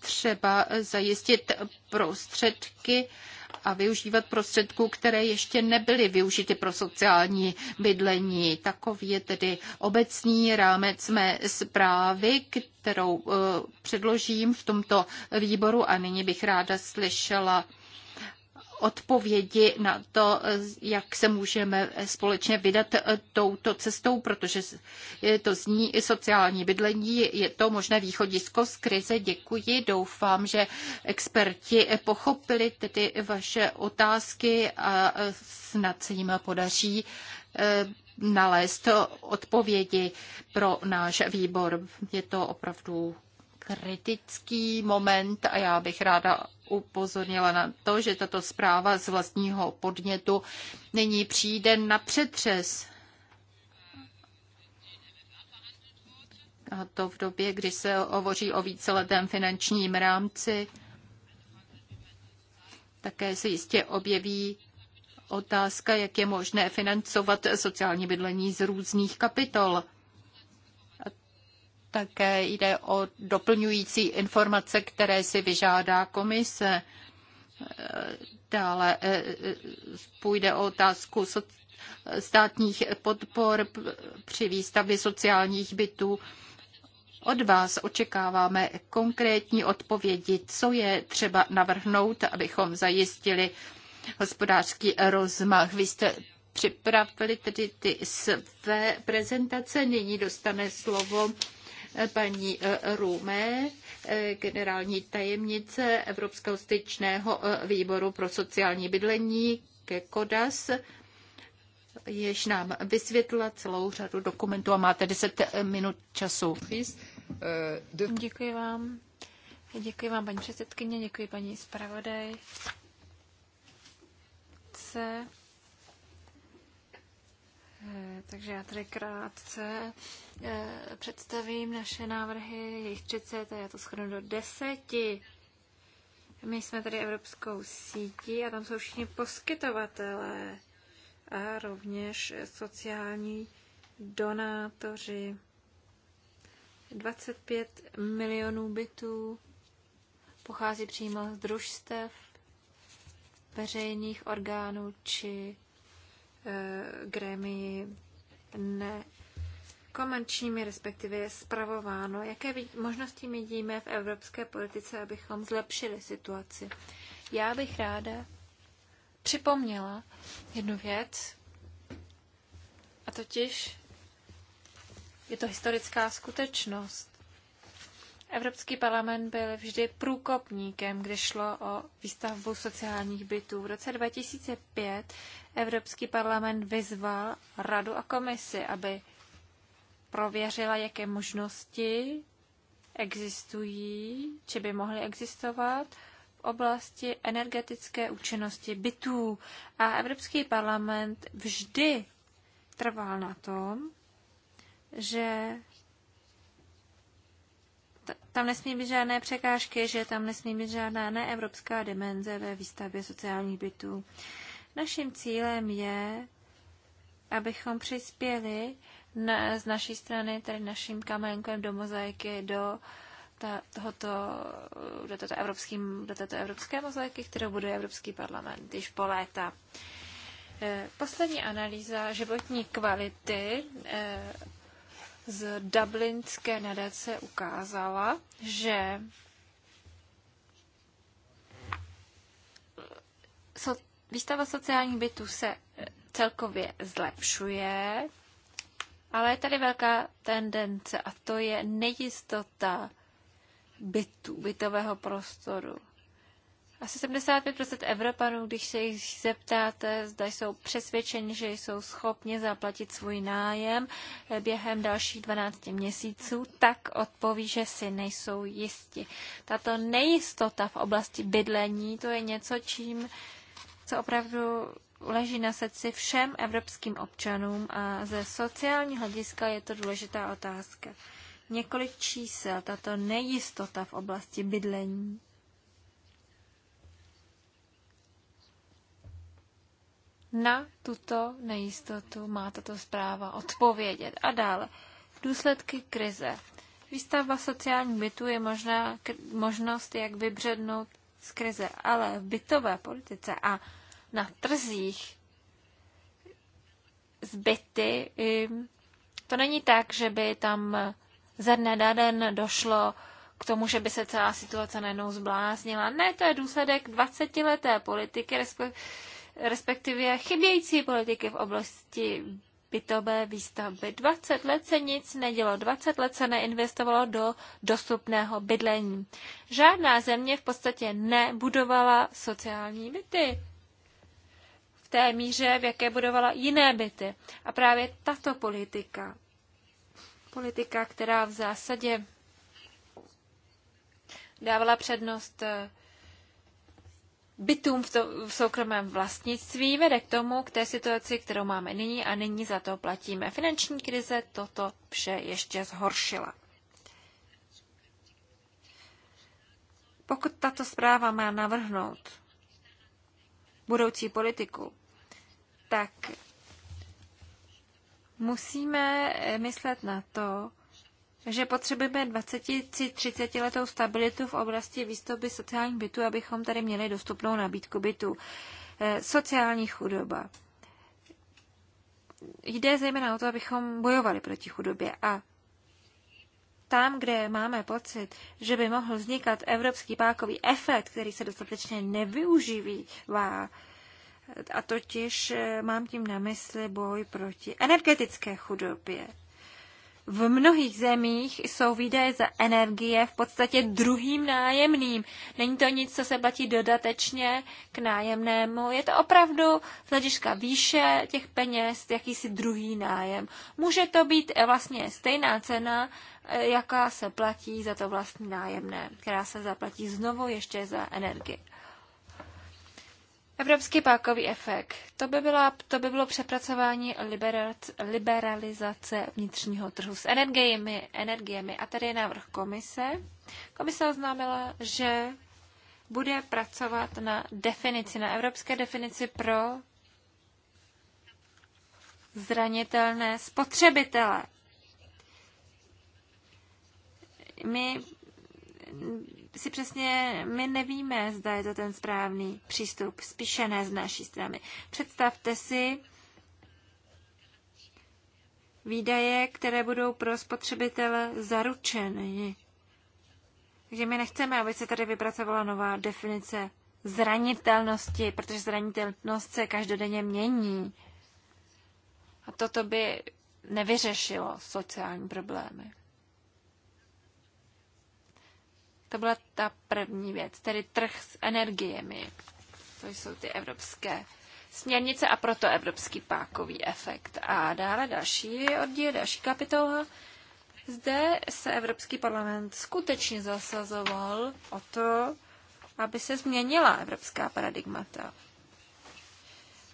třeba zajistit prostředky, a využívat prostředků, které ještě nebyly využity pro sociální bydlení. Takový je tedy obecný rámec mé zprávy, kterou eh, předložím v tomto výboru a nyní bych ráda slyšela odpovědi na to, jak se můžeme společně vydat touto cestou, protože to zní i sociální bydlení, je to možné východisko z krize. Děkuji, doufám, že experti pochopili tedy vaše otázky a snad se jim podaří eh, nalézt odpovědi pro náš výbor. Je to opravdu kritický moment a já bych ráda upozornila na to, že tato zpráva z vlastního podnětu nyní přijde na přetřes. A to v době, kdy se hovoří o víceletém finančním rámci. Také se jistě objeví otázka, jak je možné financovat sociální bydlení z různých kapitol. Také jde o doplňující informace, které si vyžádá komise. Dále eh, eh, půjde o otázku státních podpor při výstavbě sociálních bytů. Od vás očekáváme konkrétní odpovědi, co je třeba navrhnout, abychom zajistili hospodářský rozmach. Vy jste připravili tedy ty své prezentace. Nyní dostane slovo paní eh, Rumé, eh, generální tajemnice Evropského styčného eh, výboru pro sociální bydlení ke KODAS, jež nám vysvětlila celou řadu dokumentů a máte 10 minut času. Děkuji vám. Děkuji vám, paní předsedkyně, děkuji paní zpravodajce. Eh, takže já tady krátce eh, představím naše návrhy, jejich 30 a já to schodím do 10. My jsme tady evropskou sítí a tam jsou všichni poskytovatelé a rovněž sociální donátoři. 25 milionů bytů pochází přímo z družstev, veřejných orgánů či grémii ne komerčními, respektive spravováno. Jaké možnosti my vidíme v evropské politice, abychom zlepšili situaci? Já bych ráda připomněla jednu věc, a totiž je to historická skutečnost. Evropský parlament byl vždy průkopníkem, kde šlo o výstavbu sociálních bytů. V roce 2005 Evropský parlament vyzval Radu a komisi, aby prověřila, jaké možnosti existují, či by mohly existovat v oblasti energetické účinnosti bytů. A Evropský parlament vždy trval na tom, že tam nesmí být žádné překážky, že tam nesmí být žádná neevropská dimenze ve výstavbě sociálních bytů. Naším cílem je, abychom přispěli na, z naší strany, tedy naším kamenkem do mozaiky, do ta, tohoto, do této, evropský, do této evropské mozaiky, kterou buduje Evropský parlament již po léta. Eh, poslední analýza životní kvality eh, z Dublinské nadace ukázala, že so, výstava sociálních bytů se eh, celkově zlepšuje, ale je tady velká tendence a to je nejistota bytu, bytového prostoru. Asi 75% Evropanů, když se jich zeptáte, zda jsou přesvědčeni, že jsou schopni zaplatit svůj nájem eh, během dalších 12 měsíců, tak odpoví, že si nejsou jisti. Tato nejistota v oblasti bydlení, to je něco, čím, co opravdu leží na srdci všem evropským občanům a ze sociálního hlediska je to důležitá otázka. Několik čísel, tato nejistota v oblasti bydlení Na tuto nejistotu má tato zpráva odpovědět. A dále, důsledky krize. Výstavba sociálních bytů je možná, možnost, jak vybřednout z krize, ale v bytové politice a na trzích zbyty. To není tak, že by tam ze dne na den došlo k tomu, že by se celá situace najednou zbláznila. Ne, to je důsledek 20-leté politiky, respektive respektive chybějící politiky v oblasti bytové výstavby. 20 let se nic nedělo, 20 let se neinvestovalo do dostupného bydlení. Žádná země v podstatě nebudovala sociální byty v té míře, v jaké budovala jiné byty. A právě tato politika, politika, která v zásadě dávala přednost eh, bytům v, to, v soukromém vlastnictví vede k tomu, k té situaci, kterou máme nyní a nyní za to platíme. Finanční krize toto vše ještě zhoršila. Pokud tato zpráva má navrhnout budoucí politiku, tak musíme myslet na to, že potřebujeme 20-30 letou stabilitu v oblasti výstavby sociálních bytů, abychom tady měli dostupnou nabídku bytů. Eh, sociální chudoba. Jde zejména o to, abychom bojovali proti chudobě a tam, kde máme pocit, že by mohl vznikat evropský pákový efekt, který se dostatečně nevyužívá, a totiž eh, mám tím na mysli boj proti energetické chudobě. V mnohých zemích jsou výdaje za energie v podstatě druhým nájemným. Není to nic, co se platí dodatečně k nájemnému. Je to opravdu z hlediska výše těch peněz jakýsi druhý nájem. Může to být eh, vlastně stejná cena, eh, jaká se platí za to vlastní nájemné, která se zaplatí znovu ještě za energii. Evropský pákový efekt. To by, byla, to by bylo přepracování liberalizace vnitřního trhu s energiemi. energiemi. A tady je návrh komise. Komise oznámila, že bude pracovat na definici, na evropské definici pro zranitelné spotřebitele. My si přesně my nevíme, zda je to ten správný přístup, spíše ne z naší strany. Představte si výdaje, které budou pro spotřebitele zaručeny. Takže my nechceme, aby se tady vypracovala nová definice zranitelnosti, protože zranitelnost se každodenně mění. A toto by nevyřešilo sociální problémy. To byla ta první věc, tedy trh s energiemi. To jsou ty evropské směrnice a proto evropský pákový efekt. A dále další oddíl, další kapitola. Zde se Evropský parlament skutečně zasazoval o to, aby se změnila evropská paradigmata.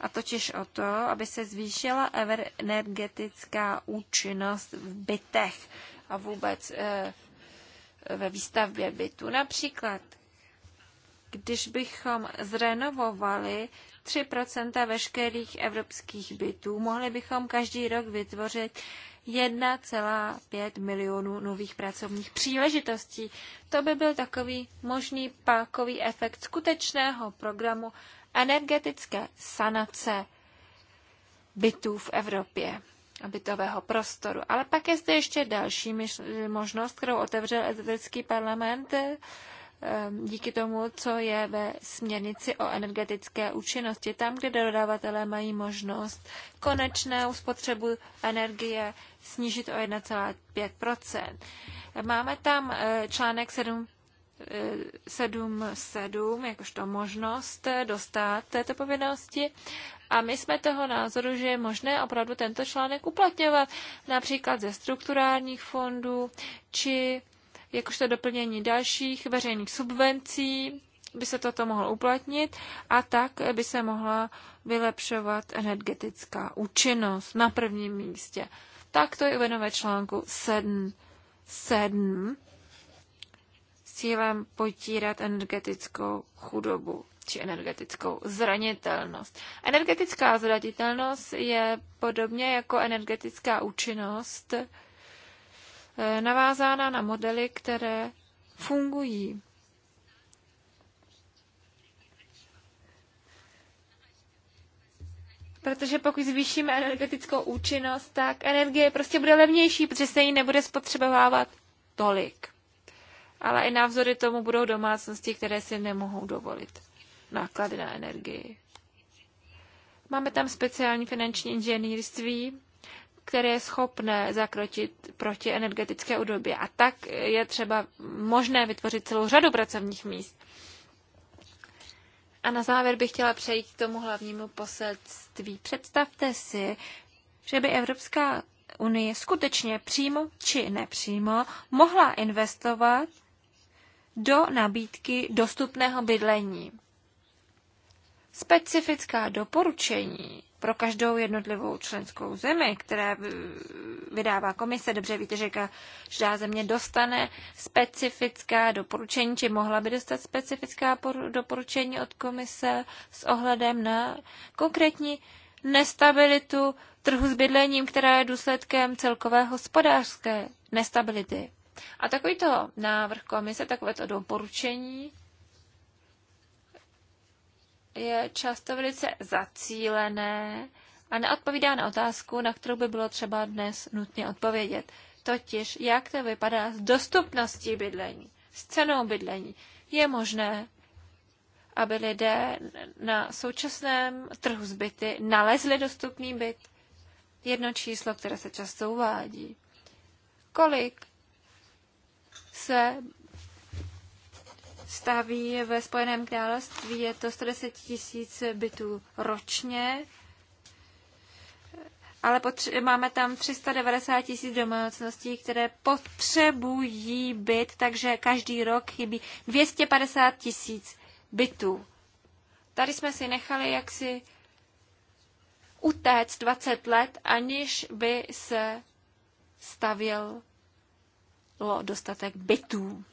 A totiž o to, aby se zvýšila energetická účinnost v bytech a vůbec eh, ve výstavbě bytu. Například, když bychom zrenovovali 3 veškerých evropských bytů, mohli bychom každý rok vytvořit 1,5 milionů nových pracovních příležitostí. To by byl takový možný pákový efekt skutečného programu energetické sanace bytů v Evropě bytového prostoru. Ale pak je zde ještě další možnost, kterou otevřel Evropský parlament eh, díky tomu, co je ve směrnici o energetické účinnosti. Tam, kde dodavatelé mají možnost konečnou spotřebu energie snížit o 1,5 Máme tam eh, článek 7 7.7 eh, jakožto možnost dostat této povinnosti a my jsme toho názoru, že je možné opravdu tento článek uplatňovat například ze strukturálních fondů či jakožto doplnění dalších veřejných subvencí by se toto mohlo uplatnit a tak by se mohla vylepšovat energetická účinnost na prvním místě. Tak to je uvedeno ve článku 7. 7 s cílem potírat energetickou chudobu či energetickou zranitelnost. Energetická zranitelnost je podobně jako energetická účinnost eh, navázána na modely, které fungují. Protože pokud zvýšíme energetickou účinnost, tak energie prostě bude levnější, protože se jí nebude spotřebovávat tolik. Ale i navzory tomu budou domácnosti, které si nemohou dovolit náklady na energii. Máme tam speciální finanční inženýrství, které je schopné zakročit proti energetické údobě. A tak je třeba možné vytvořit celou řadu pracovních míst. A na závěr bych chtěla přejít k tomu hlavnímu poselství. Představte si, že by Evropská unie skutečně přímo či nepřímo mohla investovat do nabídky dostupného bydlení specifická doporučení pro každou jednotlivou členskou zemi, které vydává komise. Dobře víte, že každá země dostane specifická doporučení, či mohla by dostat specifická doporučení od komise s ohledem na konkrétní nestabilitu trhu s bydlením, která je důsledkem celkové hospodářské nestability. A takovýto návrh komise, takovéto doporučení je často velice zacílené a neodpovídá na otázku, na kterou by bylo třeba dnes nutně odpovědět. Totiž, jak to vypadá s dostupností bydlení, s cenou bydlení. Je možné, aby lidé na současném trhu zbyty nalezli dostupný byt? Jedno číslo, které se často uvádí. Kolik se staví ve Spojeném království. Je to 110 tisíc bytů ročně, ale máme tam 390 tisíc domácností, které potřebují byt, takže každý rok chybí 250 tisíc bytů. Tady jsme si nechali jaksi utéct 20 let, aniž by se stavěl dostatek bytů.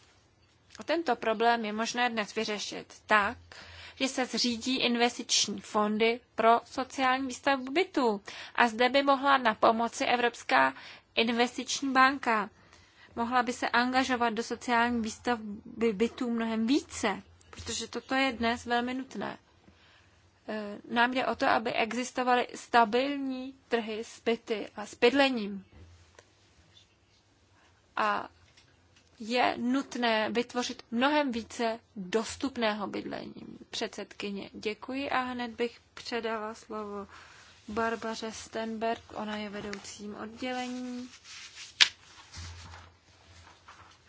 Tento problém je možné dnes vyřešit tak, že se zřídí investiční fondy pro sociální výstavbu bytů. A zde by mohla na pomoci Evropská investiční banka. Mohla by se angažovat do sociální výstavby bytů mnohem více, protože toto je dnes velmi nutné. E, nám jde o to, aby existovaly stabilní trhy s byty a s bydlením. A je nutné vytvořit mnohem více dostupného bydlení. Předsedkyně, děkuji a hned bych předala slovo Barbaře Stenberg, ona je vedoucím oddělení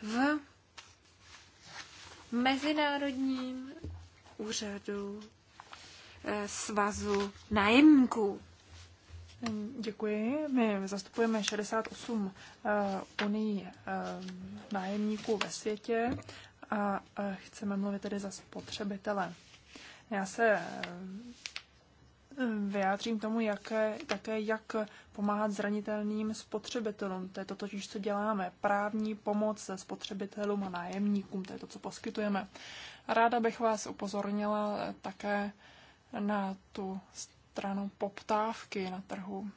v Mezinárodním úřadu eh, svazu nájemníků. Děkuji. My zastupujeme 68 uh, eh, unii uh, nájemníků ve světě a uh, chceme mluvit tedy za spotřebitele. Já se vyjádřím tomu, jaké, také jak pomáhat zranitelným spotřebitelům. To je to totiž, co děláme. Právní pomoc spotřebitelům a nájemníkům, to je to, co poskytujeme. Ráda bych vás upozornila také na tu stranu poptávky na trhu.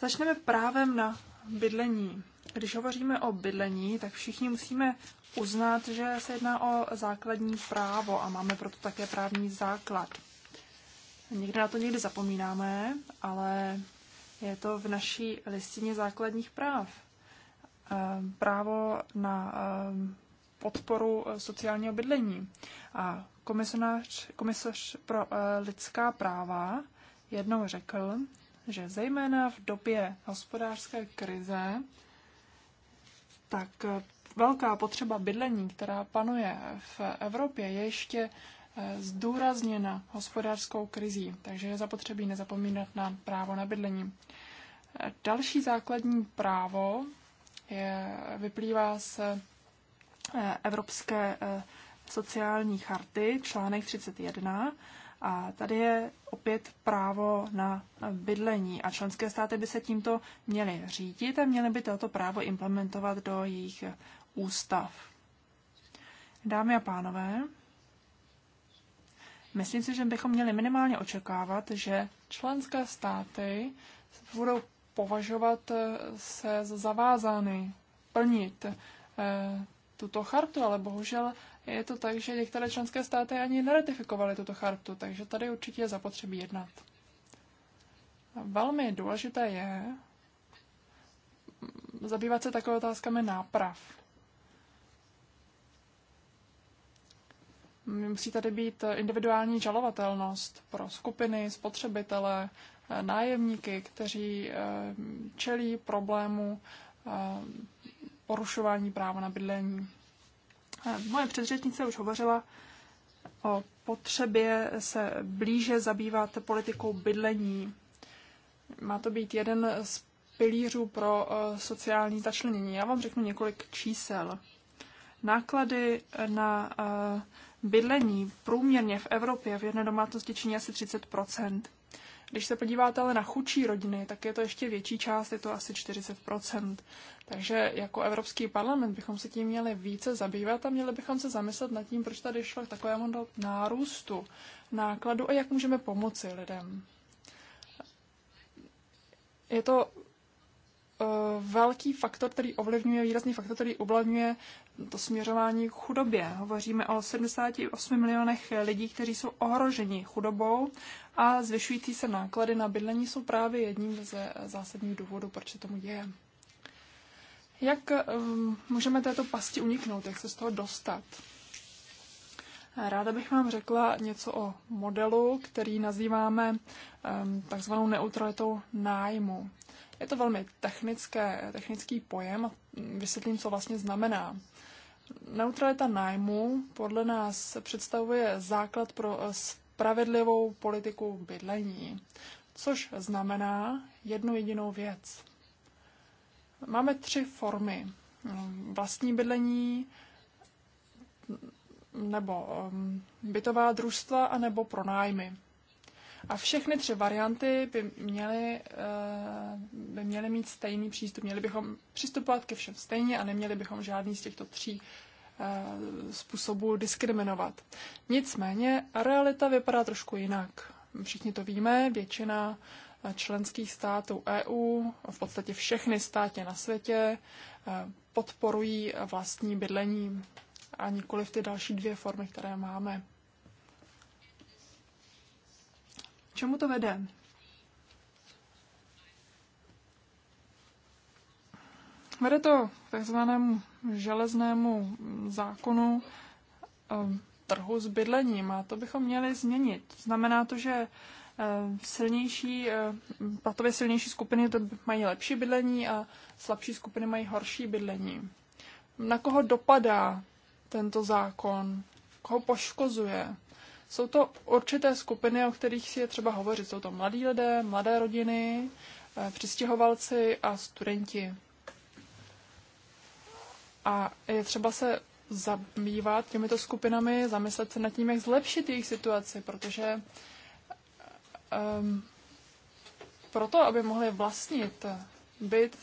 Začneme právem na bydlení. Když hovoříme o bydlení, tak všichni musíme uznat, že se jedná o základní právo a máme proto také právní základ. Někde na to někdy zapomínáme, ale je to v naší listině základních práv. Ehm, právo na ehm, podporu eh, sociálního bydlení. A komisař, komisař pro eh, lidská práva jednou řekl, že zejména v době hospodářské krize, tak eh, velká potřeba bydlení, která panuje v Evropě, je ještě zdůrazněna hospodářskou krizí, takže je zapotřebí nezapomínat na právo na bydlení. Další základní právo je, vyplývá z Eh, Evropské eh, sociální charty, článek 31. A tady je opět právo na bydlení a členské státy by se tímto měly řídit a měly by toto právo implementovat do jejich eh, ústav. Dámy a pánové, myslím si, že bychom měli minimálně očekávat, že členské státy budou považovat se zavázány plnit tuto chartu, ale bohužel je to tak, že některé členské státy ani neratifikovaly tuto chartu, takže tady určitě je zapotřebí jednat. Velmi důležité je zabývat se takové otázkami náprav. Musí tady být individuální žalovatelnost pro skupiny, spotřebitele, nájemníky, kteří eh, čelí problému eh, porušování práva na bydlení. Eh, moje předřečnice už hovořila o potřebě se blíže zabývat politikou bydlení. Má to být jeden z pilířů pro eh, sociální začlenění. Já vám řeknu několik čísel. Náklady na eh, bydlení průměrně v Evropě v jedné domácnosti činí asi 30 když se podíváte ale na chudší rodiny, tak je to ještě větší část, je to asi 40 Takže jako Evropský parlament bychom se tím měli více zabývat a měli bychom se zamyslet nad tím, proč tady šlo k takovému nárůstu nákladu a jak můžeme pomoci lidem. Je to eh, velký faktor, který ovlivňuje, výrazný faktor, který ovlivňuje to směřování k chudobě. Hovoříme o 78 milionech lidí, kteří jsou ohroženi chudobou a zvyšující se náklady na bydlení jsou právě jedním ze zásadních důvodů, proč se tomu děje. Jak um, můžeme této pasti uniknout? Jak se z toho dostat? Ráda bych vám řekla něco o modelu, který nazýváme um, takzvanou neutralitou nájmu. Je to velmi technické, technický pojem a vysvětlím, co vlastně znamená. Neutralita nájmu podle nás představuje základ pro eh, spravedlivou politiku bydlení, což znamená jednu jedinou věc. Máme tři formy. Vlastní bydlení, nebo ehm, bytová družstva, anebo pronájmy. A všechny tři varianty by měly, eh, by měly mít stejný přístup. Měli bychom přistupovat ke všem stejně a neměli bychom žádný z těchto tří eh, způsobů diskriminovat. Nicméně realita vypadá trošku jinak. Všichni to víme, většina eh, členských států EU, v podstatě všechny státy na světě, podporují vlastní bydlení a nikoli v ty další dvě formy, které máme. čemu to vede? Vede to takzvanému železnému zákonu ehm, trhu s bydlením a to bychom měli změnit. Znamená to, že ehm, silnější, ehm, platově silnější skupiny mají lepší bydlení a slabší skupiny mají horší bydlení. Na koho dopadá tento zákon? Koho poškozuje? Jsou to určité skupiny, o kterých si je třeba hovořit. Jsou to mladí lidé, mladé rodiny, eh, přistěhovalci a studenti. A je třeba se zabývat těmito skupinami, zamyslet se nad tím, jak zlepšit jejich situaci, protože um, proto, aby mohli vlastnit byt,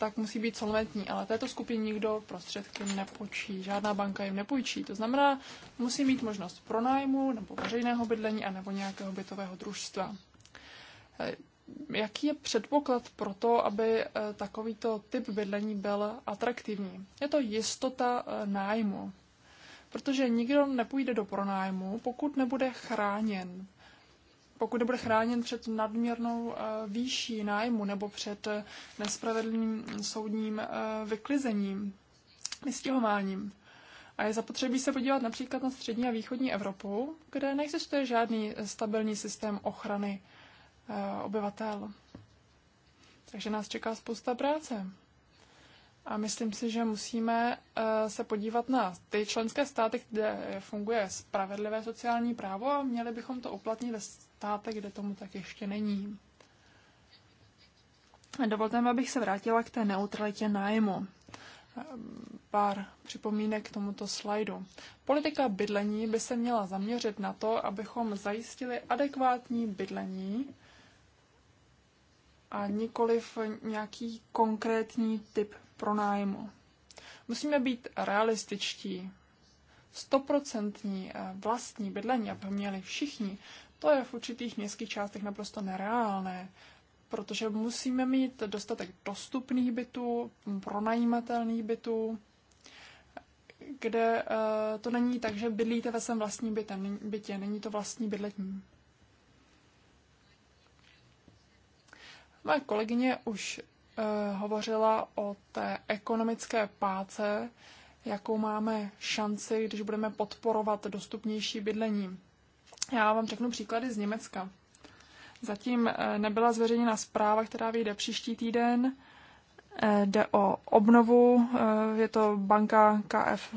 tak musí být solventní, ale této skupině nikdo prostředky nepočí, žádná banka jim nepůjčí. To znamená, musí mít možnost pronájmu nebo veřejného bydlení a nebo nějakého bytového družstva. Eh, jaký je předpoklad pro to, aby eh, takovýto typ bydlení byl atraktivní? Je to jistota eh, nájmu, protože nikdo nepůjde do pronájmu, pokud nebude chráněn pokud nebude chráněn před nadměrnou eh, výší nájmu nebo před eh, nespravedlným soudním eh, vyklizením, vystěhováním. A je zapotřebí se podívat například na střední a východní Evropu, kde neexistuje žádný stabilní systém ochrany obyvatel. Takže nás čeká spousta práce. A myslím si, že musíme se podívat na ty členské státy, kde funguje spravedlivé sociální právo a měli bychom to uplatnit státech, kde tomu tak ještě není. Dovolte mi, abych se vrátila k té neutralitě nájmu. Pár připomínek k tomuto slajdu. Politika bydlení by se měla zaměřit na to, abychom zajistili adekvátní bydlení a nikoliv nějaký konkrétní typ pronájmu. Musíme být realističtí. Stoprocentní eh, vlastní bydlení, aby měli všichni, to je v určitých městských částech naprosto nereálné, protože musíme mít dostatek dostupných bytů, pronajímatelných bytů, kde eh, to není tak, že bydlíte ve svém vlastním bytě, není to vlastní bydlení. Moje kolegyně už eh, hovořila o té ekonomické páce, jakou máme šanci, když budeme podporovat dostupnější bydlení. Vlastně já vám řeknu příklady z Německa. Zatím eh, nebyla zveřejněna zpráva, která vyjde příští týden. Eh, jde o obnovu, eh, je to banka KFV,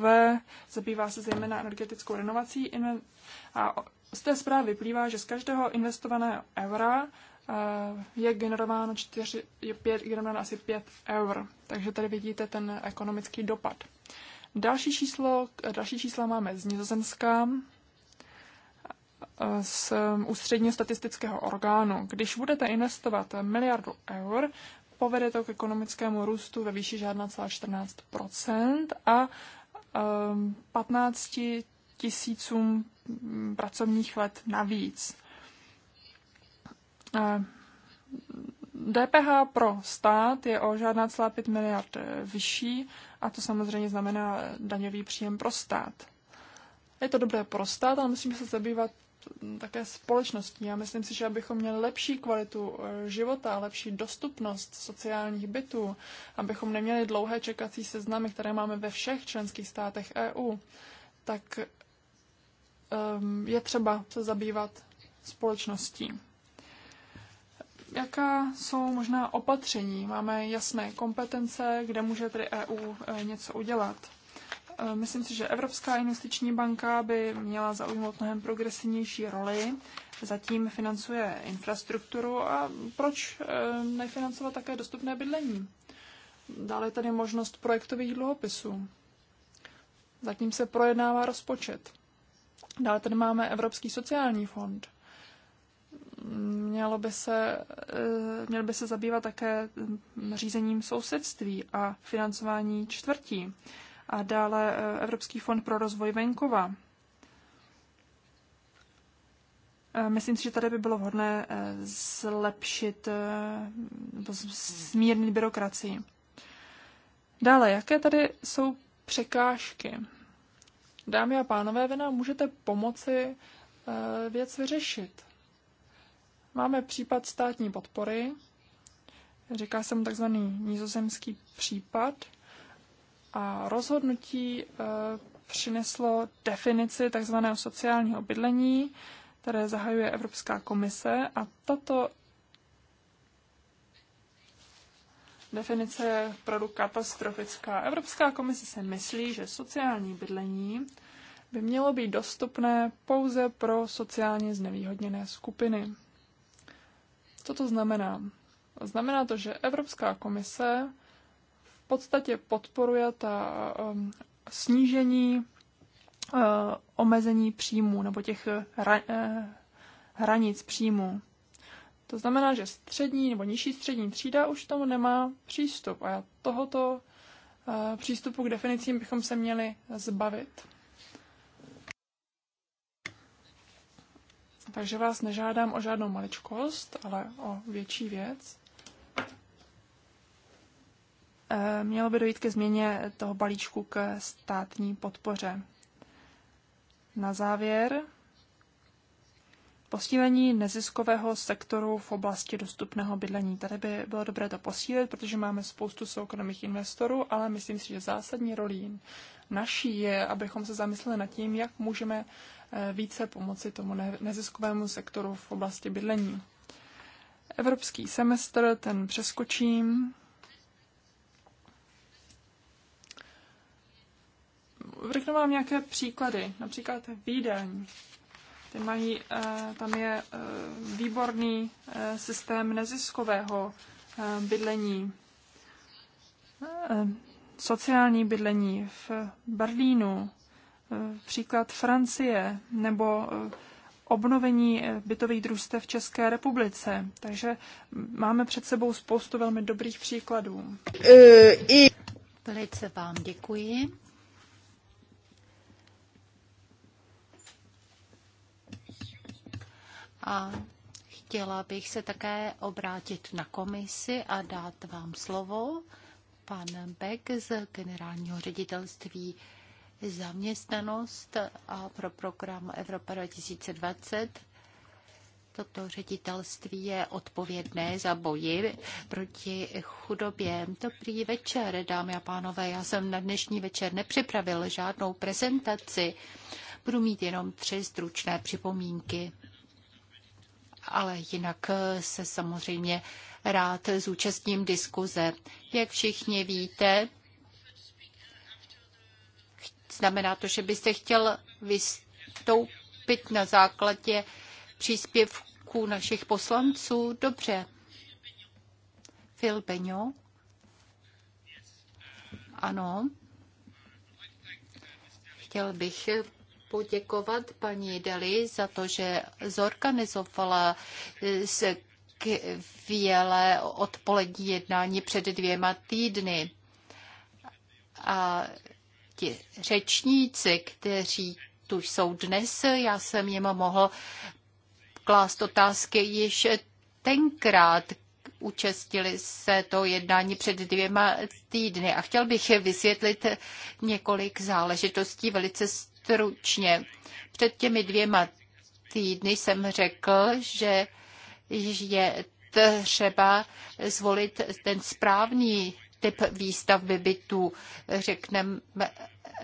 zabývá se zejména energetickou renovací a z té zprávy vyplývá, že z každého investovaného eura je generováno, čtyři, je pět, generováno asi 5 eur. Takže tady vidíte ten ekonomický dopad. Další, číslo, další čísla máme z Nizozemska z um, ústředního statistického orgánu. Když budete investovat miliardu eur, povede to k ekonomickému růstu ve výši žádná celá 14 a 15 um, tisícům mm, pracovních let navíc. DPH eh, pro stát je o žádná celá 5 miliard eh, vyšší a to samozřejmě znamená eh, daňový příjem pro stát. Je to dobré pro stát, ale musíme se zabývat Mm, také společností. Já myslím si, že abychom měli lepší kvalitu eh, života, lepší dostupnost sociálních bytů, abychom neměli dlouhé čekací seznamy, které máme ve všech členských státech EU, tak ehm, je třeba se zabývat společností. Jaká jsou možná opatření? Máme jasné kompetence, kde může tedy EU eh, něco udělat. Eh, myslím si, že Evropská investiční banka by měla zaujmout mnohem progresivnější roli. Zatím financuje infrastrukturu a proč eh, nefinancovat také dostupné bydlení? Dále je tady možnost projektových dluhopisů. Zatím se projednává rozpočet. Dále tady máme Evropský sociální fond. Mělo by se, eh, měl by se zabývat také hm, řízením sousedství a financování čtvrtí a dále eh, Evropský fond pro rozvoj venkova. Eh, myslím si, že tady by bylo vhodné eh, zlepšit nebo zmírnit byrokracii. Dále, jaké tady jsou překážky? Dámy a pánové, vy nám můžete pomoci věc vyřešit. Máme případ státní podpory, říká se mu takzvaný nizozemský případ – a rozhodnutí eh, přineslo definici tzv. sociálního bydlení, které zahajuje Evropská komise a tato definice je opravdu katastrofická. Evropská komise se myslí, že sociální bydlení by mělo být dostupné pouze pro sociálně znevýhodněné skupiny. Co to znamená? Znamená to, že Evropská komise podstatě podporuje ta um, snížení uh, omezení příjmů nebo těch uh, uh, hranic příjmů. To znamená, že střední nebo nižší střední třída už tomu nemá přístup a tohoto přístupu k definicím bychom se měli zbavit. Takže vás nežádám o žádnou maličkost, ale o větší věc. Eh, mělo by dojít ke změně toho balíčku k státní podpoře. Na závěr posílení neziskového sektoru v oblasti dostupného bydlení. Tady by bylo dobré to posílit, protože máme spoustu soukromých investorů, ale myslím si, že zásadní rolí naší je, abychom se zamysleli nad tím, jak můžeme eh, více pomoci tomu neziskovému sektoru v oblasti bydlení. Evropský semestr, ten přeskočím. řeknu vám nějaké příklady, například Vídeň. Ty mají, eh, tam je eh, výborný eh, systém neziskového bydlení, sociální bydlení v Berlínu, příklad Francie nebo obnovení bytových družstev v České republice. Takže máme před sebou spoustu velmi dobrých příkladů. Velice vám děkuji. a chtěla bych se také obrátit na komisi a dát vám slovo. Pan Beck z generálního ředitelství zaměstnanost a pro program Evropa 2020. Toto ředitelství je odpovědné za boji proti chudobě. Dobrý večer, dámy a pánové. Já jsem na dnešní večer nepřipravil žádnou prezentaci. Budu mít jenom tři stručné připomínky ale jinak eh, se samozřejmě rád zúčastním diskuze. Jak všichni víte, znamená to, že byste chtěl vystoupit na základě příspěvků našich poslanců? Dobře. Phil Beňo? Ano. Chtěl bych poděkovat paní Deli za to, že zorganizovala eh, skvělé odpolední jednání před dvěma týdny. A ti řečníci, kteří tu jsou dnes, já jsem jim mohl klást otázky již tenkrát, účastnili se to jednání před dvěma týdny a chtěl bych vysvětlit několik záležitostí velice stručně. Před těmi dvěma týdny jsem řekl, že je třeba zvolit ten správný typ výstavby bytů. Řekneme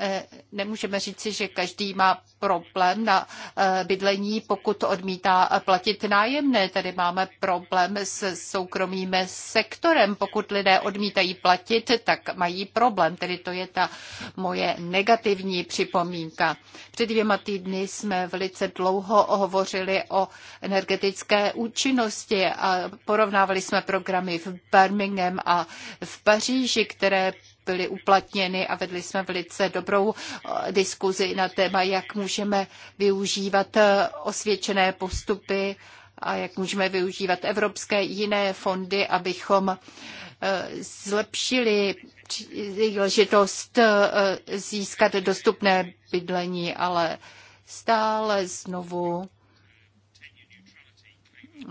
Eh, nemůžeme říci, že každý má problém na eh, bydlení, pokud odmítá eh, platit nájemné. Tady máme problém s soukromým sektorem. Pokud lidé odmítají platit, tak mají problém. Tedy to je ta moje negativní připomínka. Před dvěma týdny jsme velice dlouho hovořili o energetické účinnosti a porovnávali jsme programy v Birmingham a v Paříži, které byly uplatněny a vedli jsme velice dobrou eh, diskuzi na téma, jak můžeme využívat eh, osvědčené postupy a jak můžeme využívat evropské jiné fondy, abychom eh, zlepšili příležitost získat dostupné bydlení, ale stále znovu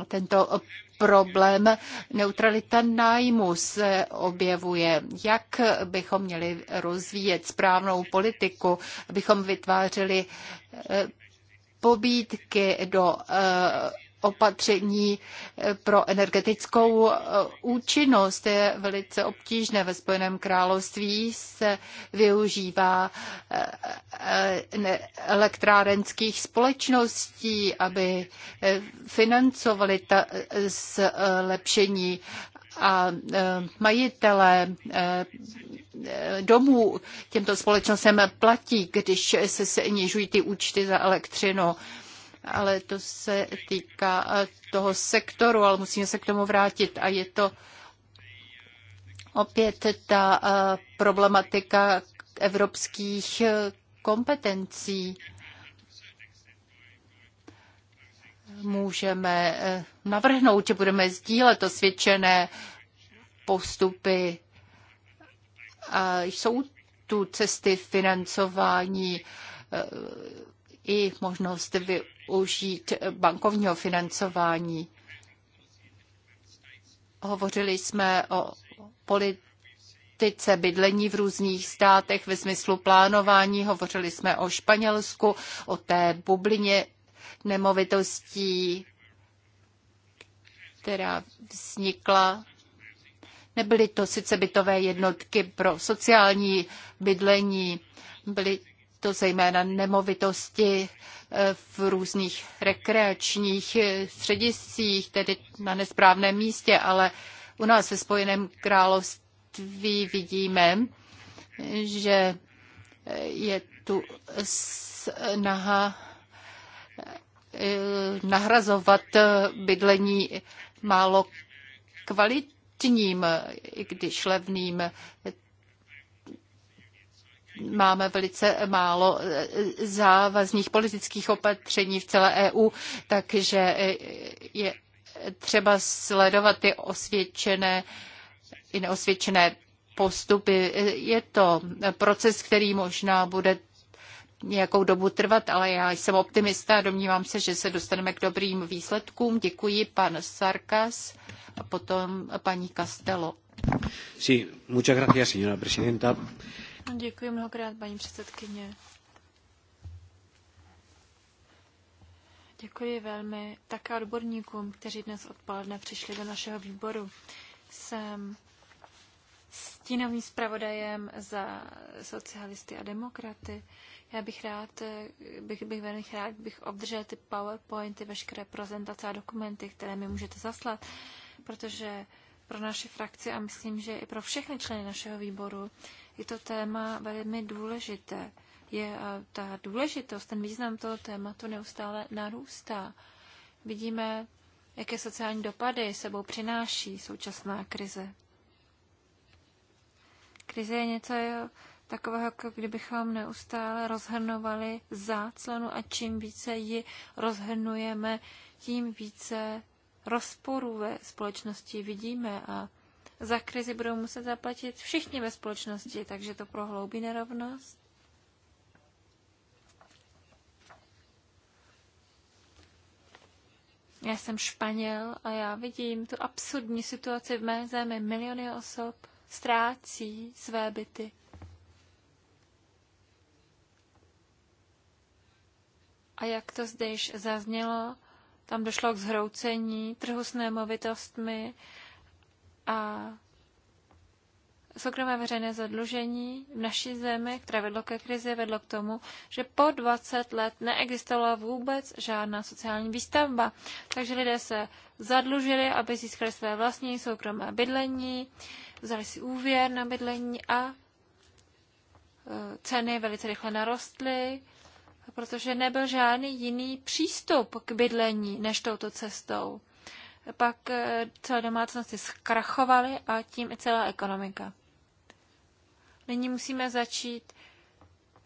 tento problém neutralita nájmu se objevuje. Jak bychom měli rozvíjet správnou politiku, abychom vytvářeli eh, pobídky do eh, opatření eh, pro energetickou eh, účinnost je velice obtížné. Ve Spojeném království se využívá eh, elektrárenských společností, aby financovali ta zlepšení a majitele domů těmto společnostem platí, když se snižují ty účty za elektřinu ale to se týká eh, toho sektoru, ale musíme se k tomu vrátit a je to opět ta eh, problematika evropských eh, kompetencí. Můžeme navrhnout, že budeme sdílet osvědčené postupy. A jsou tu cesty financování i možnost využít užít bankovního financování. Hovořili jsme o politice bydlení v různých státech ve smyslu plánování. Hovořili jsme o Španělsku, o té bublině nemovitostí, která vznikla. Nebyly to sice bytové jednotky pro sociální bydlení, byly to zejména nemovitosti eh, v různých rekreačních eh, střediscích, tedy na nesprávném místě, ale u nás ve Spojeném království vidíme, že eh, je tu snaha nahrazovat bydlení málo kvalitním, i když levným máme velice málo eh, závazných politických opatření v celé EU, takže eh, je třeba sledovat ty osvědčené i neosvědčené postupy. Eh, je to proces, který možná bude nějakou dobu trvat, ale já jsem optimista a domnívám se, že se dostaneme k dobrým výsledkům. Děkuji pan Sarkas a potom paní Castelo. Sí, muchas gracias, señora presidenta. Děkuji mnohokrát, paní předsedkyně. Děkuji velmi také odborníkům, kteří dnes odpoledne přišli do našeho výboru. Jsem stínovým zpravodajem za socialisty a demokraty. Já bych rád, bych, bych velmi rád, bych obdržel ty PowerPointy, veškeré prezentace a dokumenty, které mi můžete zaslat, protože pro naši frakci a myslím, že i pro všechny členy našeho výboru je to téma velmi důležité. Je ta důležitost, ten význam toho tématu neustále narůstá. Vidíme, jaké sociální dopady sebou přináší současná krize. Krize je něco takového, jako kdybychom neustále rozhrnovali záclonu a čím více ji rozhrnujeme, tím více rozporů ve společnosti vidíme a za krizi budou muset zaplatit všichni ve společnosti, takže to prohloubí nerovnost. Já jsem Španěl a já vidím tu absurdní situaci v mé zemi. Miliony osob ztrácí své byty. A jak to zde již zaznělo, tam došlo k zhroucení trhu s nemovitostmi a soukromé veřejné zadlužení v naší zemi, které vedlo ke krizi, vedlo k tomu, že po 20 let neexistovala vůbec žádná sociální výstavba. Takže lidé se zadlužili, aby získali své vlastní soukromé bydlení, vzali si úvěr na bydlení a e, ceny velice rychle narostly, protože nebyl žádný jiný přístup k bydlení než touto cestou pak eh, celé domácnosti zkrachovaly a tím i celá ekonomika. Nyní musíme začít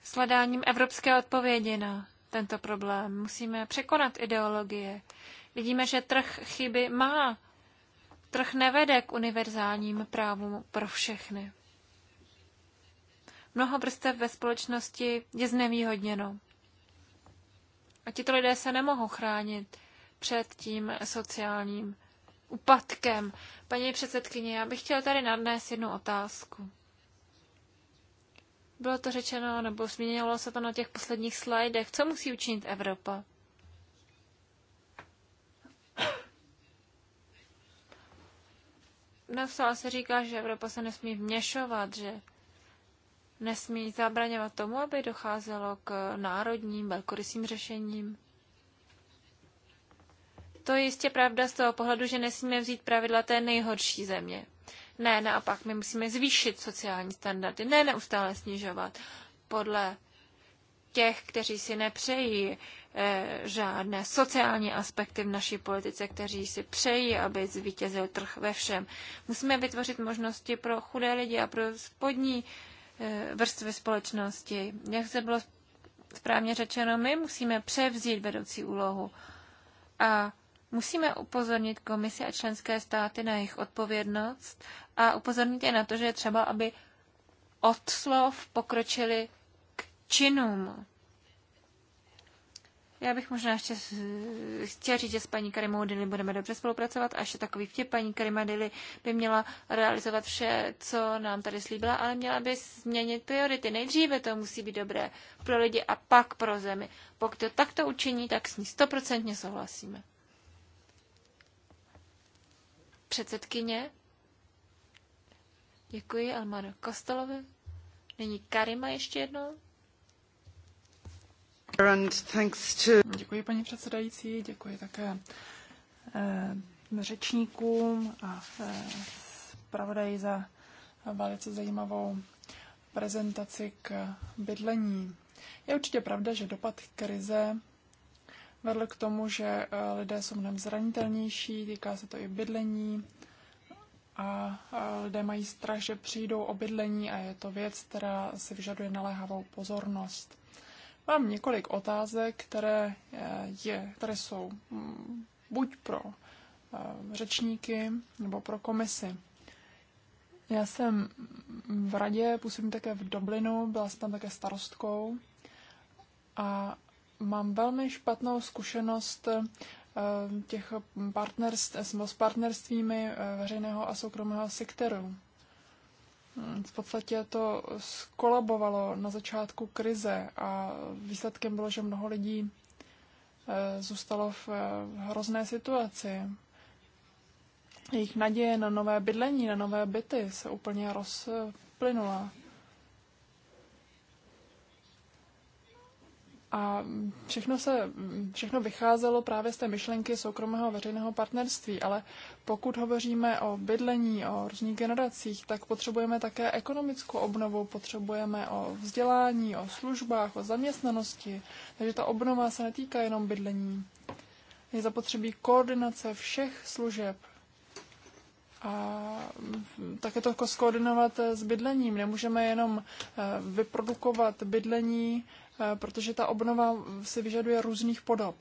s hledáním evropské odpovědi na tento problém. Musíme překonat ideologie. Vidíme, že trh chyby má. Trh nevede k univerzálním právům pro všechny. Mnoho vrstev ve společnosti je znevýhodněno. A tito lidé se nemohou chránit před tím sociálním úpadkem. Paní předsedkyně, já bych chtěla tady nadnést jednu otázku. Bylo to řečeno, nebo zmínilo se to na těch posledních slajdech. Co musí učinit Evropa? Neustále no, se říká, že Evropa se nesmí vměšovat, že nesmí zabraňovat tomu, aby docházelo k národním velkorysým řešením. To je jistě pravda z toho pohledu, že nesmíme vzít pravidla té nejhorší země. Ne, naopak, my musíme zvýšit sociální standardy, ne neustále snižovat. Podle těch, kteří si nepřejí e, žádné sociální aspekty v naší politice, kteří si přejí, aby zvítězil trh ve všem. Musíme vytvořit možnosti pro chudé lidi a pro spodní e, vrstvy společnosti. Jak se bylo správně řečeno, my musíme převzít vedoucí úlohu. A Musíme upozornit komisi a členské státy na jejich odpovědnost a upozornit je na to, že je třeba, aby od slov pokročili k činům. Já bych možná ještě chtěla říct, že s paní Karimaudily budeme dobře spolupracovat a ještě takový vtip. Paní Karimaudily by měla realizovat vše, co nám tady slíbila, ale měla by změnit priority. Nejdříve to musí být dobré pro lidi a pak pro zemi. Pokud to takto učiní, tak s ní stoprocentně souhlasíme předsedkyně. Děkuji Almaru Kostelovi. Nyní Karima ještě jednou. Děkuji paní předsedající, děkuji také eh, řečníkům a eh, zpravodaji za velice zajímavou prezentaci k bydlení. Je určitě pravda, že dopad krize vedl k tomu, že eh, lidé jsou mnohem zranitelnější, týká se to i bydlení a lidé mají strach, že přijdou o bydlení a je to věc, která si vyžaduje naléhavou pozornost. Mám několik otázek, které, eh, je, které jsou mm, buď pro eh, řečníky nebo pro komisi. Já jsem v radě, působím také v Dublinu, byla jsem tam také starostkou a Mám velmi špatnou zkušenost eh, těch partnerství, s partnerstvími eh, veřejného a soukromého sektoru. V podstatě to skolabovalo na začátku krize a výsledkem bylo, že mnoho lidí eh, zůstalo v hrozné situaci. Jejich naděje na nové bydlení, na nové byty se úplně rozplynula. A všechno, se, všechno vycházelo právě z té myšlenky soukromého veřejného partnerství, ale pokud hovoříme o bydlení, o různých generacích, tak potřebujeme také ekonomickou obnovu, potřebujeme o vzdělání, o službách, o zaměstnanosti. Takže ta obnova se netýká jenom bydlení. Je zapotřebí koordinace všech služeb. A také to jako skoordinovat s bydlením. Nemůžeme jenom eh, vyprodukovat bydlení Eh, protože ta obnova si vyžaduje různých podob.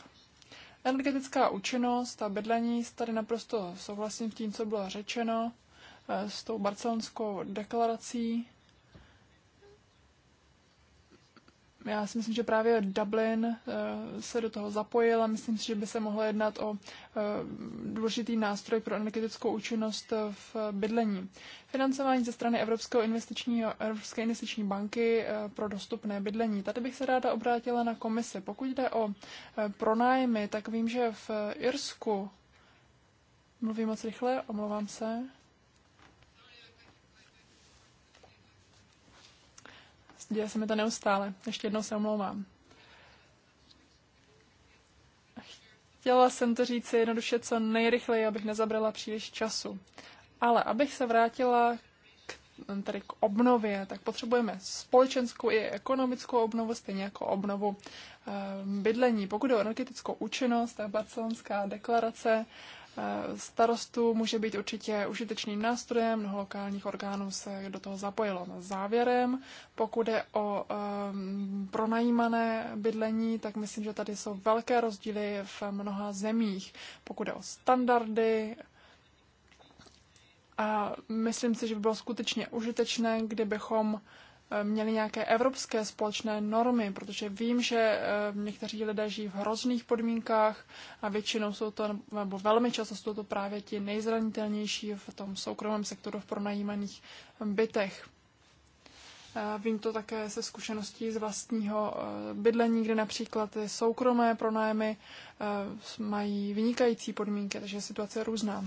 Energetická účinnost a bydlení, tady naprosto souhlasím s tím, co bylo řečeno, eh, s tou barcelonskou deklarací. já si myslím, že právě Dublin eh, se do toho zapojil a myslím si, že by se mohlo jednat o eh, důležitý nástroj pro energetickou účinnost v bydlení. Financování ze strany Evropského investičního, Evropské investiční banky eh, pro dostupné bydlení. Tady bych se ráda obrátila na komisi. Pokud jde o pronájmy, tak vím, že v Irsku, mluvím moc rychle, omlouvám se, Děje se mi to neustále. Ještě jednou se omlouvám. Chtěla jsem to říct jednoduše co nejrychleji, abych nezabrala příliš času. Ale abych se vrátila k, tady k obnově, tak potřebujeme společenskou i ekonomickou obnovu, stejně jako obnovu eh, bydlení. Pokud je o energetickou účinnost, ta barcelonská deklarace Eh, starostů může být určitě užitečným nástrojem, mnoho lokálních orgánů se do toho zapojilo. No, závěrem, pokud je o um, pronajímané bydlení, tak myslím, že tady jsou velké rozdíly v mnoha zemích, pokud je o standardy. A myslím si, že by bylo skutečně užitečné, kdybychom měli nějaké evropské společné normy, protože vím, že eh, někteří lidé žijí v hrozných podmínkách a většinou jsou to, nebo velmi často jsou to právě ti nejzranitelnější v tom soukromém sektoru v pronajímaných eh, bytech. Eh, vím to také se zkušeností z vlastního bydlení, kde například ty soukromé pronájmy mají vynikající podmínky, takže situace je různá.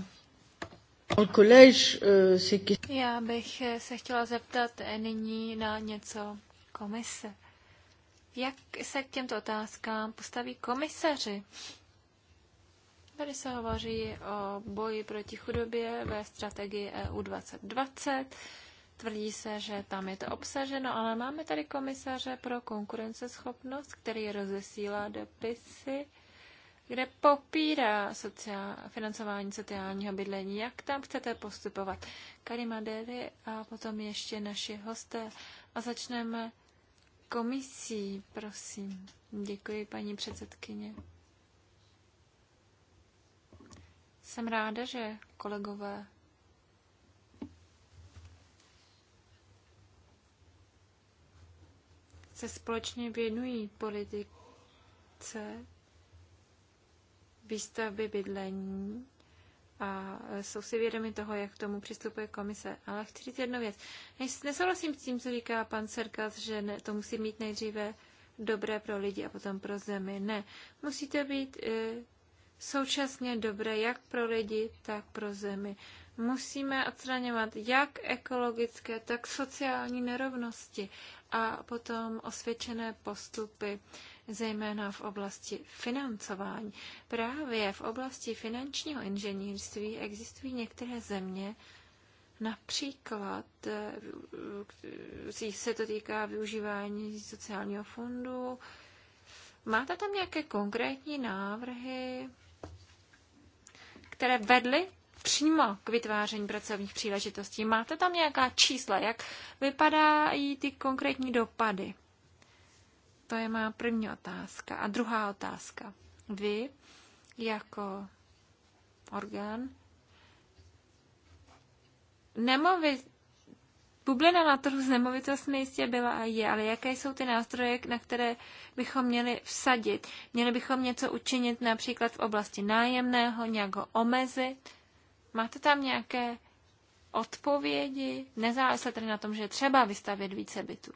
Euh, Já bych eh, se chtěla zeptat eh, nyní na něco komise. Jak se k těmto otázkám postaví komisaři? Tady se hovoří o boji proti chudobě ve strategii EU 2020. Tvrdí se, že tam je to obsaženo, ale máme tady komisaře pro konkurenceschopnost, který rozesílá dopisy kde popírá sociál, financování sociálního bydlení. Jak tam chcete postupovat? Devi a potom ještě naši hosté. A začneme komisí, prosím. Děkuji, paní předsedkyně. Jsem ráda, že kolegové se společně věnují politice výstavby bydlení a jsou si vědomi toho, jak k tomu přistupuje komise. Ale chci říct jednu věc. Nesouhlasím s tím, co říká pan Serkas, že ne, to musí mít nejdříve dobré pro lidi a potom pro zemi. Ne. Musí to být e, současně dobré jak pro lidi, tak pro zemi. Musíme odstraňovat jak ekologické, tak sociální nerovnosti a potom osvědčené postupy. E, zejména v oblasti financování. Právě v oblasti finančního inženýrství existují některé země, Například eh, se to týká využívání sociálního fondu. Máte tam nějaké konkrétní návrhy, které vedly přímo k vytváření pracovních příležitostí? Máte tam nějaká čísla? Jak vypadají ty konkrétní dopady? To je má první otázka. A druhá otázka. Vy jako orgán nemovit, Bublina na trhu s nemovitostmi jistě byla a je, ale jaké jsou ty nástroje, na které bychom měli vsadit? Měli bychom něco učinit například v oblasti nájemného, nějak ho omezit? Máte tam nějaké odpovědi? Nezávisle tedy na tom, že třeba vystavět více bytů.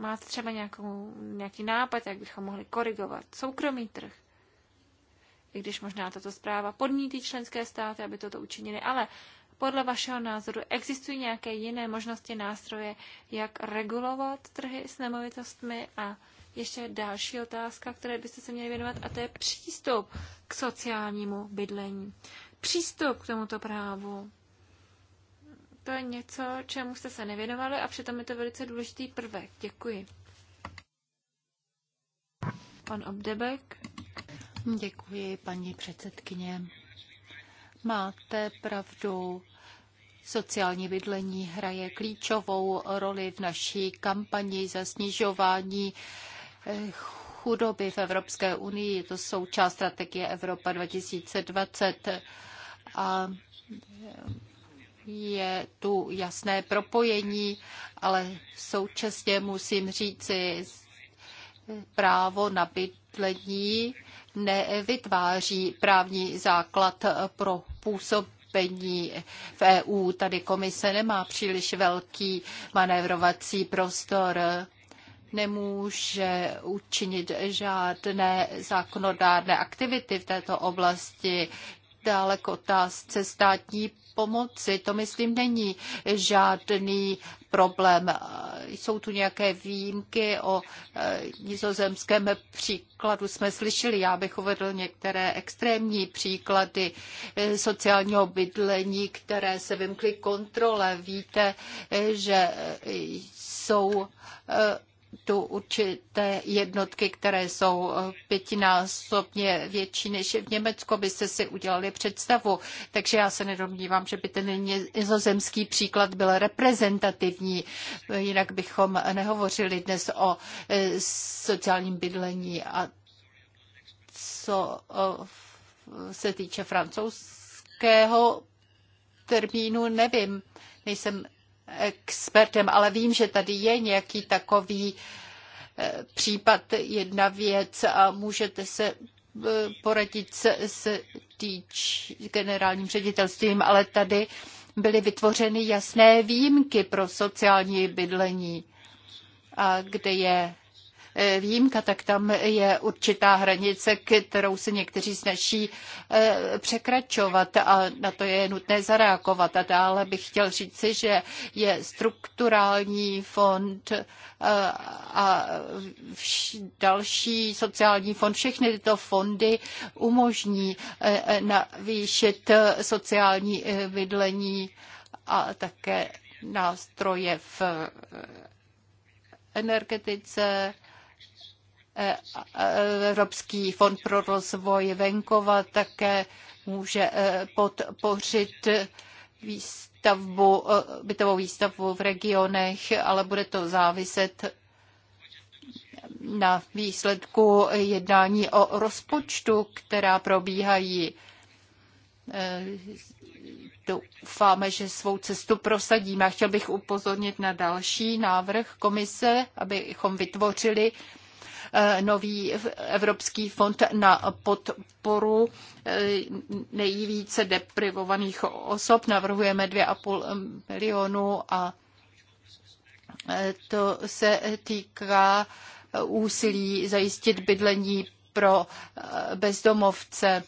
Máte třeba nějakou, nějaký nápad, jak bychom mohli korigovat soukromý trh? I když možná tato zpráva podnítí členské státy, aby toto učinili, ale podle vašeho názoru existují nějaké jiné možnosti, nástroje, jak regulovat trhy s nemovitostmi? A ještě další otázka, které byste se měli věnovat, a to je přístup k sociálnímu bydlení. Přístup k tomuto právu. To je něco, čemu jste se nevěnovali a přitom je to velice důležitý prvek. Děkuji. Pan Obdebek. Děkuji, paní předsedkyně. Máte pravdu. Sociální bydlení hraje klíčovou roli v naší kampani za snižování eh, chudoby v Evropské unii. Je to součást strategie Evropa 2020. A eh, je tu jasné propojení, ale současně musím říci, právo na bydlení nevytváří právní základ pro působení v EU. Tady komise nemá příliš velký manévrovací prostor nemůže učinit žádné zákonodárné aktivity v této oblasti. Dále k otázce státní pomoci. To, myslím, není žádný problém. Jsou tu nějaké výjimky o e, nizozemském příkladu. Jsme slyšeli, já bych uvedl některé extrémní příklady e, sociálního bydlení, které se vymkly kontrole. Víte, e, že jsou tu určité jednotky, které jsou eh, pětinásobně větší než v Německu, byste si udělali představu. Takže já se nedomnívám, že by ten nizozemský příklad byl reprezentativní, jinak bychom nehovořili dnes o eh, sociálním bydlení a co se týče francouzského termínu, nevím, nejsem expertem, ale vím, že tady je nějaký takový eh, případ, jedna věc a můžete se eh, poradit s, s týč generálním ředitelstvím, ale tady byly vytvořeny jasné výjimky pro sociální bydlení, a kde je E, výjimka, tak tam je určitá hranice, kterou se někteří snaží e, překračovat a na to je nutné zareagovat. A dále bych chtěl říci, že je strukturální fond e, a další sociální fond, všechny tyto fondy umožní navýšit sociální bydlení a také nástroje v energetice E, e, Evropský fond pro rozvoj venkova také může e, podpořit výstavbu, bytovou výstavbu v regionech, ale bude to záviset na výsledku jednání o rozpočtu, která probíhají. Doufáme, že svou cestu prosadíme. A chtěl bych upozornit na další návrh komise, abychom vytvořili Eh, nový Evropský fond na podporu eh, nejvíce deprivovaných osob. Navrhujeme 2,5 eh, milionu a to se týká úsilí zajistit bydlení pro bezdomovce.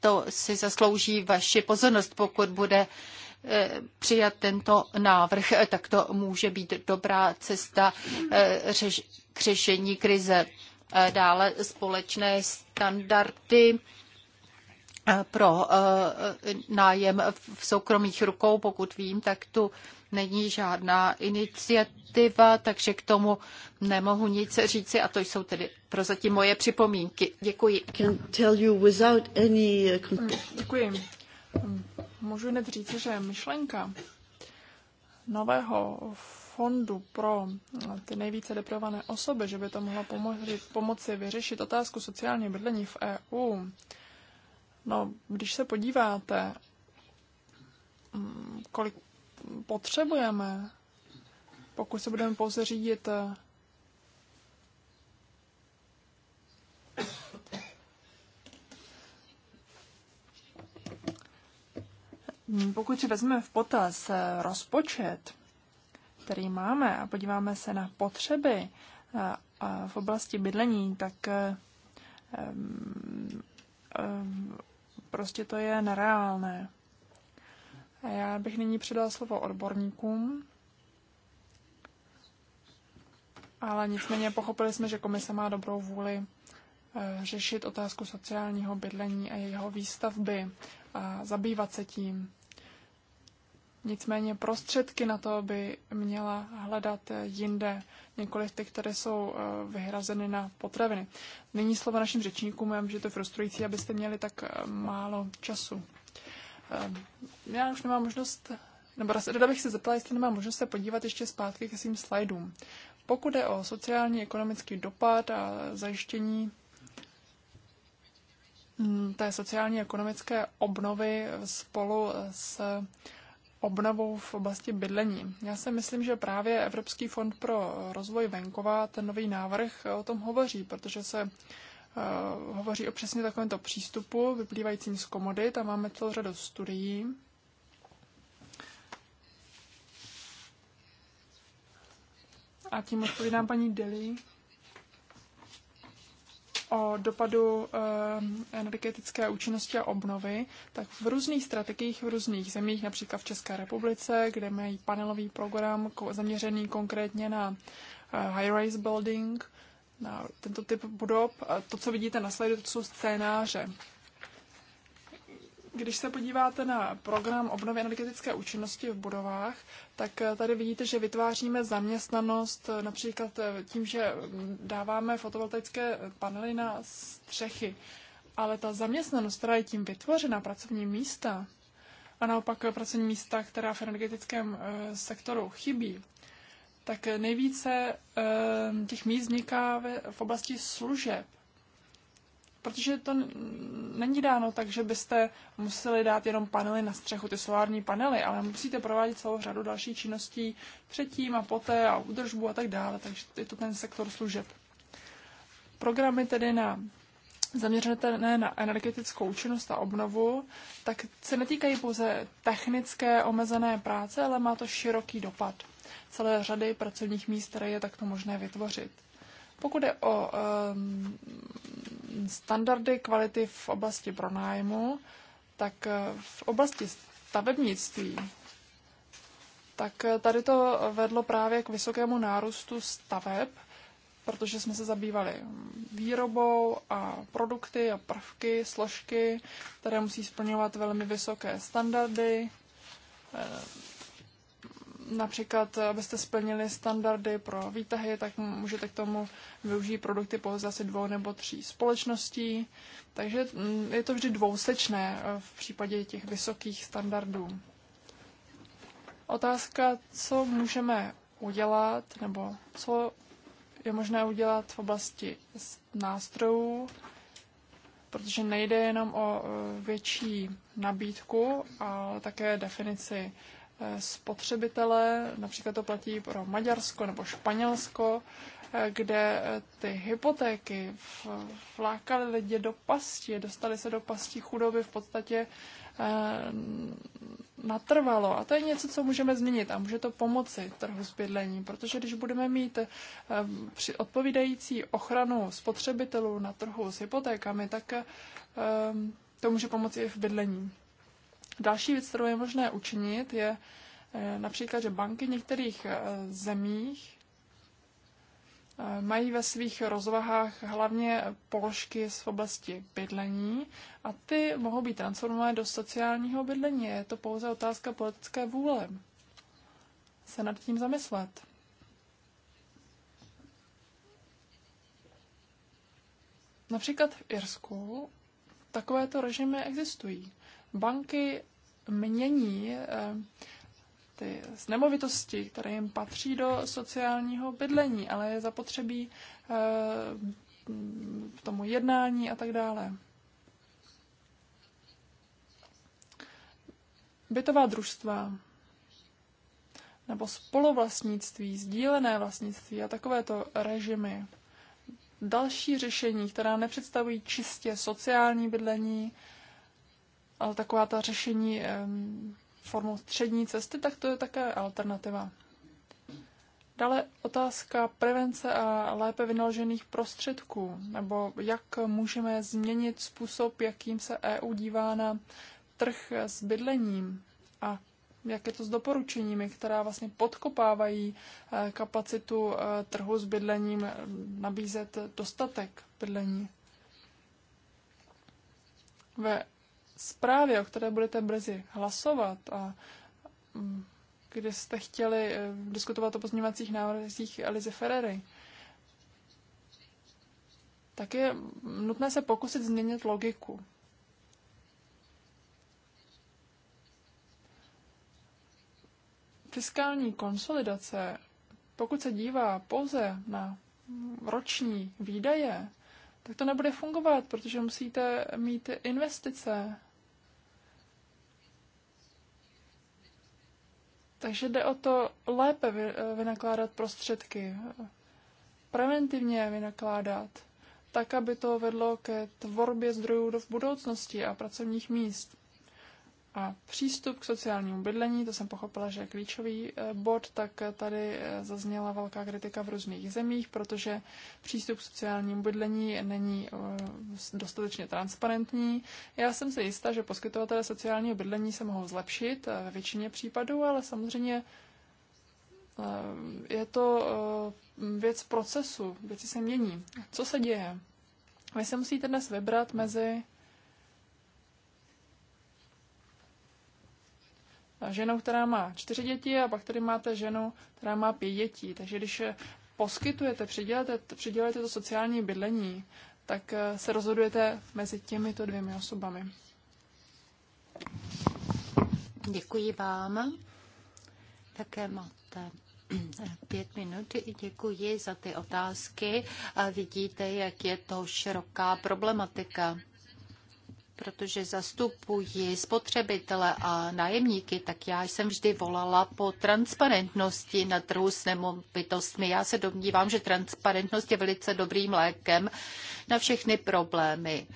To si zaslouží vaši pozornost, pokud bude Eh, přijat tento návrh, eh, tak to může být dobrá cesta eh, k řešení krize. Dále společné standardy pro nájem v soukromých rukou, pokud vím, tak tu není žádná iniciativa, takže k tomu nemohu nic říci a to jsou tedy prozatím moje připomínky. Děkuji. Děkuji můžu hned říct, že myšlenka nového fondu pro ty nejvíce deprované osoby, že by to mohlo pomoci, pomoci vyřešit otázku sociální bydlení v EU. No, když se podíváte, mm, kolik potřebujeme, pokud se budeme pouze řídit eh, Pokud si vezmeme v potaz eh, rozpočet, který máme a podíváme se na potřeby eh, v oblasti bydlení, tak eh, prostě to je nereálné. A já bych nyní předala slovo odborníkům, ale nicméně pochopili jsme, že komise má dobrou vůli řešit otázku sociálního bydlení a jeho výstavby a zabývat se tím nicméně prostředky na to, aby měla hledat jinde, několik ty, které jsou eh, vyhrazeny na potraviny. Nyní slovo našim řečníkům, já že to je frustrující, abyste měli tak eh, málo času. Eh, já už nemám možnost, nebo rada bych se zeptala, jestli nemám možnost se podívat ještě zpátky ke svým slajdům. Pokud je o sociální ekonomický dopad a zajištění mm, té sociální ekonomické obnovy spolu s obnovou v oblasti bydlení. Já si myslím, že právě Evropský fond pro rozvoj venkova, ten nový návrh eh, o tom hovoří, protože se uh, hovoří o přesně takovémto přístupu vyplývajícím z komody. Tam máme celou řadu studií. A tím odpovídám paní Deli o dopadu ehm, energetické účinnosti a obnovy, tak v různých strategiích v různých zemích, například v České republice, kde mají panelový program zaměřený konkrétně na eh, high-rise building, na tento typ budov. To, co vidíte na slajdu, to jsou scénáře. Když se podíváte na program obnovy energetické účinnosti v budovách, tak eh, tady vidíte, že vytváříme zaměstnanost eh, například eh, tím, že mm, dáváme fotovoltaické panely na střechy. Ale ta zaměstnanost, která je tím vytvořena, pracovní místa, a naopak pracovní místa, která v energetickém sektoru chybí, tak nejvíce těch míst vzniká v oblasti služeb. Protože to není dáno tak, že byste museli dát jenom panely na střechu, ty solární panely, ale musíte provádět celou řadu dalších činností předtím a poté a údržbu a tak dále, takže je to ten sektor služeb. Programy tedy na zaměřené na energetickou účinnost a obnovu, tak se netýkají pouze technické omezené práce, ale má to široký dopad celé řady pracovních míst, které je takto možné vytvořit. Pokud je o um, standardy kvality v oblasti pronájmu, tak eh, v oblasti stavebnictví, tak eh, tady to vedlo právě k vysokému nárůstu staveb, protože jsme se zabývali výrobou a produkty a prvky, složky, které musí splňovat velmi vysoké standardy eh, například, abyste splnili standardy pro výtahy, tak můžete k tomu využít produkty pouze asi dvou nebo tří společností. Takže mm, je to vždy dvousečné eh, v případě těch vysokých standardů. Otázka, co můžeme udělat, nebo co je možné udělat v oblasti nástrojů, protože nejde jenom o eh, větší nabídku, ale také definici Eh, spotřebitele, například to platí pro Maďarsko nebo Španělsko, eh, kde eh, ty hypotéky vlákaly lidi do pasti, dostali se do pasti chudoby v podstatě natrvalo. A to je něco, co můžeme změnit a může to pomoci trhu s bydlením, protože když budeme mít při odpovídající ochranu spotřebitelů na trhu s hypotékami, tak to může pomoci i v bydlení. Další věc, kterou je možné učinit, je eh, například, že banky v některých eh, zemích eh, mají ve svých rozvahách hlavně položky z oblasti bydlení a ty mohou být transformovány do sociálního bydlení. Je to pouze otázka politické vůle. Se nad tím zamyslet. Například v Irsku takovéto režimy existují banky mění eh, ty z nemovitosti, které jim patří do sociálního bydlení, ale je zapotřebí k eh, tomu jednání a tak dále. Bytová družstva nebo spoluvlastnictví, sdílené vlastnictví a takovéto režimy. Další řešení, která nepředstavují čistě sociální bydlení, ale taková ta řešení formou střední cesty, tak to je také alternativa. Dále otázka prevence a lépe vynaložených prostředků, nebo jak můžeme změnit způsob, jakým se EU dívá na trh s bydlením a jak je to s doporučeními, která vlastně podkopávají eh, kapacitu eh, trhu s bydlením eh, nabízet dostatek bydlení. Ve zprávě, o které budete brzy hlasovat a mm, kdy jste chtěli eh, diskutovat o pozměňovacích návrzích Elize Ferrery, tak je nutné se pokusit změnit logiku. Fiskální konsolidace, pokud se dívá pouze na roční výdaje, tak to nebude fungovat, protože musíte mít investice Takže jde o to lépe vynakládat prostředky, preventivně vynakládat, tak, aby to vedlo ke tvorbě zdrojů do v budoucnosti a pracovních míst. A přístup k sociálnímu bydlení, to jsem pochopila, že je klíčový eh, bod, tak eh, tady eh, zazněla velká kritika v různých zemích, protože přístup k sociálnímu bydlení není dostatečně transparentní. Já jsem si jistá, že poskytovatelé sociálního bydlení se mohou zlepšit ve většině případů, ale samozřejmě je to věc procesu, věci se mění. Co se děje? Vy se musíte dnes vybrat mezi ženou, která má čtyři děti a pak tady máte ženu, která má pět dětí. Takže když eh, poskytujete, přidělete, přidělete to sociální bydlení, tak eh, se rozhodujete mezi těmito dvěmi osobami. Děkuji vám. Také máte eh, pět minut. Děkuji za ty otázky. A vidíte, jak je to široká problematika protože zastupuji spotřebitele a nájemníky, tak já jsem vždy volala po transparentnosti na trhu s nemovitostmi. Já se domnívám, že transparentnost je velice dobrým lékem na všechny problémy.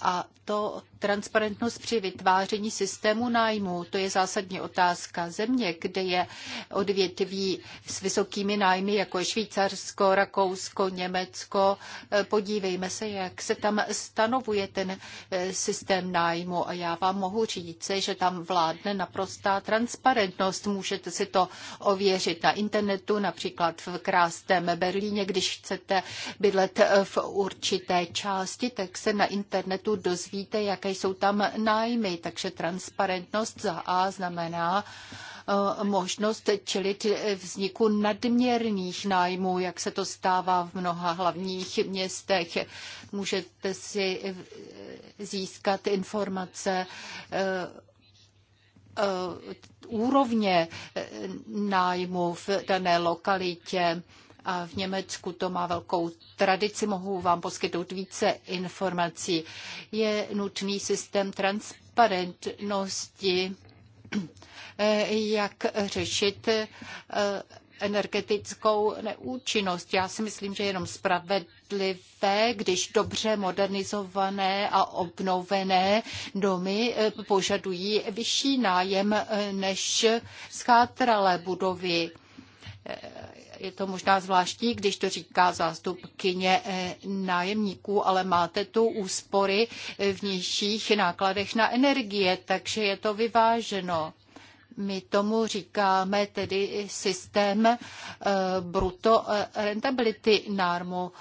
A to transparentnost při vytváření systému nájmu, to je zásadní otázka. Země, kde je odvětví s vysokými nájmy, jako je Švýcarsko, Rakousko, Německo, eh, podívejme se, jak se tam stanovuje ten eh, systém nájmu. A já vám mohu říct, že tam vládne naprostá transparentnost. Můžete si to ověřit na internetu, například v krásném Berlíně, když chcete bydlet eh, v určité části, tak se na internetu projektu dozvíte, jaké jsou tam nájmy. Takže transparentnost za A znamená eh, možnost čelit vzniku nadměrných nájmů, jak se to stává v mnoha hlavních městech. Můžete si získat informace eh, eh, úrovně nájmu v dané lokalitě a v Německu to má velkou tradici, mohu vám poskytnout více informací. Je nutný systém transparentnosti, jak řešit eh, energetickou neúčinnost. Já si myslím, že jenom spravedlivé, když dobře modernizované a obnovené domy eh, požadují vyšší nájem eh, než schátralé budovy. Eh, je to možná zvláštní, když to říká zástupkyně eh, nájemníků, ale máte tu úspory v nižších nákladech na energie, takže je to vyváženo. My tomu říkáme tedy systém eh, bruto eh, rentability nármu.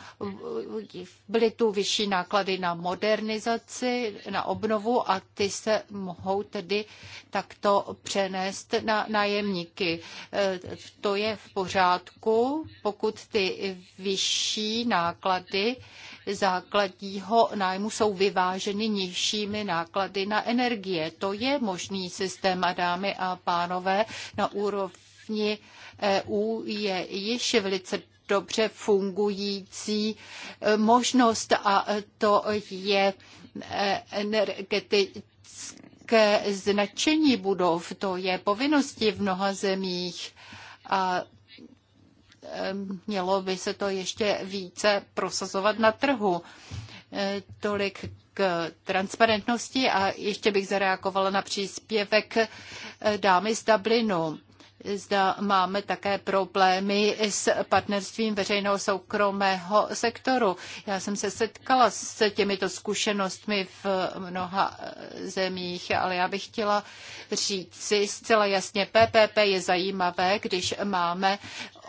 Byly tu vyšší náklady na modernizaci, na obnovu a ty se mohou tedy takto přenést na nájemníky. Eh, to je v pořádku, pokud ty vyšší náklady základního nájmu jsou vyváženy nižšími náklady na energie. To je možný systém a dámy a pánové na úrovni EU je již velice dobře fungující e, možnost a to je e, energetické značení budov. To je povinnosti v mnoha zemích. A Eh, mělo by se to ještě více prosazovat na trhu. Eh, tolik k transparentnosti a ještě bych zareagovala na příspěvek eh, dámy z Dublinu zda máme také problémy s partnerstvím veřejného soukromého sektoru. Já jsem se setkala s těmito zkušenostmi v mnoha zemích, ale já bych chtěla říct si zcela jasně, PPP je zajímavé, když máme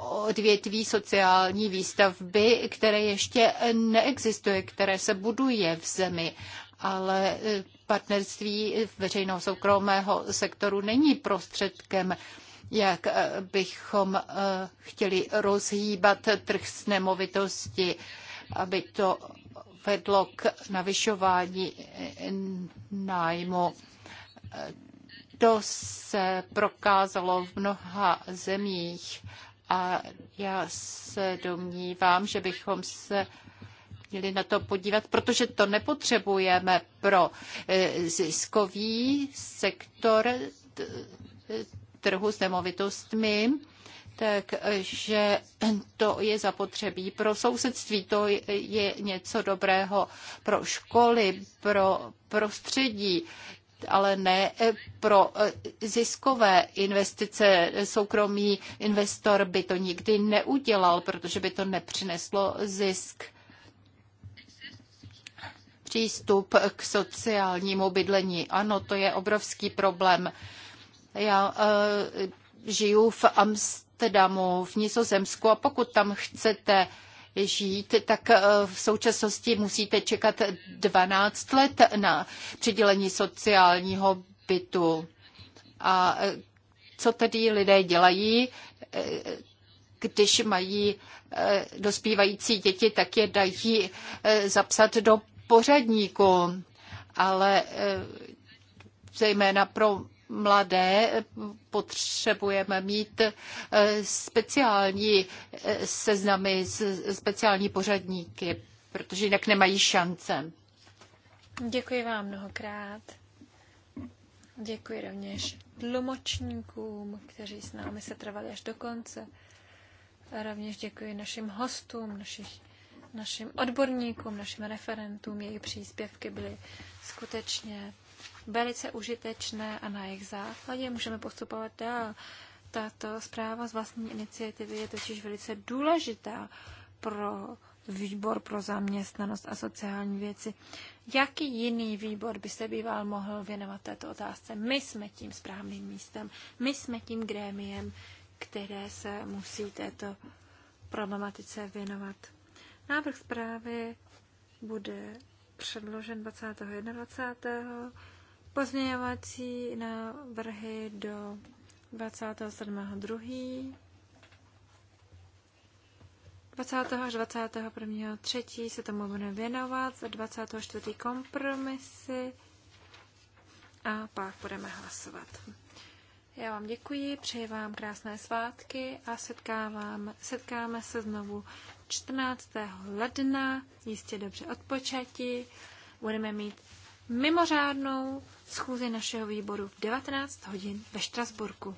odvětví sociální výstavby, které ještě neexistuje, které se buduje v zemi ale partnerství veřejného soukromého sektoru není prostředkem jak eh, bychom eh, chtěli rozhýbat trh s nemovitosti, aby to vedlo k navyšování eh, nájmu. To se prokázalo v mnoha zemích a já se domnívám, že bychom se měli na to podívat, protože to nepotřebujeme pro ziskový sektor trhu s nemovitostmi, takže to je zapotřebí. Pro sousedství to je něco dobrého, pro školy, pro prostředí, ale ne eh, pro eh, ziskové investice. Soukromý investor by to nikdy neudělal, protože by to nepřineslo zisk. Přístup k sociálnímu bydlení. Ano, to je obrovský problém. Já eh, žiju v Amsterdamu, v Nizozemsku a pokud tam chcete žít, tak eh, v současnosti musíte čekat 12 let na přidělení sociálního bytu. A eh, co tedy lidé dělají, když mají dospívající děti, tak je dají zapsat do pořadníku. Ale zejména pro mladé potřebujeme mít eh, speciální eh, seznamy, speciální pořadníky, protože jinak nemají šance. Děkuji vám mnohokrát. Děkuji rovněž tlumočníkům, kteří s námi se trvali až do konce. A rovněž děkuji našim hostům, našich, našim odborníkům, našim referentům. Jejich příspěvky byly skutečně velice užitečné a na jejich základě můžeme postupovat dál. Tato zpráva z vlastní iniciativy je totiž velice důležitá pro výbor pro zaměstnanost a sociální věci. Jaký jiný výbor by se býval mohl věnovat této otázce? My jsme tím správným místem, my jsme tím grémiem, které se musí této problematice věnovat. Návrh zprávy bude předložen 20. 21. 20. Pozměňovací návrhy do 27.2. 20. až 21. 3. se tomu budeme věnovat, 24. kompromisy a pak budeme hlasovat. Já vám děkuji, přeji vám krásné svátky a setkávám, setkáme se znovu 14. ledna, jistě dobře odpočatí. Budeme mít mimořádnou schůzi našeho výboru v 19 hodin ve Štrasburku.